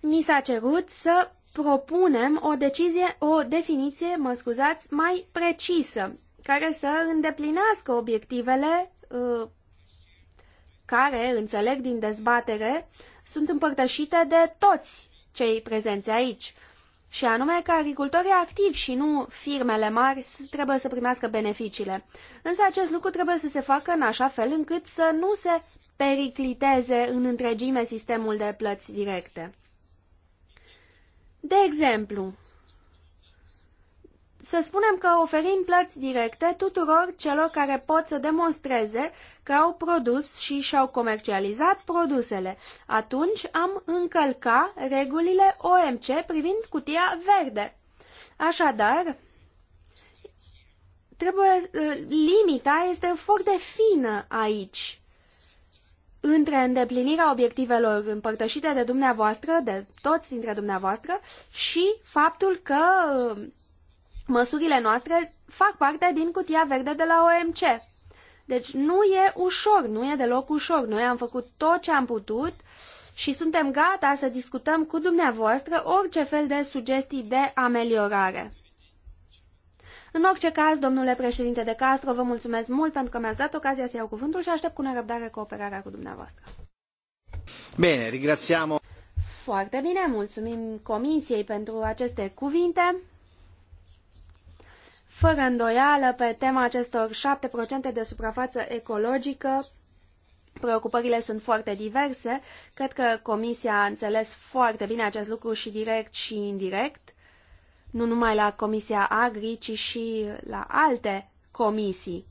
Ni s-a cerut să propunem o decizie, o definiție, mă scuzați, mai precisă, care să îndeplinească obiectivele uh, care, înțeleg din dezbatere, sunt împărtășite de toți cei prezenți aici. Uh, și anume că agricultorii activi și nu firmele mari trebuie să primească beneficiile. Însă acest lucru trebuie să se facă în așa fel încât să nu se pericliteze în întregime sistemul de plăți directe. De exemplu, să spunem că oferim plăți directe tuturor celor care pot să demonstreze că au produs și și-au comercializat produsele. Atunci am încălca regulile OMC privind cutia verde. Așadar, trebuie, ă, limita este foarte fină aici între îndeplinirea obiectivelor împărtășite de dumneavoastră, de toți dintre dumneavoastră, și faptul că ă, Măsurile noastre fac parte din cutia verde de la OMC. Deci nu e ușor, nu e deloc ușor. Noi am făcut tot ce am putut și suntem gata să discutăm cu dumneavoastră orice fel de sugestii de ameliorare. În orice caz, domnule președinte de Castro, vă mulțumesc mult pentru că mi-ați dat ocazia să iau cuvântul și aștept cu nerăbdare cooperarea cu dumneavoastră. Bine, ringrațiamo. Foarte bine, mulțumim Comisiei pentru aceste cuvinte fără îndoială pe tema acestor 7% de suprafață ecologică. Preocupările sunt foarte diverse. Cred că Comisia a înțeles foarte bine acest lucru și direct și indirect, nu numai la Comisia Agri, ci și la alte comisii.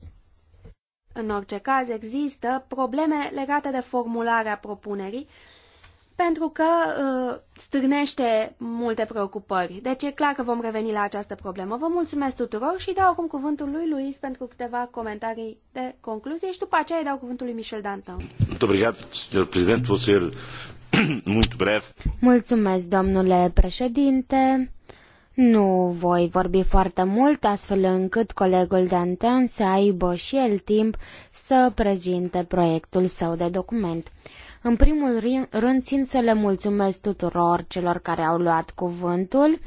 În orice caz, există probleme legate de formularea propunerii pentru că uh, stârnește multe preocupări. Deci e clar că vom reveni la această problemă. Vă mulțumesc tuturor și dau acum cuvântul lui Luis pentru câteva comentarii de concluzie și după aceea îi dau cuvântul lui Michel Danton. Mulțumesc, domnule președinte. Nu voi vorbi foarte mult, astfel încât colegul Danton să aibă și el timp să prezinte proiectul său de document. În primul rând, țin să le mulțumesc tuturor celor care au luat cuvântul.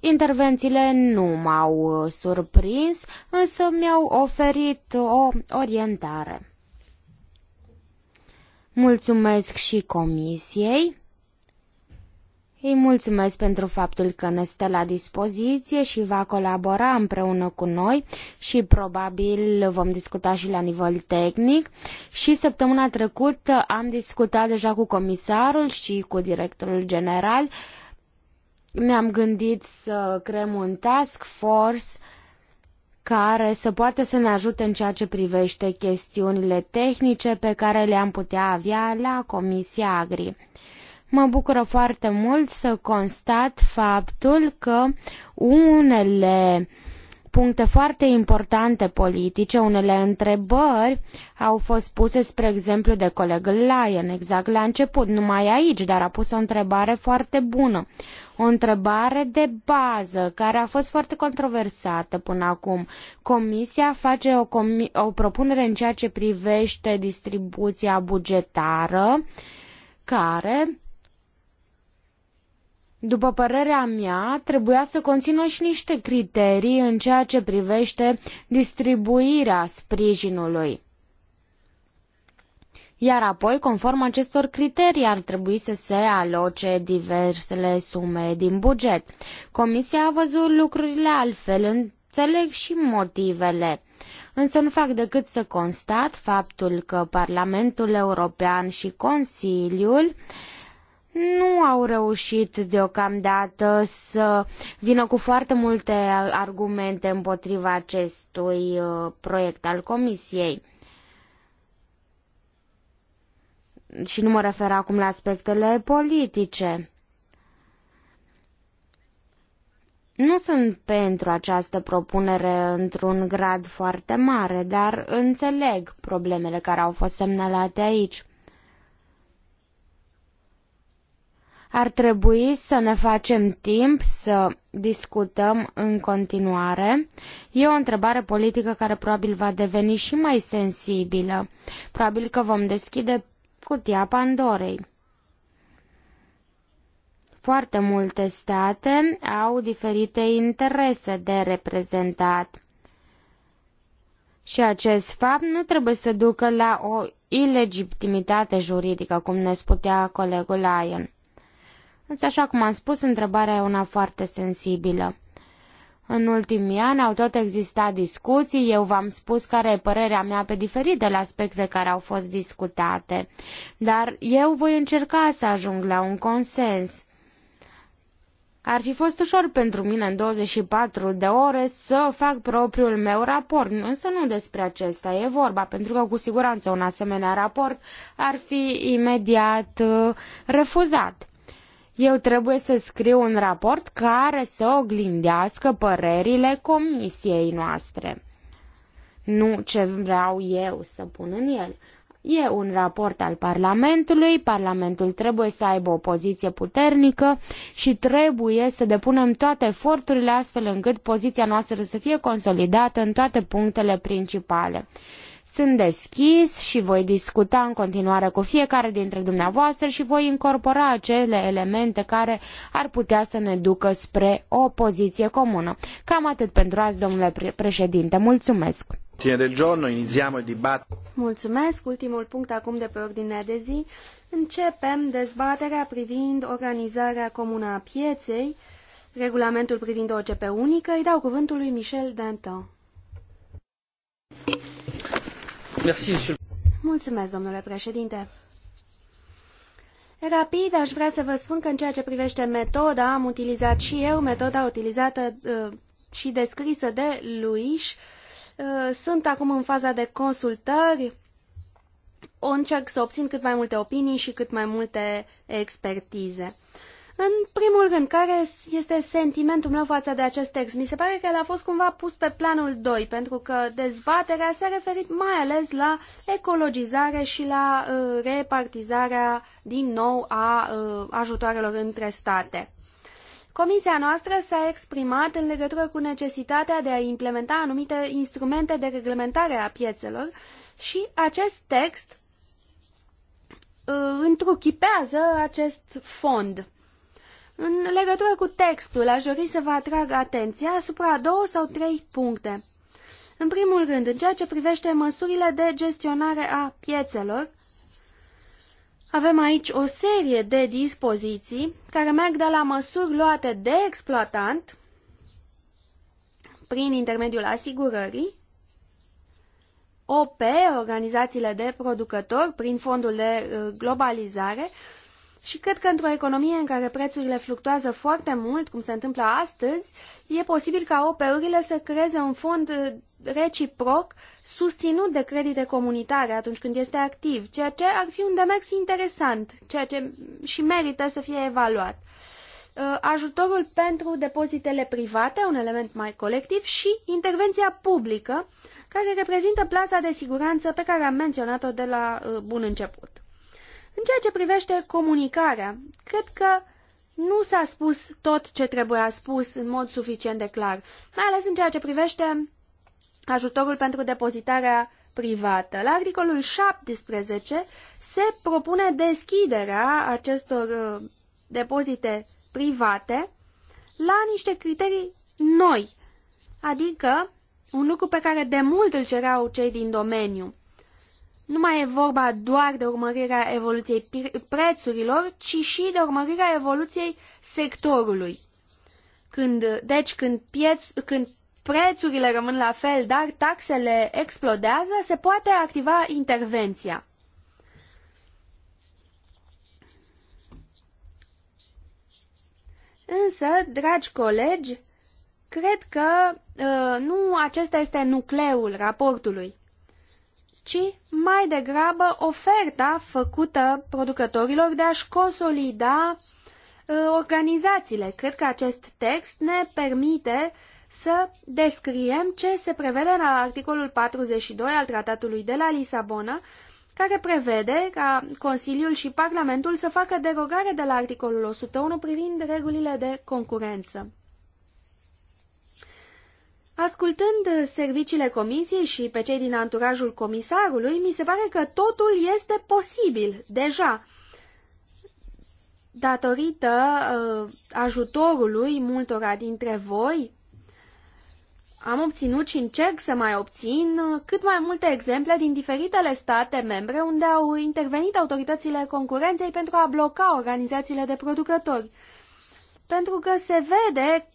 Intervențiile nu m-au uh, surprins, însă mi-au oferit o orientare. Mulțumesc și comisiei. Îi mulțumesc pentru faptul că ne stă la dispoziție și va colabora împreună cu noi și probabil vom discuta și la nivel tehnic. Și săptămâna trecută am discutat deja cu comisarul și cu directorul general. Ne-am gândit să creăm un task force care să poată să ne ajute în ceea ce privește chestiunile tehnice pe care le-am putea avea la Comisia Agri. Mă bucură foarte mult să constat faptul că unele puncte foarte importante politice, unele întrebări au fost puse, spre exemplu, de colegul Lyon, exact la început, numai aici, dar a pus o întrebare foarte bună. O întrebare de bază, care a fost foarte controversată până acum. Comisia face o, comi o propunere în ceea ce privește distribuția bugetară, care după părerea mea, trebuia să conțină și niște criterii în ceea ce privește distribuirea sprijinului. Iar apoi, conform acestor criterii, ar trebui să se aloce diversele sume din buget. Comisia a văzut lucrurile altfel, înțeleg și motivele însă nu fac decât să constat faptul că Parlamentul European și Consiliul uh, nu au reușit deocamdată să vină cu foarte multe argumente împotriva acestui uh, proiect al Comisiei. Și nu mă refer acum la aspectele politice. Nu sunt pentru această propunere într-un grad foarte mare, dar înțeleg problemele care au fost semnalate aici. Ar trebui să ne facem timp să discutăm în continuare. E o întrebare politică care probabil va deveni și mai sensibilă. Probabil că vom deschide cutia Pandorei. Foarte multe state au diferite interese de reprezentat. Și acest fapt nu trebuie să ducă la o ilegitimitate juridică, cum ne spunea colegul Lyon. Însă, așa cum am spus, întrebarea e una foarte sensibilă. În ultimii ani au tot existat discuții, eu v-am spus care e părerea mea pe diferitele aspecte care au fost discutate, dar eu voi încerca să ajung la un consens. Ar fi fost ușor pentru mine în 24 de ore să fac propriul meu raport, însă nu despre acesta e vorba, pentru că cu siguranță un asemenea raport ar fi imediat uh, refuzat. Eu trebuie să scriu un raport care să oglindească părerile comisiei noastre. Nu ce vreau eu să pun în el. E un raport al Parlamentului, Parlamentul trebuie să aibă o poziție puternică și trebuie să depunem toate eforturile astfel încât poziția noastră să fie consolidată în toate punctele principale. Sunt deschis și voi discuta în continuare cu fiecare dintre dumneavoastră și voi incorpora acele elemente care ar putea să ne ducă spre o poziție comună. Cam atât pentru azi, domnule președinte. Mulțumesc! Mulțumesc! Ultimul punct acum de pe ordinea de zi. Începem dezbaterea privind organizarea comună a pieței, regulamentul privind o OCP unică. Îi dau cuvântul lui Michel Dantin. Mulțumesc, domnule președinte. Rapid, aș vrea să vă spun că în ceea ce privește metoda, am utilizat și eu metoda utilizată uh, și descrisă de Luis. Uh, sunt acum în faza de consultări. O încerc să obțin cât mai multe opinii și cât mai multe expertize. Uh, în primul rând, care este sentimentul meu față de acest text? Mi se pare că el a fost cumva pus pe planul 2, pentru că dezbaterea s-a referit mai ales la ecologizare și la uh, repartizarea din nou a uh, ajutoarelor între state. Comisia noastră s-a exprimat în legătură cu necesitatea de a implementa anumite instrumente de reglementare a piețelor și acest text uh, întruchipează acest fond. În legătură cu textul, aș dori să vă atrag atenția asupra două sau trei puncte. În primul rând, în ceea ce privește măsurile de gestionare a piețelor, avem aici o serie de dispoziții care merg de la măsuri luate de exploatant prin intermediul asigurării, OP, organizațiile de producători, prin fondul de uh, globalizare și cred că într-o economie în care prețurile fluctuează foarte mult, cum se întâmplă astăzi, e posibil ca op urile să creeze un fond uh, reciproc susținut de credite comunitare atunci când este activ, ceea ce ar fi un demers interesant, ceea ce și merită să fie evaluat. Uh, ajutorul pentru depozitele private, un element mai colectiv, și intervenția publică, care reprezintă plasa de siguranță pe care am menționat-o de la uh, bun început. În ceea ce privește comunicarea, cred că nu s-a spus tot ce trebuia spus în mod suficient de clar, mai ales în ceea ce privește ajutorul pentru depozitarea privată. La articolul 17 se propune deschiderea acestor uh, depozite private la niște criterii noi, adică un lucru pe care de mult îl cereau cei din domeniu. Nu mai e vorba doar de urmărirea evoluției prețurilor, ci și de urmărirea evoluției sectorului. Când, deci când, pieț, când prețurile rămân la fel, dar taxele explodează, se poate activa intervenția. Însă, dragi colegi, cred că uh, nu acesta este nucleul raportului ci mai degrabă oferta făcută producătorilor de a-și consolida ă, organizațiile. Cred că acest text ne permite să descriem ce se prevede în articolul 42 al Tratatului de la Lisabona, care prevede ca Consiliul și Parlamentul să facă derogare de la articolul 101 privind regulile de concurență. Ascultând uh, serviciile comisiei și pe cei din anturajul comisarului, mi se pare că totul este posibil deja datorită uh, ajutorului multora dintre voi, am obținut și încerc să mai obțin uh, cât mai multe exemple din diferitele state membre unde au intervenit autoritățile concurenței pentru a bloca organizațiile de producători. Pentru că se vede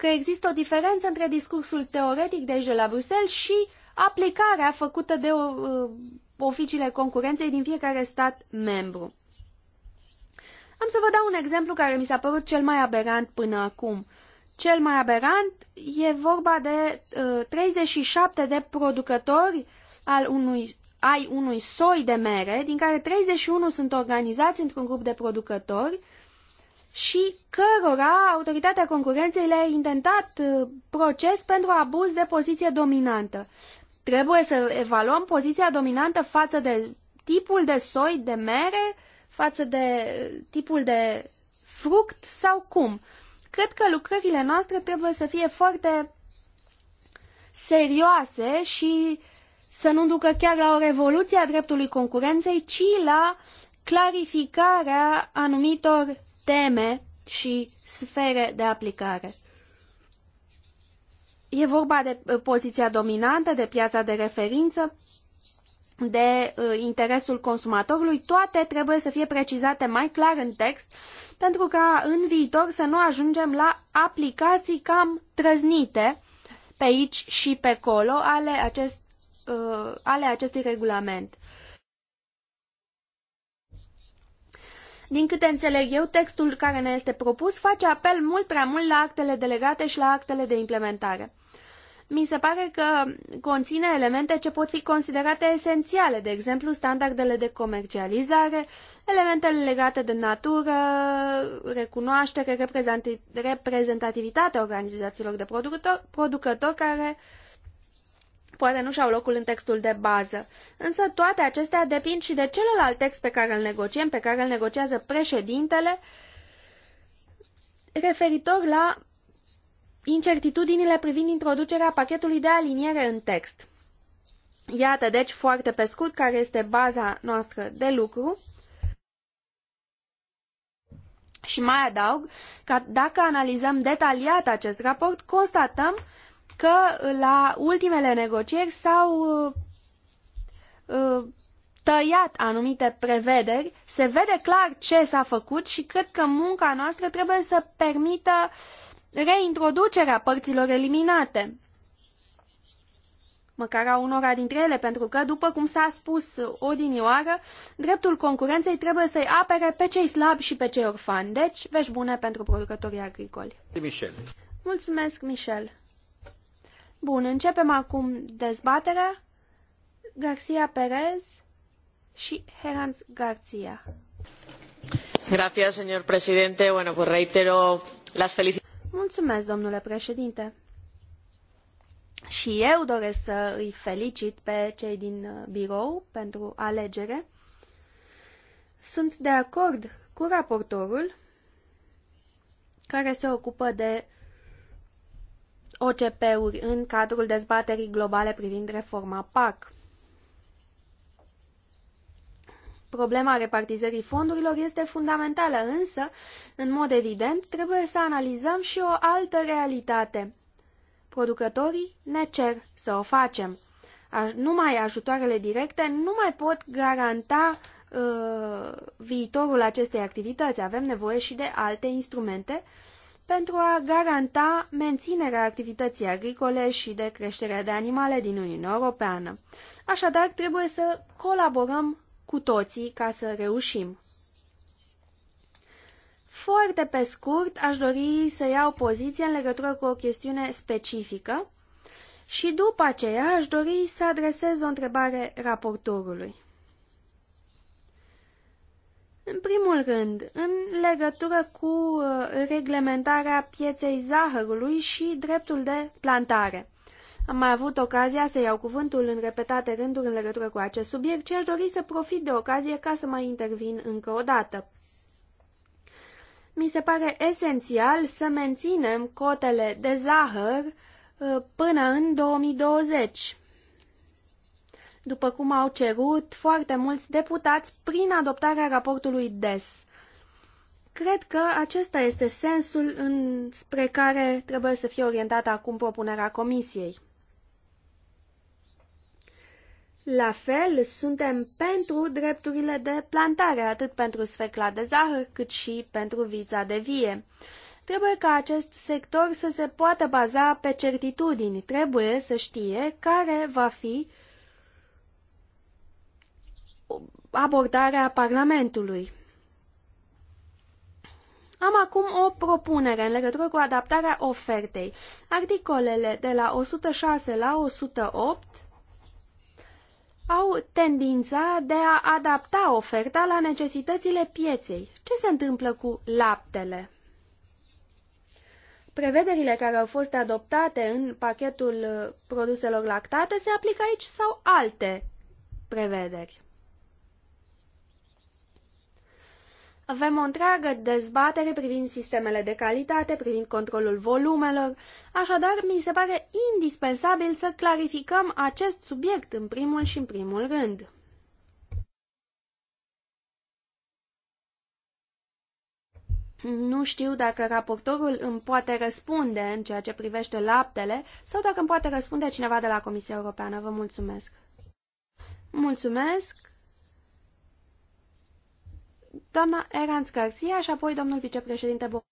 că există o diferență între discursul teoretic de aici de la Bruxelles și aplicarea făcută de uh, oficiile concurenței din fiecare stat membru. Am să vă dau un exemplu care mi s-a părut cel mai aberant până acum. Cel mai aberant e vorba de uh, 37 de producători al unui, ai unui soi de mere, din care 31 sunt organizați într-un grup de producători și cărora autoritatea concurenței le-a intentat uh, proces pentru abuz de poziție dominantă. Trebuie să evaluăm poziția dominantă față de tipul de soi de mere, față de uh, tipul de fruct sau cum. Cred că lucrările noastre trebuie să fie foarte serioase și să nu ducă chiar la o revoluție a dreptului concurenței, ci la clarificarea anumitor teme și sfere de aplicare. E vorba de uh, poziția dominantă, de piața de referință, de uh, interesul consumatorului, toate trebuie să fie precizate mai clar în text, pentru ca în viitor să nu ajungem la aplicații cam trăznite pe aici și pe acolo ale, acest, uh, ale acestui regulament. Din câte înțeleg eu, textul care ne este propus face apel mult prea mult la actele delegate și la actele de implementare. Mi se pare că conține elemente ce pot fi considerate esențiale, de exemplu standardele de comercializare, elementele legate de natură, recunoaștere, reprezentativitatea organizațiilor de producători, producători care poate nu și-au locul în textul de bază. Însă toate acestea depind și de celălalt text pe care îl negociem, pe care îl negociază președintele, referitor la incertitudinile privind introducerea pachetului de aliniere în text. Iată, deci, foarte pe scurt, care este baza noastră de lucru. Și mai adaug că dacă analizăm detaliat acest raport, constatăm că la ultimele negocieri s-au uh, uh, tăiat anumite prevederi, se vede clar ce s-a făcut și cred că munca noastră trebuie să permită reintroducerea părților eliminate măcar a unora dintre ele, pentru că, după cum s-a spus odinioară, dreptul concurenței trebuie să-i apere pe cei slabi și pe cei orfani. Deci, vești bune pentru producătorii agricoli. Michel. Mulțumesc, Michel. Bun, începem acum dezbaterea. Garcia Perez și Herans Garcia. Gracias, señor presidente. Bueno, pues reitero las felicitaciones. Mulțumesc, domnule președinte. Și eu doresc să îi felicit pe cei din uh, birou pentru alegere. Sunt de acord cu raportorul care se ocupă de OCP-uri în cadrul dezbaterii globale privind reforma PAC. Problema repartizării fondurilor este fundamentală, însă, în mod evident, trebuie să analizăm și o altă realitate. Producătorii ne cer să o facem. Numai ajutoarele directe nu mai pot garanta uh, viitorul acestei activități. Avem nevoie și de alte instrumente uh, pentru a garanta menținerea activității agricole și de creșterea de animale din Uniunea Europeană. Așadar, trebuie să colaborăm cu toții ca să reușim. Foarte pe scurt, aș dori să iau poziție în legătură cu o chestiune specifică și după aceea aș dori să adresez o întrebare raportorului. În primul rând, în legătură cu uh, reglementarea pieței zahărului și dreptul de plantare. Am mai avut ocazia să iau cuvântul în repetate rânduri în legătură cu acest subiect și aș dori să profit de ocazie ca să mai intervin încă o dată. Mi se pare esențial să menținem cotele de zahăr uh, până în 2020 după cum au cerut foarte mulți deputați prin adoptarea raportului DES. Cred că acesta este sensul în... spre care trebuie să fie orientată acum propunerea Comisiei. La fel, suntem pentru drepturile de plantare, atât pentru sfecla de zahăr, cât și pentru vița de vie. Trebuie ca acest sector să se poată baza pe certitudini, trebuie să știe care va fi abordarea Parlamentului. Am acum o propunere în legătură cu adaptarea ofertei. Articolele de la 106 la 108 au tendința de a adapta oferta la necesitățile pieței. Ce se întâmplă cu laptele? Prevederile care au fost adoptate în pachetul produselor lactate se aplică aici sau alte prevederi? Avem o întreagă dezbatere privind sistemele de calitate, privind controlul volumelor, așadar mi se pare indispensabil să clarificăm acest subiect în primul și în primul rând. Nu știu dacă raportorul îmi poate răspunde în ceea ce privește laptele sau dacă îmi poate răspunde cineva de la Comisia Europeană. Vă mulțumesc! Mulțumesc! doamna Erans Garcia și apoi domnul vicepreședinte Bo.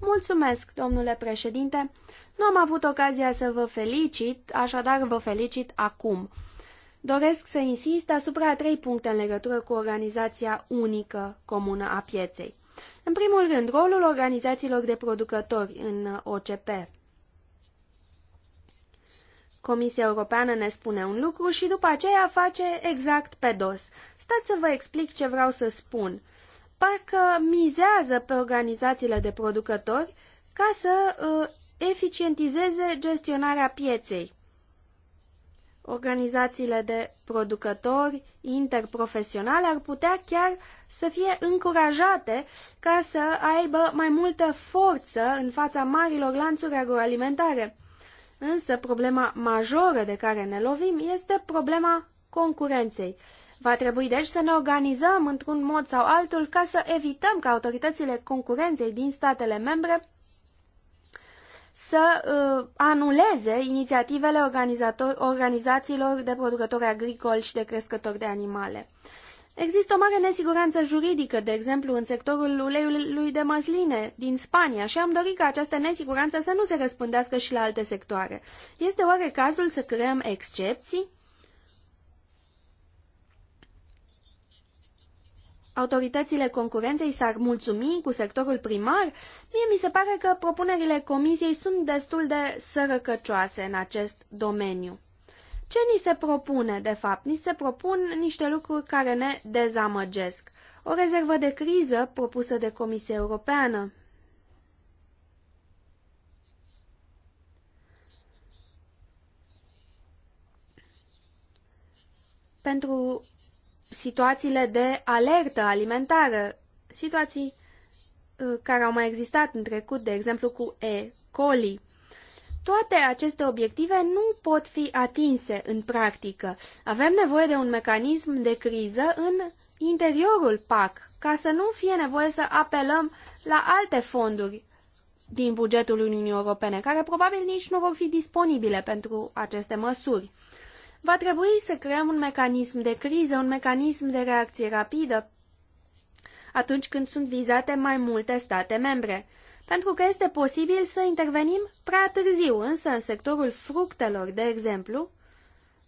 Mulțumesc, domnule președinte. Nu am avut ocazia să vă felicit, așadar vă felicit acum. Doresc să insist asupra trei puncte în legătură cu organizația unică comună a pieței. În primul rând, rolul organizațiilor de producători în OCP. Comisia Europeană ne spune un lucru și după aceea face exact pe dos. Stați să vă explic ce vreau să spun. Parcă mizează pe organizațiile de producători ca să uh, eficientizeze gestionarea pieței. Organizațiile de producători interprofesionale ar putea chiar să fie încurajate ca să aibă mai multă forță în fața marilor lanțuri agroalimentare. Însă problema majoră de care ne lovim este problema concurenței. Va trebui deci să ne organizăm într-un mod sau altul ca să evităm ca autoritățile concurenței din statele membre să uh, anuleze inițiativele organizațiilor de producători agricoli și de crescători de animale. Există o mare nesiguranță juridică, de exemplu, în sectorul uleiului de măsline din Spania și am dorit ca această nesiguranță să nu se răspândească și la alte sectoare. Este oare cazul să creăm excepții? autoritățile concurenței s-ar mulțumi cu sectorul primar, mie mi se pare că propunerile comisiei sunt destul de sărăcăcioase în acest domeniu. Ce ni se propune, de fapt? Ni se propun niște lucruri care ne dezamăgesc. O rezervă de criză propusă de Comisia Europeană. Pentru situațiile de alertă alimentară, situații uh, care au mai existat în trecut, de exemplu cu E. coli. Toate aceste obiective nu pot fi atinse în practică. Avem nevoie de un mecanism de criză în interiorul PAC, ca să nu fie nevoie să apelăm la alte fonduri din bugetul Uniunii Europene, care probabil nici nu vor fi disponibile pentru aceste măsuri. Va trebui să creăm un mecanism de criză, un mecanism de reacție rapidă atunci când sunt vizate mai multe state membre, pentru că este posibil să intervenim prea târziu, însă în sectorul fructelor, de exemplu,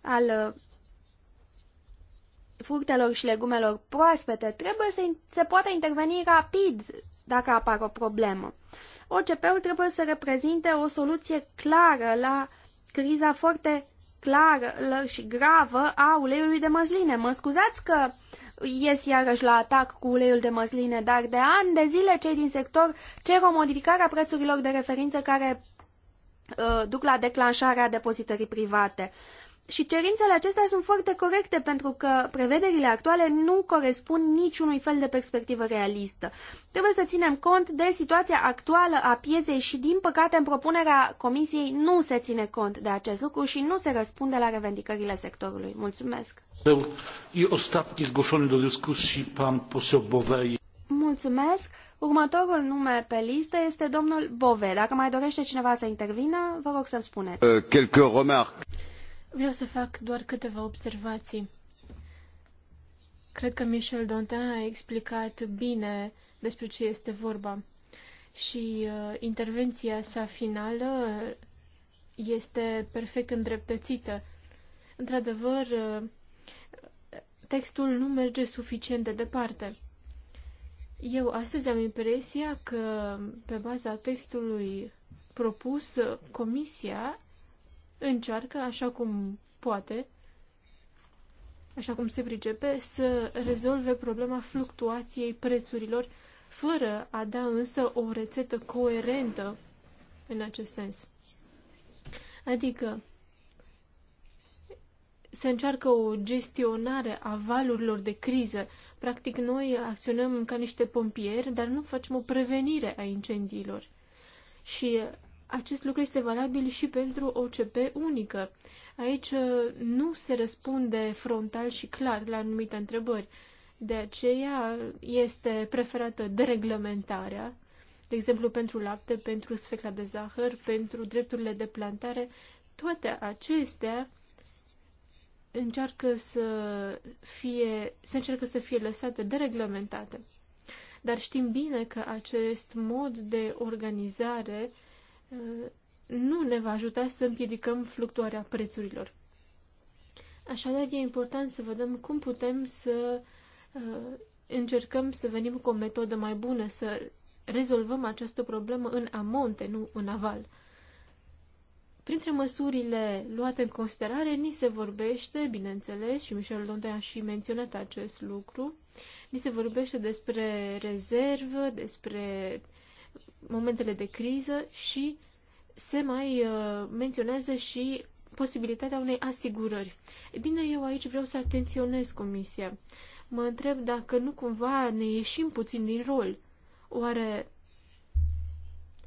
al fructelor și legumelor proaspete, trebuie să se poată interveni rapid dacă apare o problemă. OCP-ul trebuie să reprezinte o soluție clară la criza foarte clară și gravă a uleiului de măsline. Mă scuzați că ies iarăși la atac cu uleiul de măsline, dar de ani de zile cei din sector cer o modificare a prețurilor de referință care uh, duc la declanșarea depozitării private. Uh, și cerințele acestea sunt foarte corecte pentru că prevederile actuale nu corespund niciunui fel de perspectivă realistă. Trebuie să ținem cont de situația actuală a pieței și, din păcate, în propunerea Comisiei nu se ține cont de acest lucru și nu se răspunde la revendicările sectorului. Mulțumesc! Mulțumesc! Următorul nume pe listă este domnul Bove. Dacă mai dorește cineva să intervină, vă rog să-mi spuneți. Uh, Vreau să fac doar câteva observații. Cred că Michel Dantin a explicat bine despre ce este vorba și uh, intervenția sa finală este perfect îndreptățită. Într-adevăr, uh, textul nu merge suficient de departe. Eu astăzi am impresia că, pe baza textului propus, Comisia încearcă, așa cum poate, așa cum se pricepe, să rezolve problema fluctuației prețurilor, fără a da însă o rețetă coerentă în acest sens. Adică se încearcă o gestionare a valurilor de criză. Practic noi acționăm ca niște pompieri, dar nu facem o prevenire a incendiilor. Și acest lucru este valabil și pentru OCP unică. Aici uh, nu se răspunde frontal și clar la anumite întrebări. De aceea este preferată dereglementarea, de exemplu pentru lapte, pentru sfecla de zahăr, pentru drepturile de plantare. Toate acestea încearcă să fie, se încearcă să fie lăsate dereglementate. Dar știm bine că acest mod de organizare uh, nu ne va ajuta să împiedicăm fluctuarea prețurilor. Așadar, e important să vedem cum putem să uh, încercăm să venim cu o metodă mai bună, să rezolvăm această problemă în amonte, nu în aval. Printre măsurile luate în considerare, ni se vorbește, bineînțeles, și Michel Lontin a și menționat acest lucru, ni se vorbește despre rezervă, despre momentele de criză și se mai uh, menționează și posibilitatea unei asigurări. E bine, eu aici vreau să atenționez comisia. Mă întreb dacă nu cumva ne ieșim puțin din rol. Oare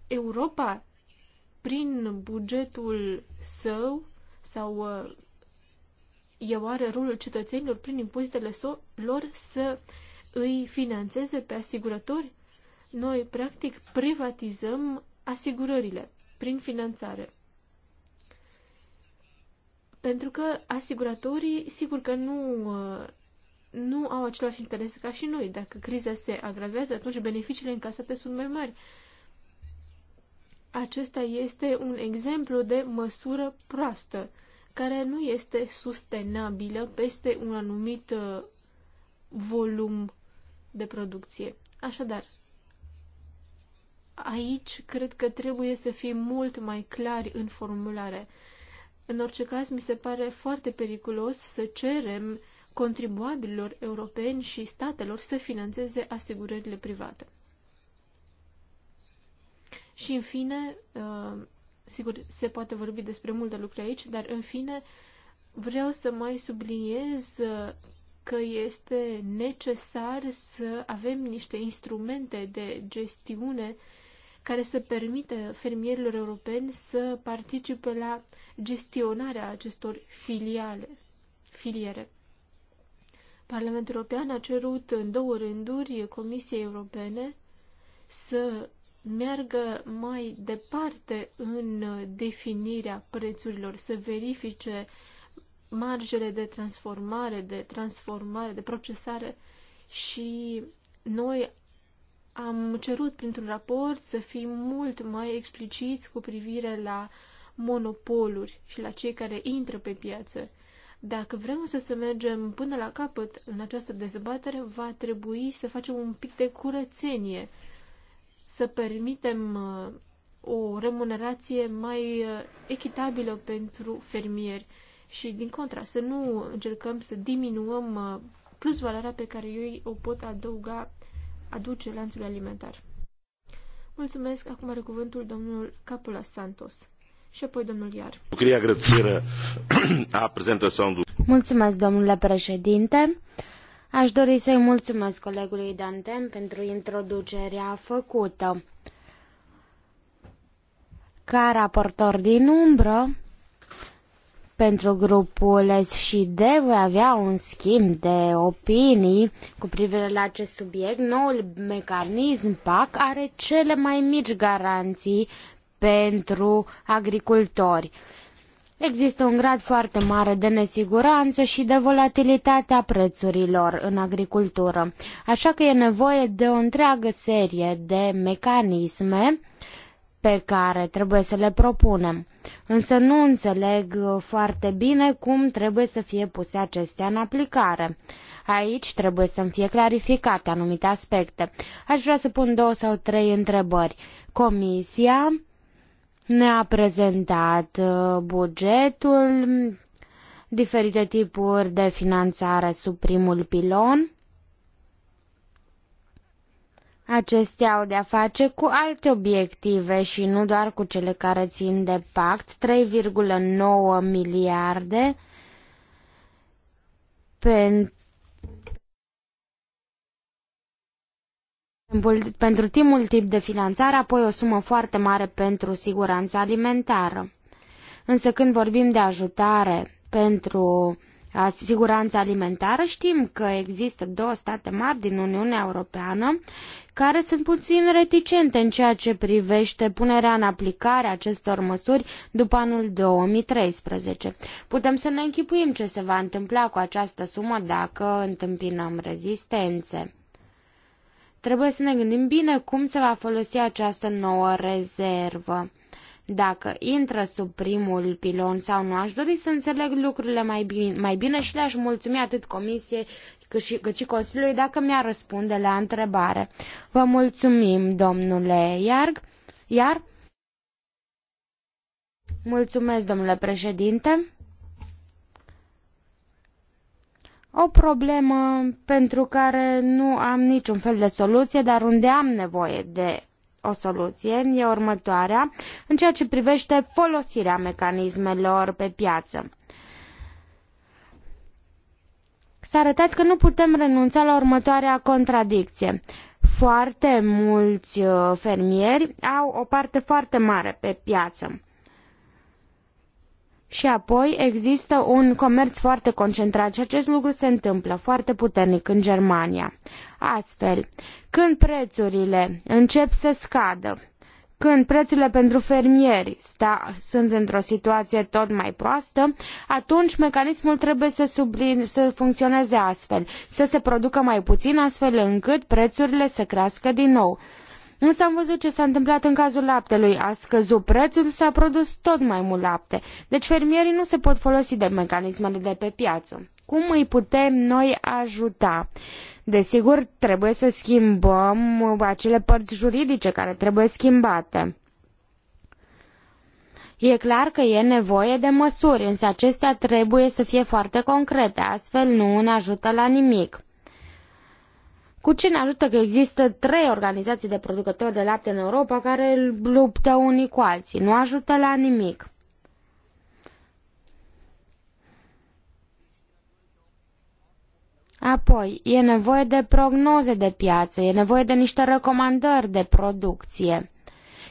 Europa, prin bugetul său sau uh, e oare rolul cetățenilor prin impozitele lor să îi financeze pe asigurători? Noi, practic, privatizăm asigurările prin finanțare. Pentru că asiguratorii, sigur că nu, uh, nu au același interes ca și noi. Dacă criza se agravează, atunci beneficiile încasate sunt mai mari. Acesta este un exemplu de măsură proastă, care nu este sustenabilă peste un anumit uh, volum de producție. Așadar, Aici cred că trebuie să fim mult mai clari în formulare. În orice caz, mi se pare foarte periculos să cerem contribuabililor europeni și statelor să financeze asigurările private. Și, în fine, uh, sigur, se poate vorbi despre multe lucruri aici, dar, în fine, vreau să mai subliniez uh, că este necesar să avem niște instrumente de gestiune uh, care să permită fermierilor europeni să participe la gestionarea acestor filiale, filiere. Parlamentul European a cerut în două rânduri Comisiei Europene să meargă mai departe în definirea prețurilor, să verifice marjele de transformare, de transformare, de procesare și noi am cerut printr-un raport să fim mult mai expliciți cu privire la monopoluri și la cei care intră pe piață. Dacă vrem să se mergem până la capăt în această dezbatere, va trebui să facem un pic de curățenie, să permitem uh, o remunerație mai uh, echitabilă pentru fermieri și, din contra, să nu încercăm să diminuăm uh, plus valoarea pe care ei o pot adăuga aduce lanțul alimentar. Mulțumesc, acum are cuvântul domnul Capula Santos și apoi domnul Iar. Mulțumesc, domnule președinte. Aș dori să-i mulțumesc colegului Dantem pentru introducerea făcută. Ca raportor din umbră, pentru grupul SD voi avea un schimb de opinii cu privire la acest subiect. Noul mecanism PAC are cele mai mici garanții pentru agricultori. Există un grad foarte mare de nesiguranță și de volatilitate a prețurilor în agricultură, așa că e nevoie de o întreagă serie de mecanisme uh, pe care trebuie să le propunem. Însă nu înțeleg uh, foarte bine cum trebuie să fie puse acestea în aplicare. Aici trebuie să-mi fie clarificate anumite aspecte. Aș vrea să pun două sau trei întrebări. Comisia ne-a prezentat uh, bugetul, diferite tipuri de finanțare sub primul pilon Acestea au de-a face cu alte obiective și nu doar cu cele care țin de pact, 3,9 miliarde pentru pentru timpul tip de finanțare, apoi o sumă foarte mare pentru siguranța alimentară. Însă când vorbim de ajutare pentru siguranța alimentară. Știm că există două state mari din Uniunea Europeană care sunt puțin reticente în ceea ce privește punerea în aplicare a acestor măsuri după anul 2013. Putem să ne închipuim ce se va întâmpla cu această sumă dacă întâmpinăm rezistențe. Trebuie să ne gândim bine cum se va folosi această nouă rezervă dacă intră sub primul pilon sau nu. Aș dori să înțeleg lucrurile mai bine, mai bine și le-aș mulțumi atât comisiei cât și, cât și Consiliului dacă mi-a răspunde la întrebare. Vă mulțumim, domnule Iarg. Iar? Mulțumesc, domnule președinte. O problemă pentru care nu am niciun fel de soluție, dar unde am nevoie de o soluție e următoarea în ceea ce privește folosirea mecanismelor pe piață. S-a arătat că nu putem renunța la următoarea contradicție. Foarte mulți uh, fermieri au o parte foarte mare pe piață. Și apoi există un comerț foarte concentrat și acest lucru se întâmplă foarte puternic în Germania astfel. Când prețurile încep să scadă, când prețurile pentru fermieri sta, sunt într-o situație tot mai proastă, atunci mecanismul trebuie să, sublin, să funcționeze astfel, să se producă mai puțin astfel încât prețurile să crească din nou. Însă am văzut ce s-a întâmplat în cazul laptelui. A scăzut prețul, s-a produs tot mai mult lapte. Deci fermierii nu se pot folosi de mecanismele de pe piață. Cum îi putem noi ajuta? Desigur, trebuie să schimbăm acele părți juridice care trebuie schimbate. E clar că e nevoie de măsuri, însă acestea trebuie să fie foarte concrete, astfel nu ne ajută la nimic. Cu ce ne ajută că există trei organizații de producători de lapte în Europa care luptă unii cu alții? Nu ajută la nimic. Apoi, e nevoie de prognoze de piață, e nevoie de niște recomandări de producție.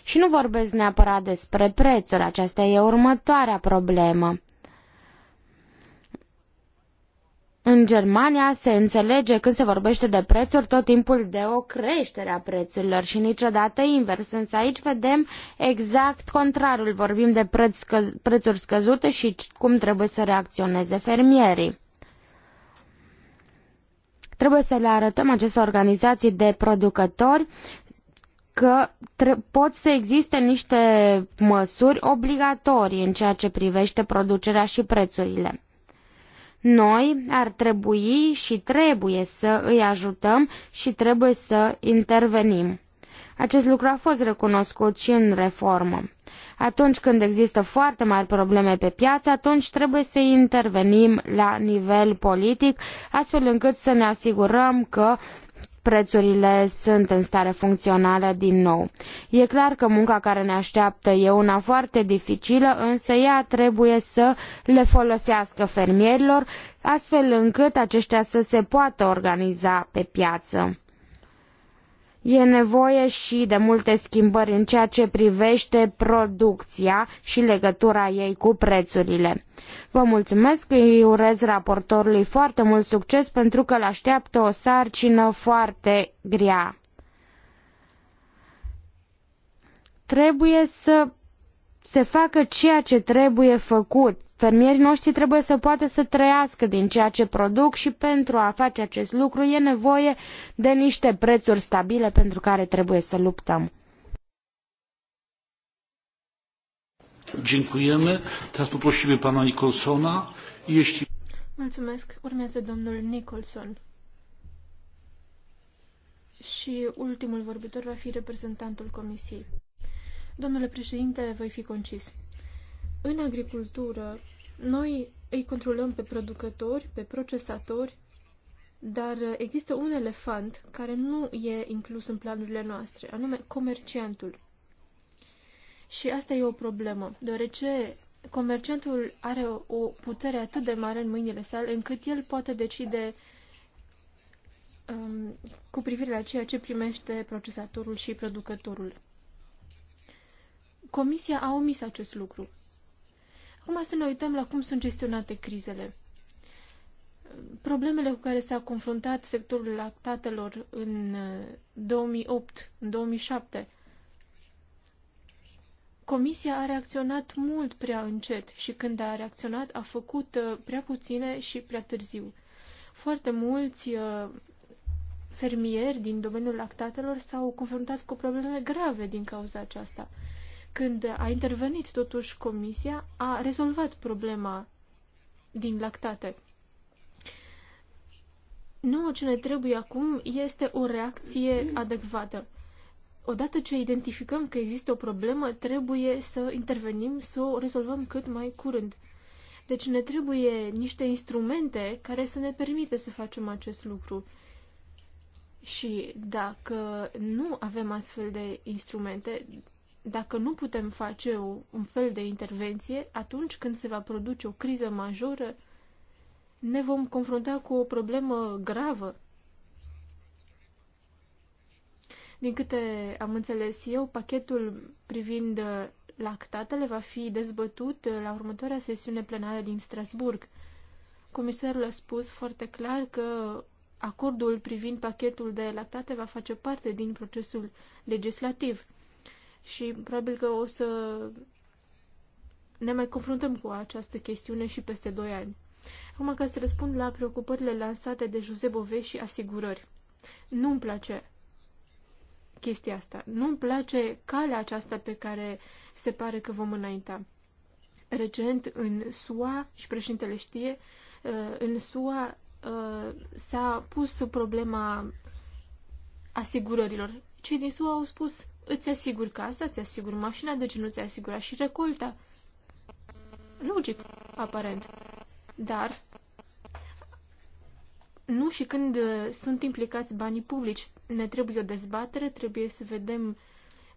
Și nu vorbesc neapărat despre prețuri, aceasta e următoarea problemă. În Germania se înțelege când se vorbește de prețuri tot timpul de o creștere a prețurilor și niciodată invers, însă aici vedem exact contrarul. Vorbim de preț scă- prețuri scăzute și cum trebuie să reacționeze fermierii. Trebuie să le arătăm acestor organizații de producători că pot să existe niște măsuri obligatorii în ceea ce privește producerea și prețurile. Noi ar trebui și trebuie să îi ajutăm și trebuie să intervenim. Acest lucru a fost recunoscut și în reformă. Atunci când există foarte mari probleme pe piață, atunci trebuie să intervenim la nivel politic, astfel încât să ne asigurăm că prețurile sunt în stare funcțională din nou. E clar că munca care ne așteaptă e una foarte dificilă, însă ea trebuie să le folosească fermierilor, astfel încât aceștia să se poată organiza pe piață. E nevoie și de multe schimbări în ceea ce privește producția și legătura ei cu prețurile. Vă mulțumesc, îi urez raportorului foarte mult succes pentru că îl așteaptă o sarcină foarte grea. Trebuie să se facă ceea ce trebuie făcut. Fermierii noștri trebuie să poată să trăiască din ceea ce produc și pentru a face acest lucru e nevoie de niște prețuri stabile pentru care trebuie să luptăm. Dziękujemy. Teraz poprosimy pana Nicholsona. Jeśli... Mulțumesc. Urmează domnul Nicholson. Și ultimul vorbitor va fi reprezentantul Comisiei. Domnule președinte, voi fi concis. În agricultură, noi îi controlăm pe producători, pe procesatori, dar există un elefant care nu e inclus în planurile noastre, anume comerciantul. Și asta e o problemă, deoarece comerciantul are o, o putere atât de mare în mâinile sale, încât el poate decide um, cu privire la ceea ce primește procesatorul și producătorul. Comisia a omis acest lucru. Acum să ne uităm la cum sunt gestionate crizele. Problemele cu care s-a confruntat sectorul lactatelor în 2008, uh, în 2007, Comisia a reacționat mult prea încet și când a reacționat a făcut uh, prea puține și prea târziu. Foarte mulți uh, fermieri din domeniul lactatelor s-au confruntat cu probleme grave din cauza aceasta. Când a intervenit totuși comisia, a rezolvat problema din lactate. Nu, ce ne trebuie acum este o reacție adecvată. Odată ce identificăm că există o problemă, trebuie să intervenim, să o rezolvăm cât mai curând. Deci ne trebuie niște instrumente care să ne permite să facem acest lucru. Și dacă nu avem astfel de instrumente, dacă nu putem face o, un fel de intervenție, atunci când se va produce o criză majoră, ne vom confrunta cu o problemă gravă. Din câte am înțeles eu, pachetul privind lactatele va fi dezbătut la următoarea sesiune plenară din Strasburg. Comisarul a spus foarte clar că acordul privind pachetul de lactate va face parte din procesul legislativ și probabil că o să ne mai confruntăm cu această chestiune și peste 2 ani. Acum ca să răspund la preocupările lansate de Jose Bove și asigurări. Nu-mi place chestia asta. Nu-mi place calea aceasta pe care se pare că vom înainta. Recent, în SUA, și președintele știe, uh, în SUA uh, s-a pus problema asigurărilor. Cei din SUA au spus Îți asigur casa, îți asigur mașina, de ce nu ți-ai asigurat și recolta? Logic, aparent. Dar nu și când uh, sunt implicați banii publici. Ne trebuie o dezbatere, trebuie să vedem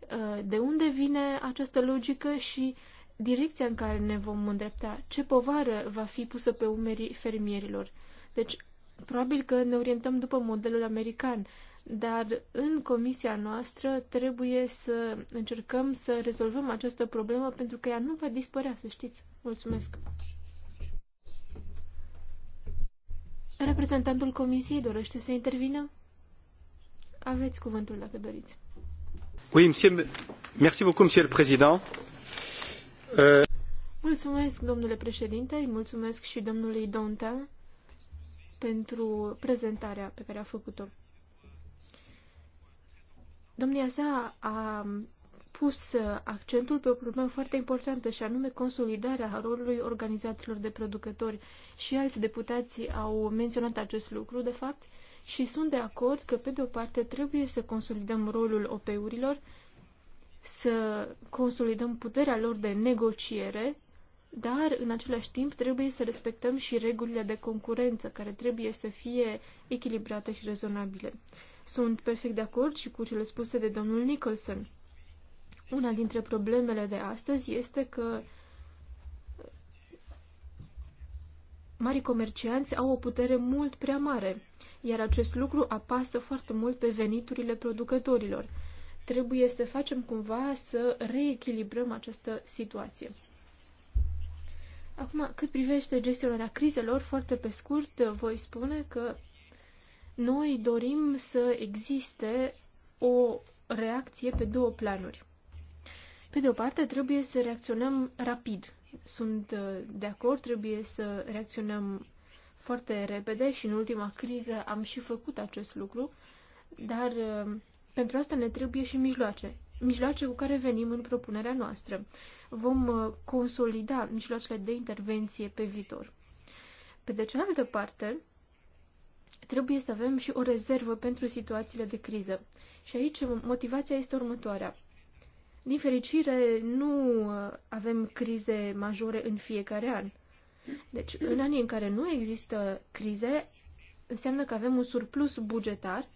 uh, de unde vine această logică și direcția în care ne vom îndrepta, ce povară va fi pusă pe umerii fermierilor. Deci, probabil că ne orientăm după modelul american, dar în comisia noastră trebuie să încercăm să rezolvăm această problemă pentru că ea nu va dispărea, să știți. Mulțumesc! Reprezentantul comisiei dorește să intervină? Aveți cuvântul dacă doriți. Oui, monsieur, merci beaucoup, monsieur le président. Uh... Mulțumesc, domnule președinte, îi mulțumesc și domnului Donta pentru prezentarea pe care a făcut-o. Domnia sa a pus accentul pe o problemă foarte importantă și anume consolidarea rolului organizațiilor de producători și alți deputați au menționat acest lucru, de fapt, și sunt de acord că, pe de o parte, trebuie să consolidăm rolul OP-urilor, să consolidăm puterea lor de negociere, dar, în același timp, trebuie să respectăm și regulile de concurență, care trebuie să fie echilibrate și rezonabile. Sunt perfect de acord și cu cele spuse de domnul Nicholson. Una dintre problemele de astăzi este că mari comercianți au o putere mult prea mare, iar acest lucru apasă foarte mult pe veniturile producătorilor. Trebuie să facem cumva să reechilibrăm această situație. Acum, cât privește gestionarea crizelor, foarte pe scurt, voi spune că noi dorim să existe o reacție pe două planuri. Pe de o parte, trebuie să reacționăm rapid. Sunt uh, de acord, trebuie să reacționăm foarte repede și în ultima criză am și făcut acest lucru, dar uh, pentru asta ne trebuie și mijloace. Mijloace cu care venim în propunerea noastră. Vom uh, consolida mijloacele de intervenție pe viitor. Pe de cealaltă parte, trebuie să avem și o rezervă pentru situațiile de criză. Și aici motivația este următoarea. Din fericire, nu uh, avem crize majore în fiecare an. Deci, în anii în care nu există crize, înseamnă că avem un surplus bugetar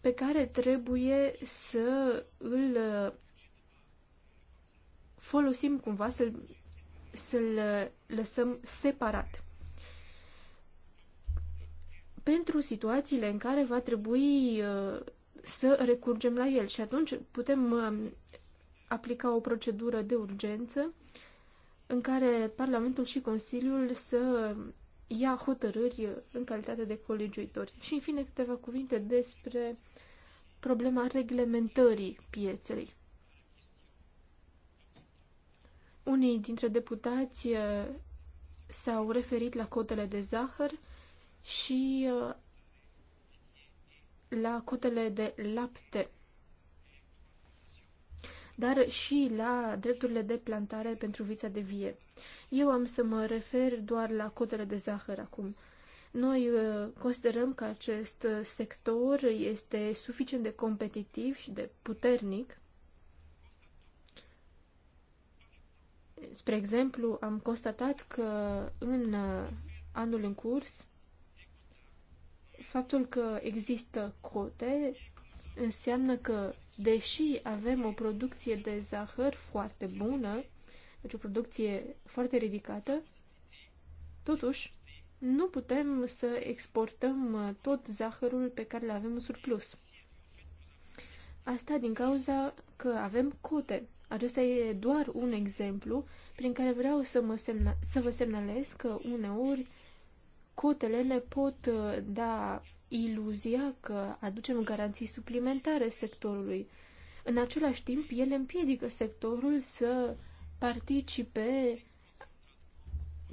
pe care trebuie să îl uh, folosim cumva, să-l, să-l uh, lăsăm separat pentru situațiile în care va trebui uh, să recurgem la el și atunci putem uh, aplica o procedură de urgență în care Parlamentul și Consiliul să ia hotărâri în calitate de colegiuitori. Și, în fine, câteva cuvinte despre problema reglementării pieței. Unii dintre deputați uh, s-au referit la cotele de zahăr și uh, la cotele de lapte, dar și la drepturile de plantare pentru vița de vie. Eu am să mă refer doar la cotele de zahăr acum. Noi uh, considerăm că acest uh, sector este suficient de competitiv și de puternic. Spre exemplu, am constatat că în anul în curs, Faptul că există cote înseamnă că, deși avem o producție de zahăr foarte bună, deci o producție foarte ridicată, totuși nu putem să exportăm uh, tot zahărul pe care îl avem în surplus. Asta din cauza că avem cote. Acesta e doar un exemplu prin care vreau să, mă semna- să vă semnalez că uneori cotele ne pot uh, da iluzia că aducem garanții suplimentare sectorului. În același timp, ele împiedică sectorul să participe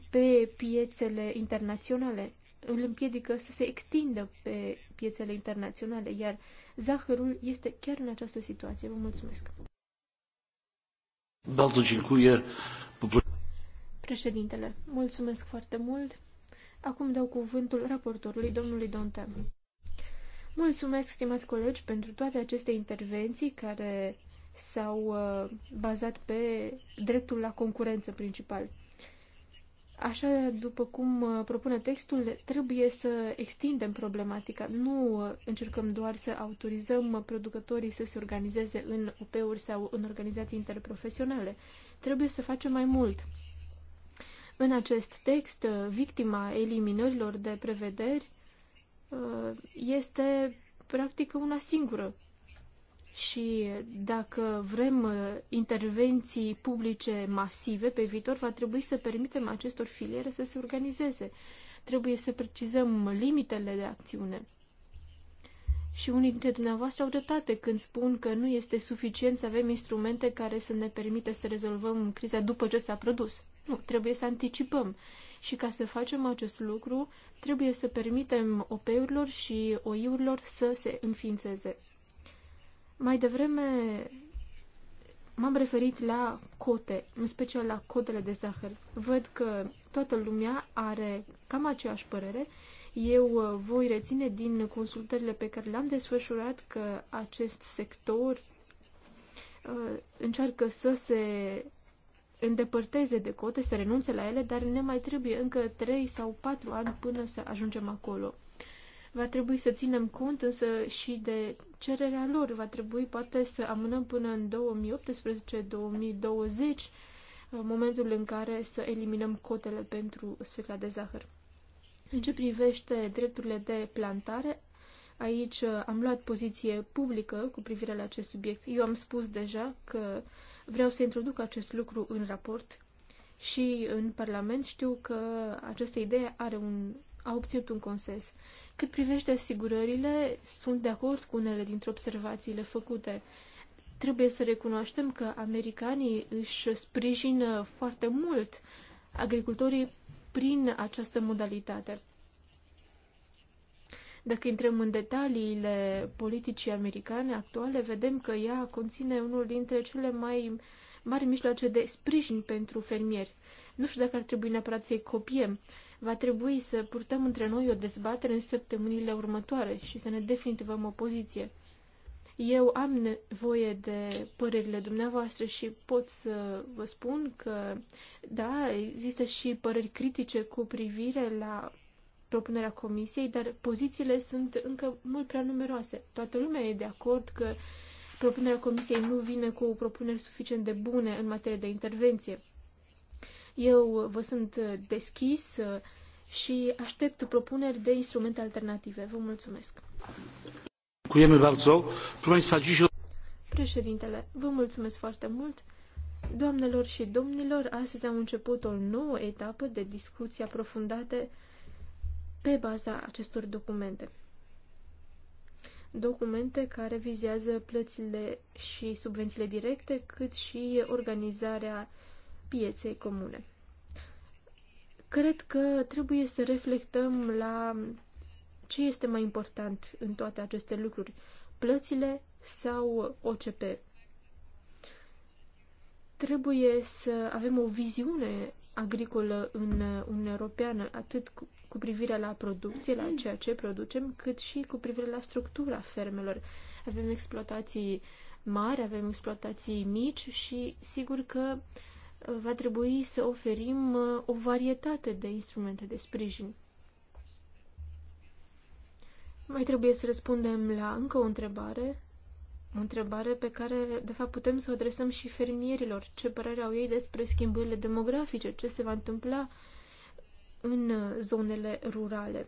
pe piețele internaționale. Îl împiedică să se extindă pe piețele internaționale, iar zahărul este chiar în această situație. Vă mulțumesc! Președintele, mulțumesc foarte mult. Acum dau cuvântul raportorului, domnului Donte. Mulțumesc, stimați colegi, pentru toate aceste intervenții care s-au uh, bazat pe dreptul la concurență principal. Așa, după cum uh, propune textul, trebuie să extindem problematica. Nu uh, încercăm doar să autorizăm producătorii să se organizeze în OP-uri sau în organizații interprofesionale. Trebuie să facem mai mult. În acest text, victima eliminărilor de prevederi uh, este practic una singură. Și dacă vrem uh, intervenții publice masive pe viitor, va trebui să permitem acestor filiere să se organizeze. Trebuie să precizăm limitele de acțiune. Și unii dintre dumneavoastră au dreptate când spun că nu este suficient să avem instrumente care să ne permită să rezolvăm criza după ce s-a produs. Nu, trebuie să anticipăm. Și ca să facem acest lucru, trebuie să permitem OP-urilor și OI-urilor să se înființeze. Mai devreme m-am referit la cote, în special la cotele de zahăr. Văd că toată lumea are cam aceeași părere. Eu uh, voi reține din consultările pe care le-am desfășurat că acest sector uh, încearcă să se îndepărteze de cote, să renunțe la ele, dar ne mai trebuie încă 3 sau 4 ani până să ajungem acolo. Va trebui să ținem cont însă și de cererea lor. Va trebui poate să amânăm până în 2018-2020 uh, momentul în care să eliminăm cotele pentru sfecla de zahăr. În ce privește drepturile de plantare, aici uh, am luat poziție publică cu privire la acest subiect. Eu am spus deja că uh, Vreau să introduc acest lucru în raport și în Parlament știu că această idee are un, a obținut un consens. Cât privește asigurările, sunt de acord cu unele dintre observațiile făcute. Trebuie să recunoaștem că americanii își sprijină foarte mult agricultorii prin această modalitate. Dacă intrăm în detaliile politicii americane actuale, vedem că ea conține unul dintre cele mai mari mijloace de sprijin pentru fermieri. Nu știu dacă ar trebui neapărat să-i copiem. Va trebui să purtăm între noi o dezbatere în săptămânile următoare și să ne definitivăm o poziție. Eu am nevoie de părerile dumneavoastră și pot să vă spun că, da, există și păreri critice cu privire la propunerea comisiei, dar pozițiile sunt încă mult prea numeroase. Toată lumea e de acord că propunerea comisiei nu vine cu propuneri suficient de bune în materie de intervenție. Eu vă sunt deschis uh, și aștept propuneri de instrumente alternative. Vă mulțumesc. Președintele, vă mulțumesc foarte mult. Doamnelor și domnilor, astăzi am început o nouă etapă de discuții aprofundate pe baza acestor documente. Documente care vizează plățile și subvențiile directe, cât și organizarea pieței comune. Cred că trebuie să reflectăm la ce este mai important în toate aceste lucruri, plățile sau OCP. Trebuie să avem o viziune agricolă în Uniunea Europeană, atât cu, cu privire la producție, la ceea ce producem, cât și cu privire la structura fermelor. Avem exploatații mari, avem exploatații mici și sigur că uh, va trebui să oferim uh, o varietate de instrumente de sprijin. Mai trebuie să răspundem la încă o întrebare o întrebare pe care, de fapt, putem să o adresăm și fermierilor. Ce părere au ei despre schimbările demografice? Ce se va întâmpla în zonele rurale?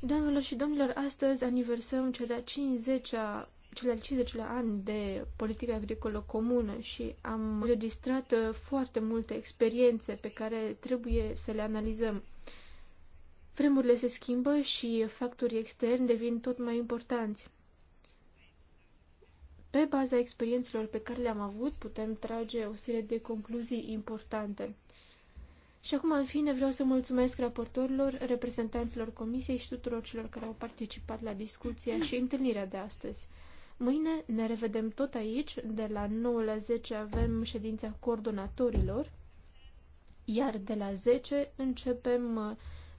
Doamnelor și domnilor, astăzi aniversăm cea de-a 50-a al 50-lea an de politică agricolă comună și am registrat uh, foarte multe experiențe pe care trebuie să le analizăm. Vremurile se schimbă și factorii externi devin tot mai importanți. Pe baza experiențelor pe care le-am avut, putem trage o serie de concluzii importante. Și acum, în fine, vreau să mulțumesc raportorilor, reprezentanților comisiei și tuturor celor care au participat la discuția și întâlnirea de astăzi. Mâine ne revedem tot aici, de la 9 la 10 avem ședința coordonatorilor, iar de la 10 începem uh,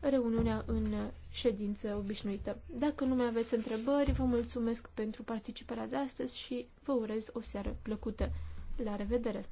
reuniunea în ședință obișnuită. Dacă nu mai aveți întrebări, vă mulțumesc pentru participarea de astăzi și vă urez o seară plăcută. La revedere!